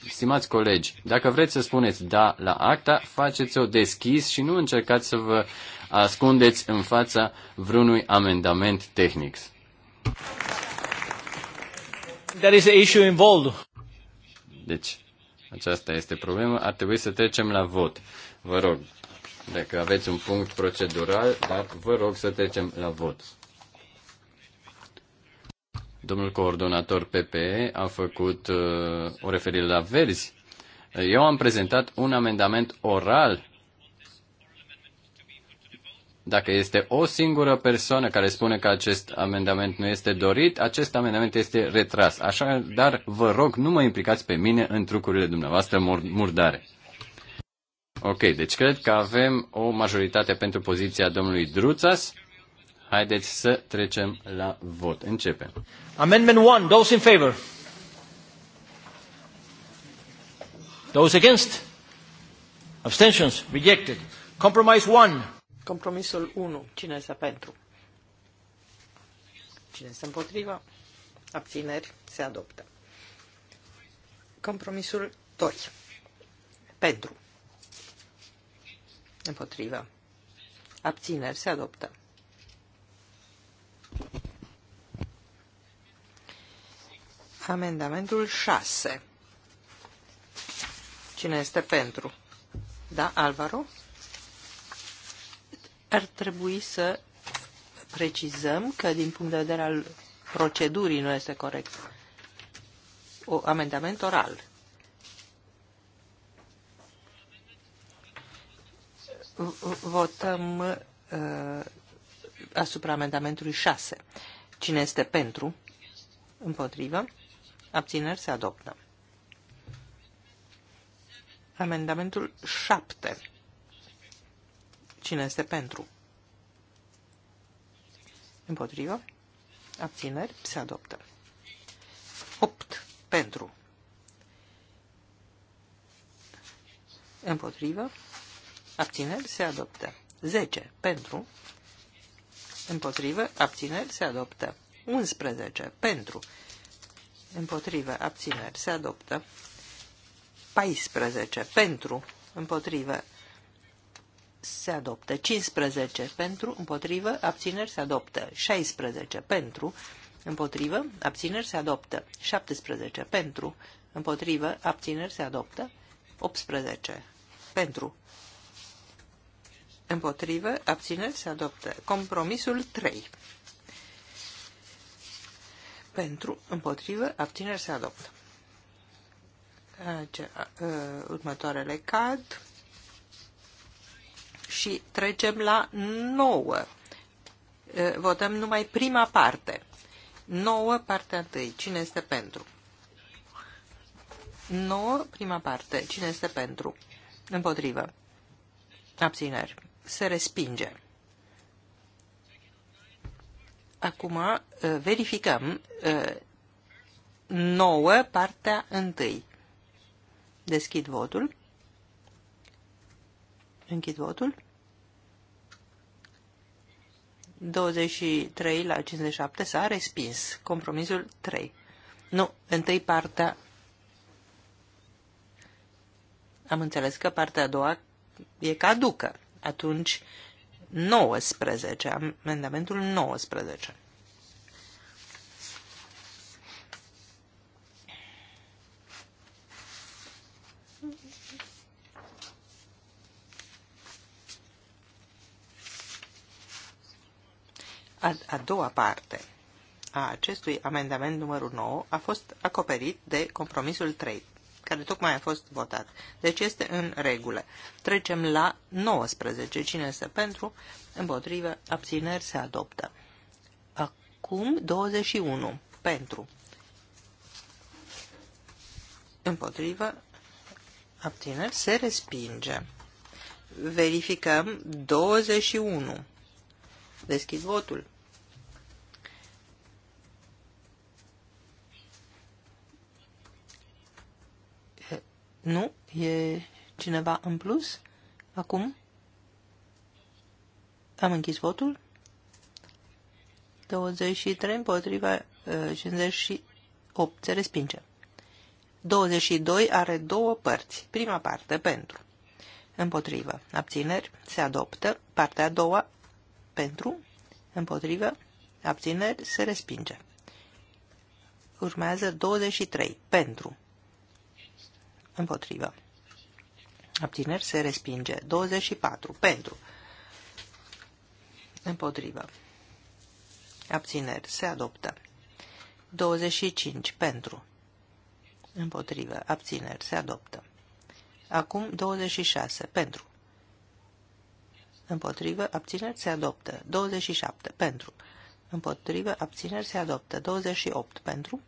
Stimați colegi, dacă vreți să spuneți da la acta, faceți-o deschis și nu încercați să vă ascundeți în fața vreunui amendament tehnic. There is an issue involved. Deci, aceasta este problema. Ar trebui să trecem la vot. Vă rog, dacă aveți un punct procedural, dar vă rog să trecem la vot. Domnul coordonator PPE a făcut uh, o referire la verzi. Eu am prezentat un amendament oral dacă este o singură persoană care spune că acest amendament nu este dorit, acest amendament este retras. Așa, dar vă rog, nu mă implicați pe mine în trucurile dumneavoastră mur- murdare. Ok, deci cred că avem o majoritate pentru poziția domnului Druțas. Haideți să trecem la vot. Începem. Amendment 1, those in favor. Those against? Abstentions? Rejected. Compromise 1.
Compromisul 1. Cine este pentru? Cine este împotrivă? Abțineri. Se adoptă. Compromisul 2. Pentru. Împotrivă. Abțineri. Se adoptă. Amendamentul 6. Cine este pentru? Da, Alvaro? Ar trebui să precizăm că din punct de vedere al procedurii nu este corect. O amendament oral. Votăm uh, asupra amendamentului 6. Cine este pentru? Împotrivă? Abțineri se adoptă. Amendamentul 7. Cine este pentru? Împotrivă. Abțineri. Se adoptă. 8. Pentru. Împotrivă. Abțineri. Se adoptă. 10. Pentru. Împotrivă. Abțineri. Se adoptă. 11. Pentru. Împotrivă. Abțineri. Se adoptă. 14. Pentru. Împotrivă se adoptă. 15 pentru, împotrivă, abțineri se adoptă. 16 pentru, împotrivă, abțineri se adoptă. 17 pentru, împotrivă, abțineri se adoptă. 18 pentru, împotrivă, abțineri se adoptă. Compromisul 3 pentru, împotrivă, abțineri se adoptă. Următoarele cad și trecem la nouă. Votăm numai prima parte. Nouă, partea întâi. Cine este pentru? Nouă, prima parte. Cine este pentru? Împotrivă. Abțineri. Se respinge. Acum verificăm nouă, partea întâi. Deschid votul. Închid votul. 23 la 57 s-a respins. Compromisul 3. Nu, întâi partea... Am înțeles că partea a doua e caducă. Atunci 19, amendamentul 19. A, a doua parte a acestui amendament numărul 9 a fost acoperit de compromisul 3, care tocmai a fost votat. Deci este în regulă. Trecem la 19. Cine este pentru? Împotrivă. Abțineri se adoptă. Acum 21. Pentru. Împotrivă. Abțineri se respinge. Verificăm 21. Deschid votul. Nu? E cineva în plus? Acum? Am închis votul. 23 împotriva 58 uh, se respinge. 22 are două părți. Prima parte pentru. Împotrivă. Abțineri. Se adoptă. Partea a doua pentru. Împotrivă. Abțineri. Se respinge. Urmează 23. Pentru. Împotrivă. Abțineri se respinge. 24. Pentru. Împotrivă. Abțineri se adoptă. 25. Pentru. Împotrivă. Abțineri se adoptă. Acum 26. Pentru. Împotrivă. Abțineri se adoptă. 27. Pentru. Împotrivă. Abțineri se adoptă. 28. Pentru.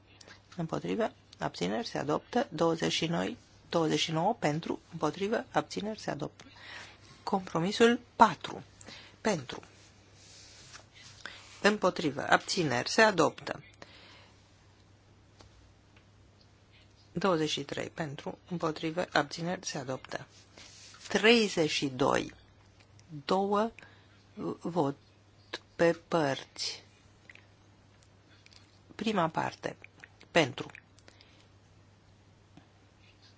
Împotrivă. Abțineri se adoptă. 29. 29 pentru, împotrivă, abțineri se adoptă. Compromisul 4 pentru, împotrivă, abțineri se adoptă. 23 pentru, împotrivă, abțineri se adoptă. 32. Două vot pe părți. Prima parte. Pentru.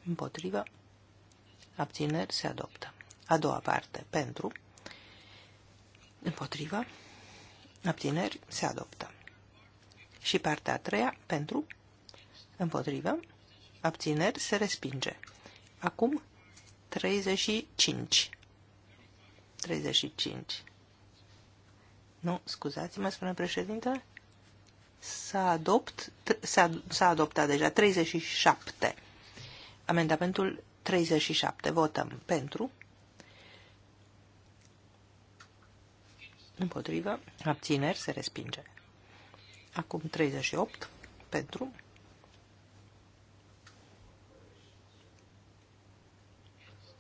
Împotrivă. Abțineri se adoptă. A doua parte. Pentru. Împotrivă. Abțineri se adoptă. Și partea a treia. Pentru. Împotrivă. Abțineri se respinge. Acum 35. 35. Nu, scuzați-mă, spune președinte. S-a adopt, s-a adoptat deja 37. Amendamentul 37. Votăm pentru. Împotrivă. Abțineri. Se respinge. Acum 38. Pentru.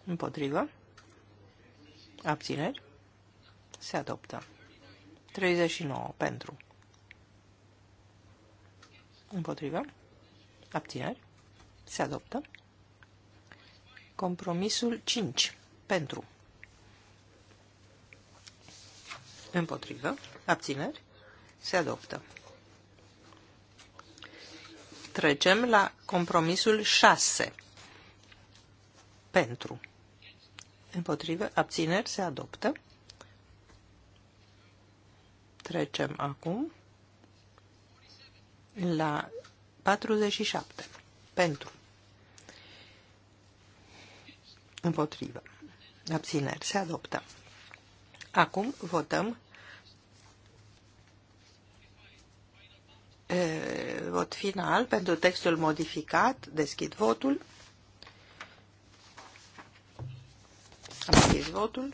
Împotrivă. Abțineri. Se adoptă. 39. Pentru. Împotrivă. Abțineri. Se adoptă. Compromisul 5. Pentru. Împotrivă. Abțineri. Se adoptă. Trecem la compromisul 6. Pentru. Împotrivă. Abțineri. Se adoptă. Trecem acum la 47. Pentru. Împotrivă. Abțineri. Se adoptă. Acum votăm e, vot final pentru textul modificat. Deschid votul. Am deschis votul.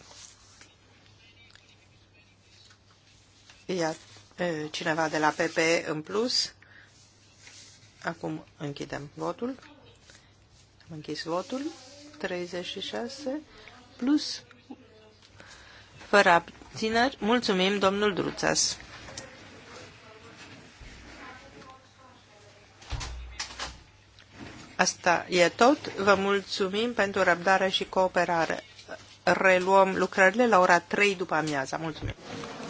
Ia e, cineva de la PP în plus. Acum închidem votul. Am închis votul. 36 plus fără abțineri. Mulțumim, domnul Druțas. Asta e tot. Vă mulțumim pentru răbdare și cooperare. Reluăm lucrările la ora 3 după amiaza. Mulțumim.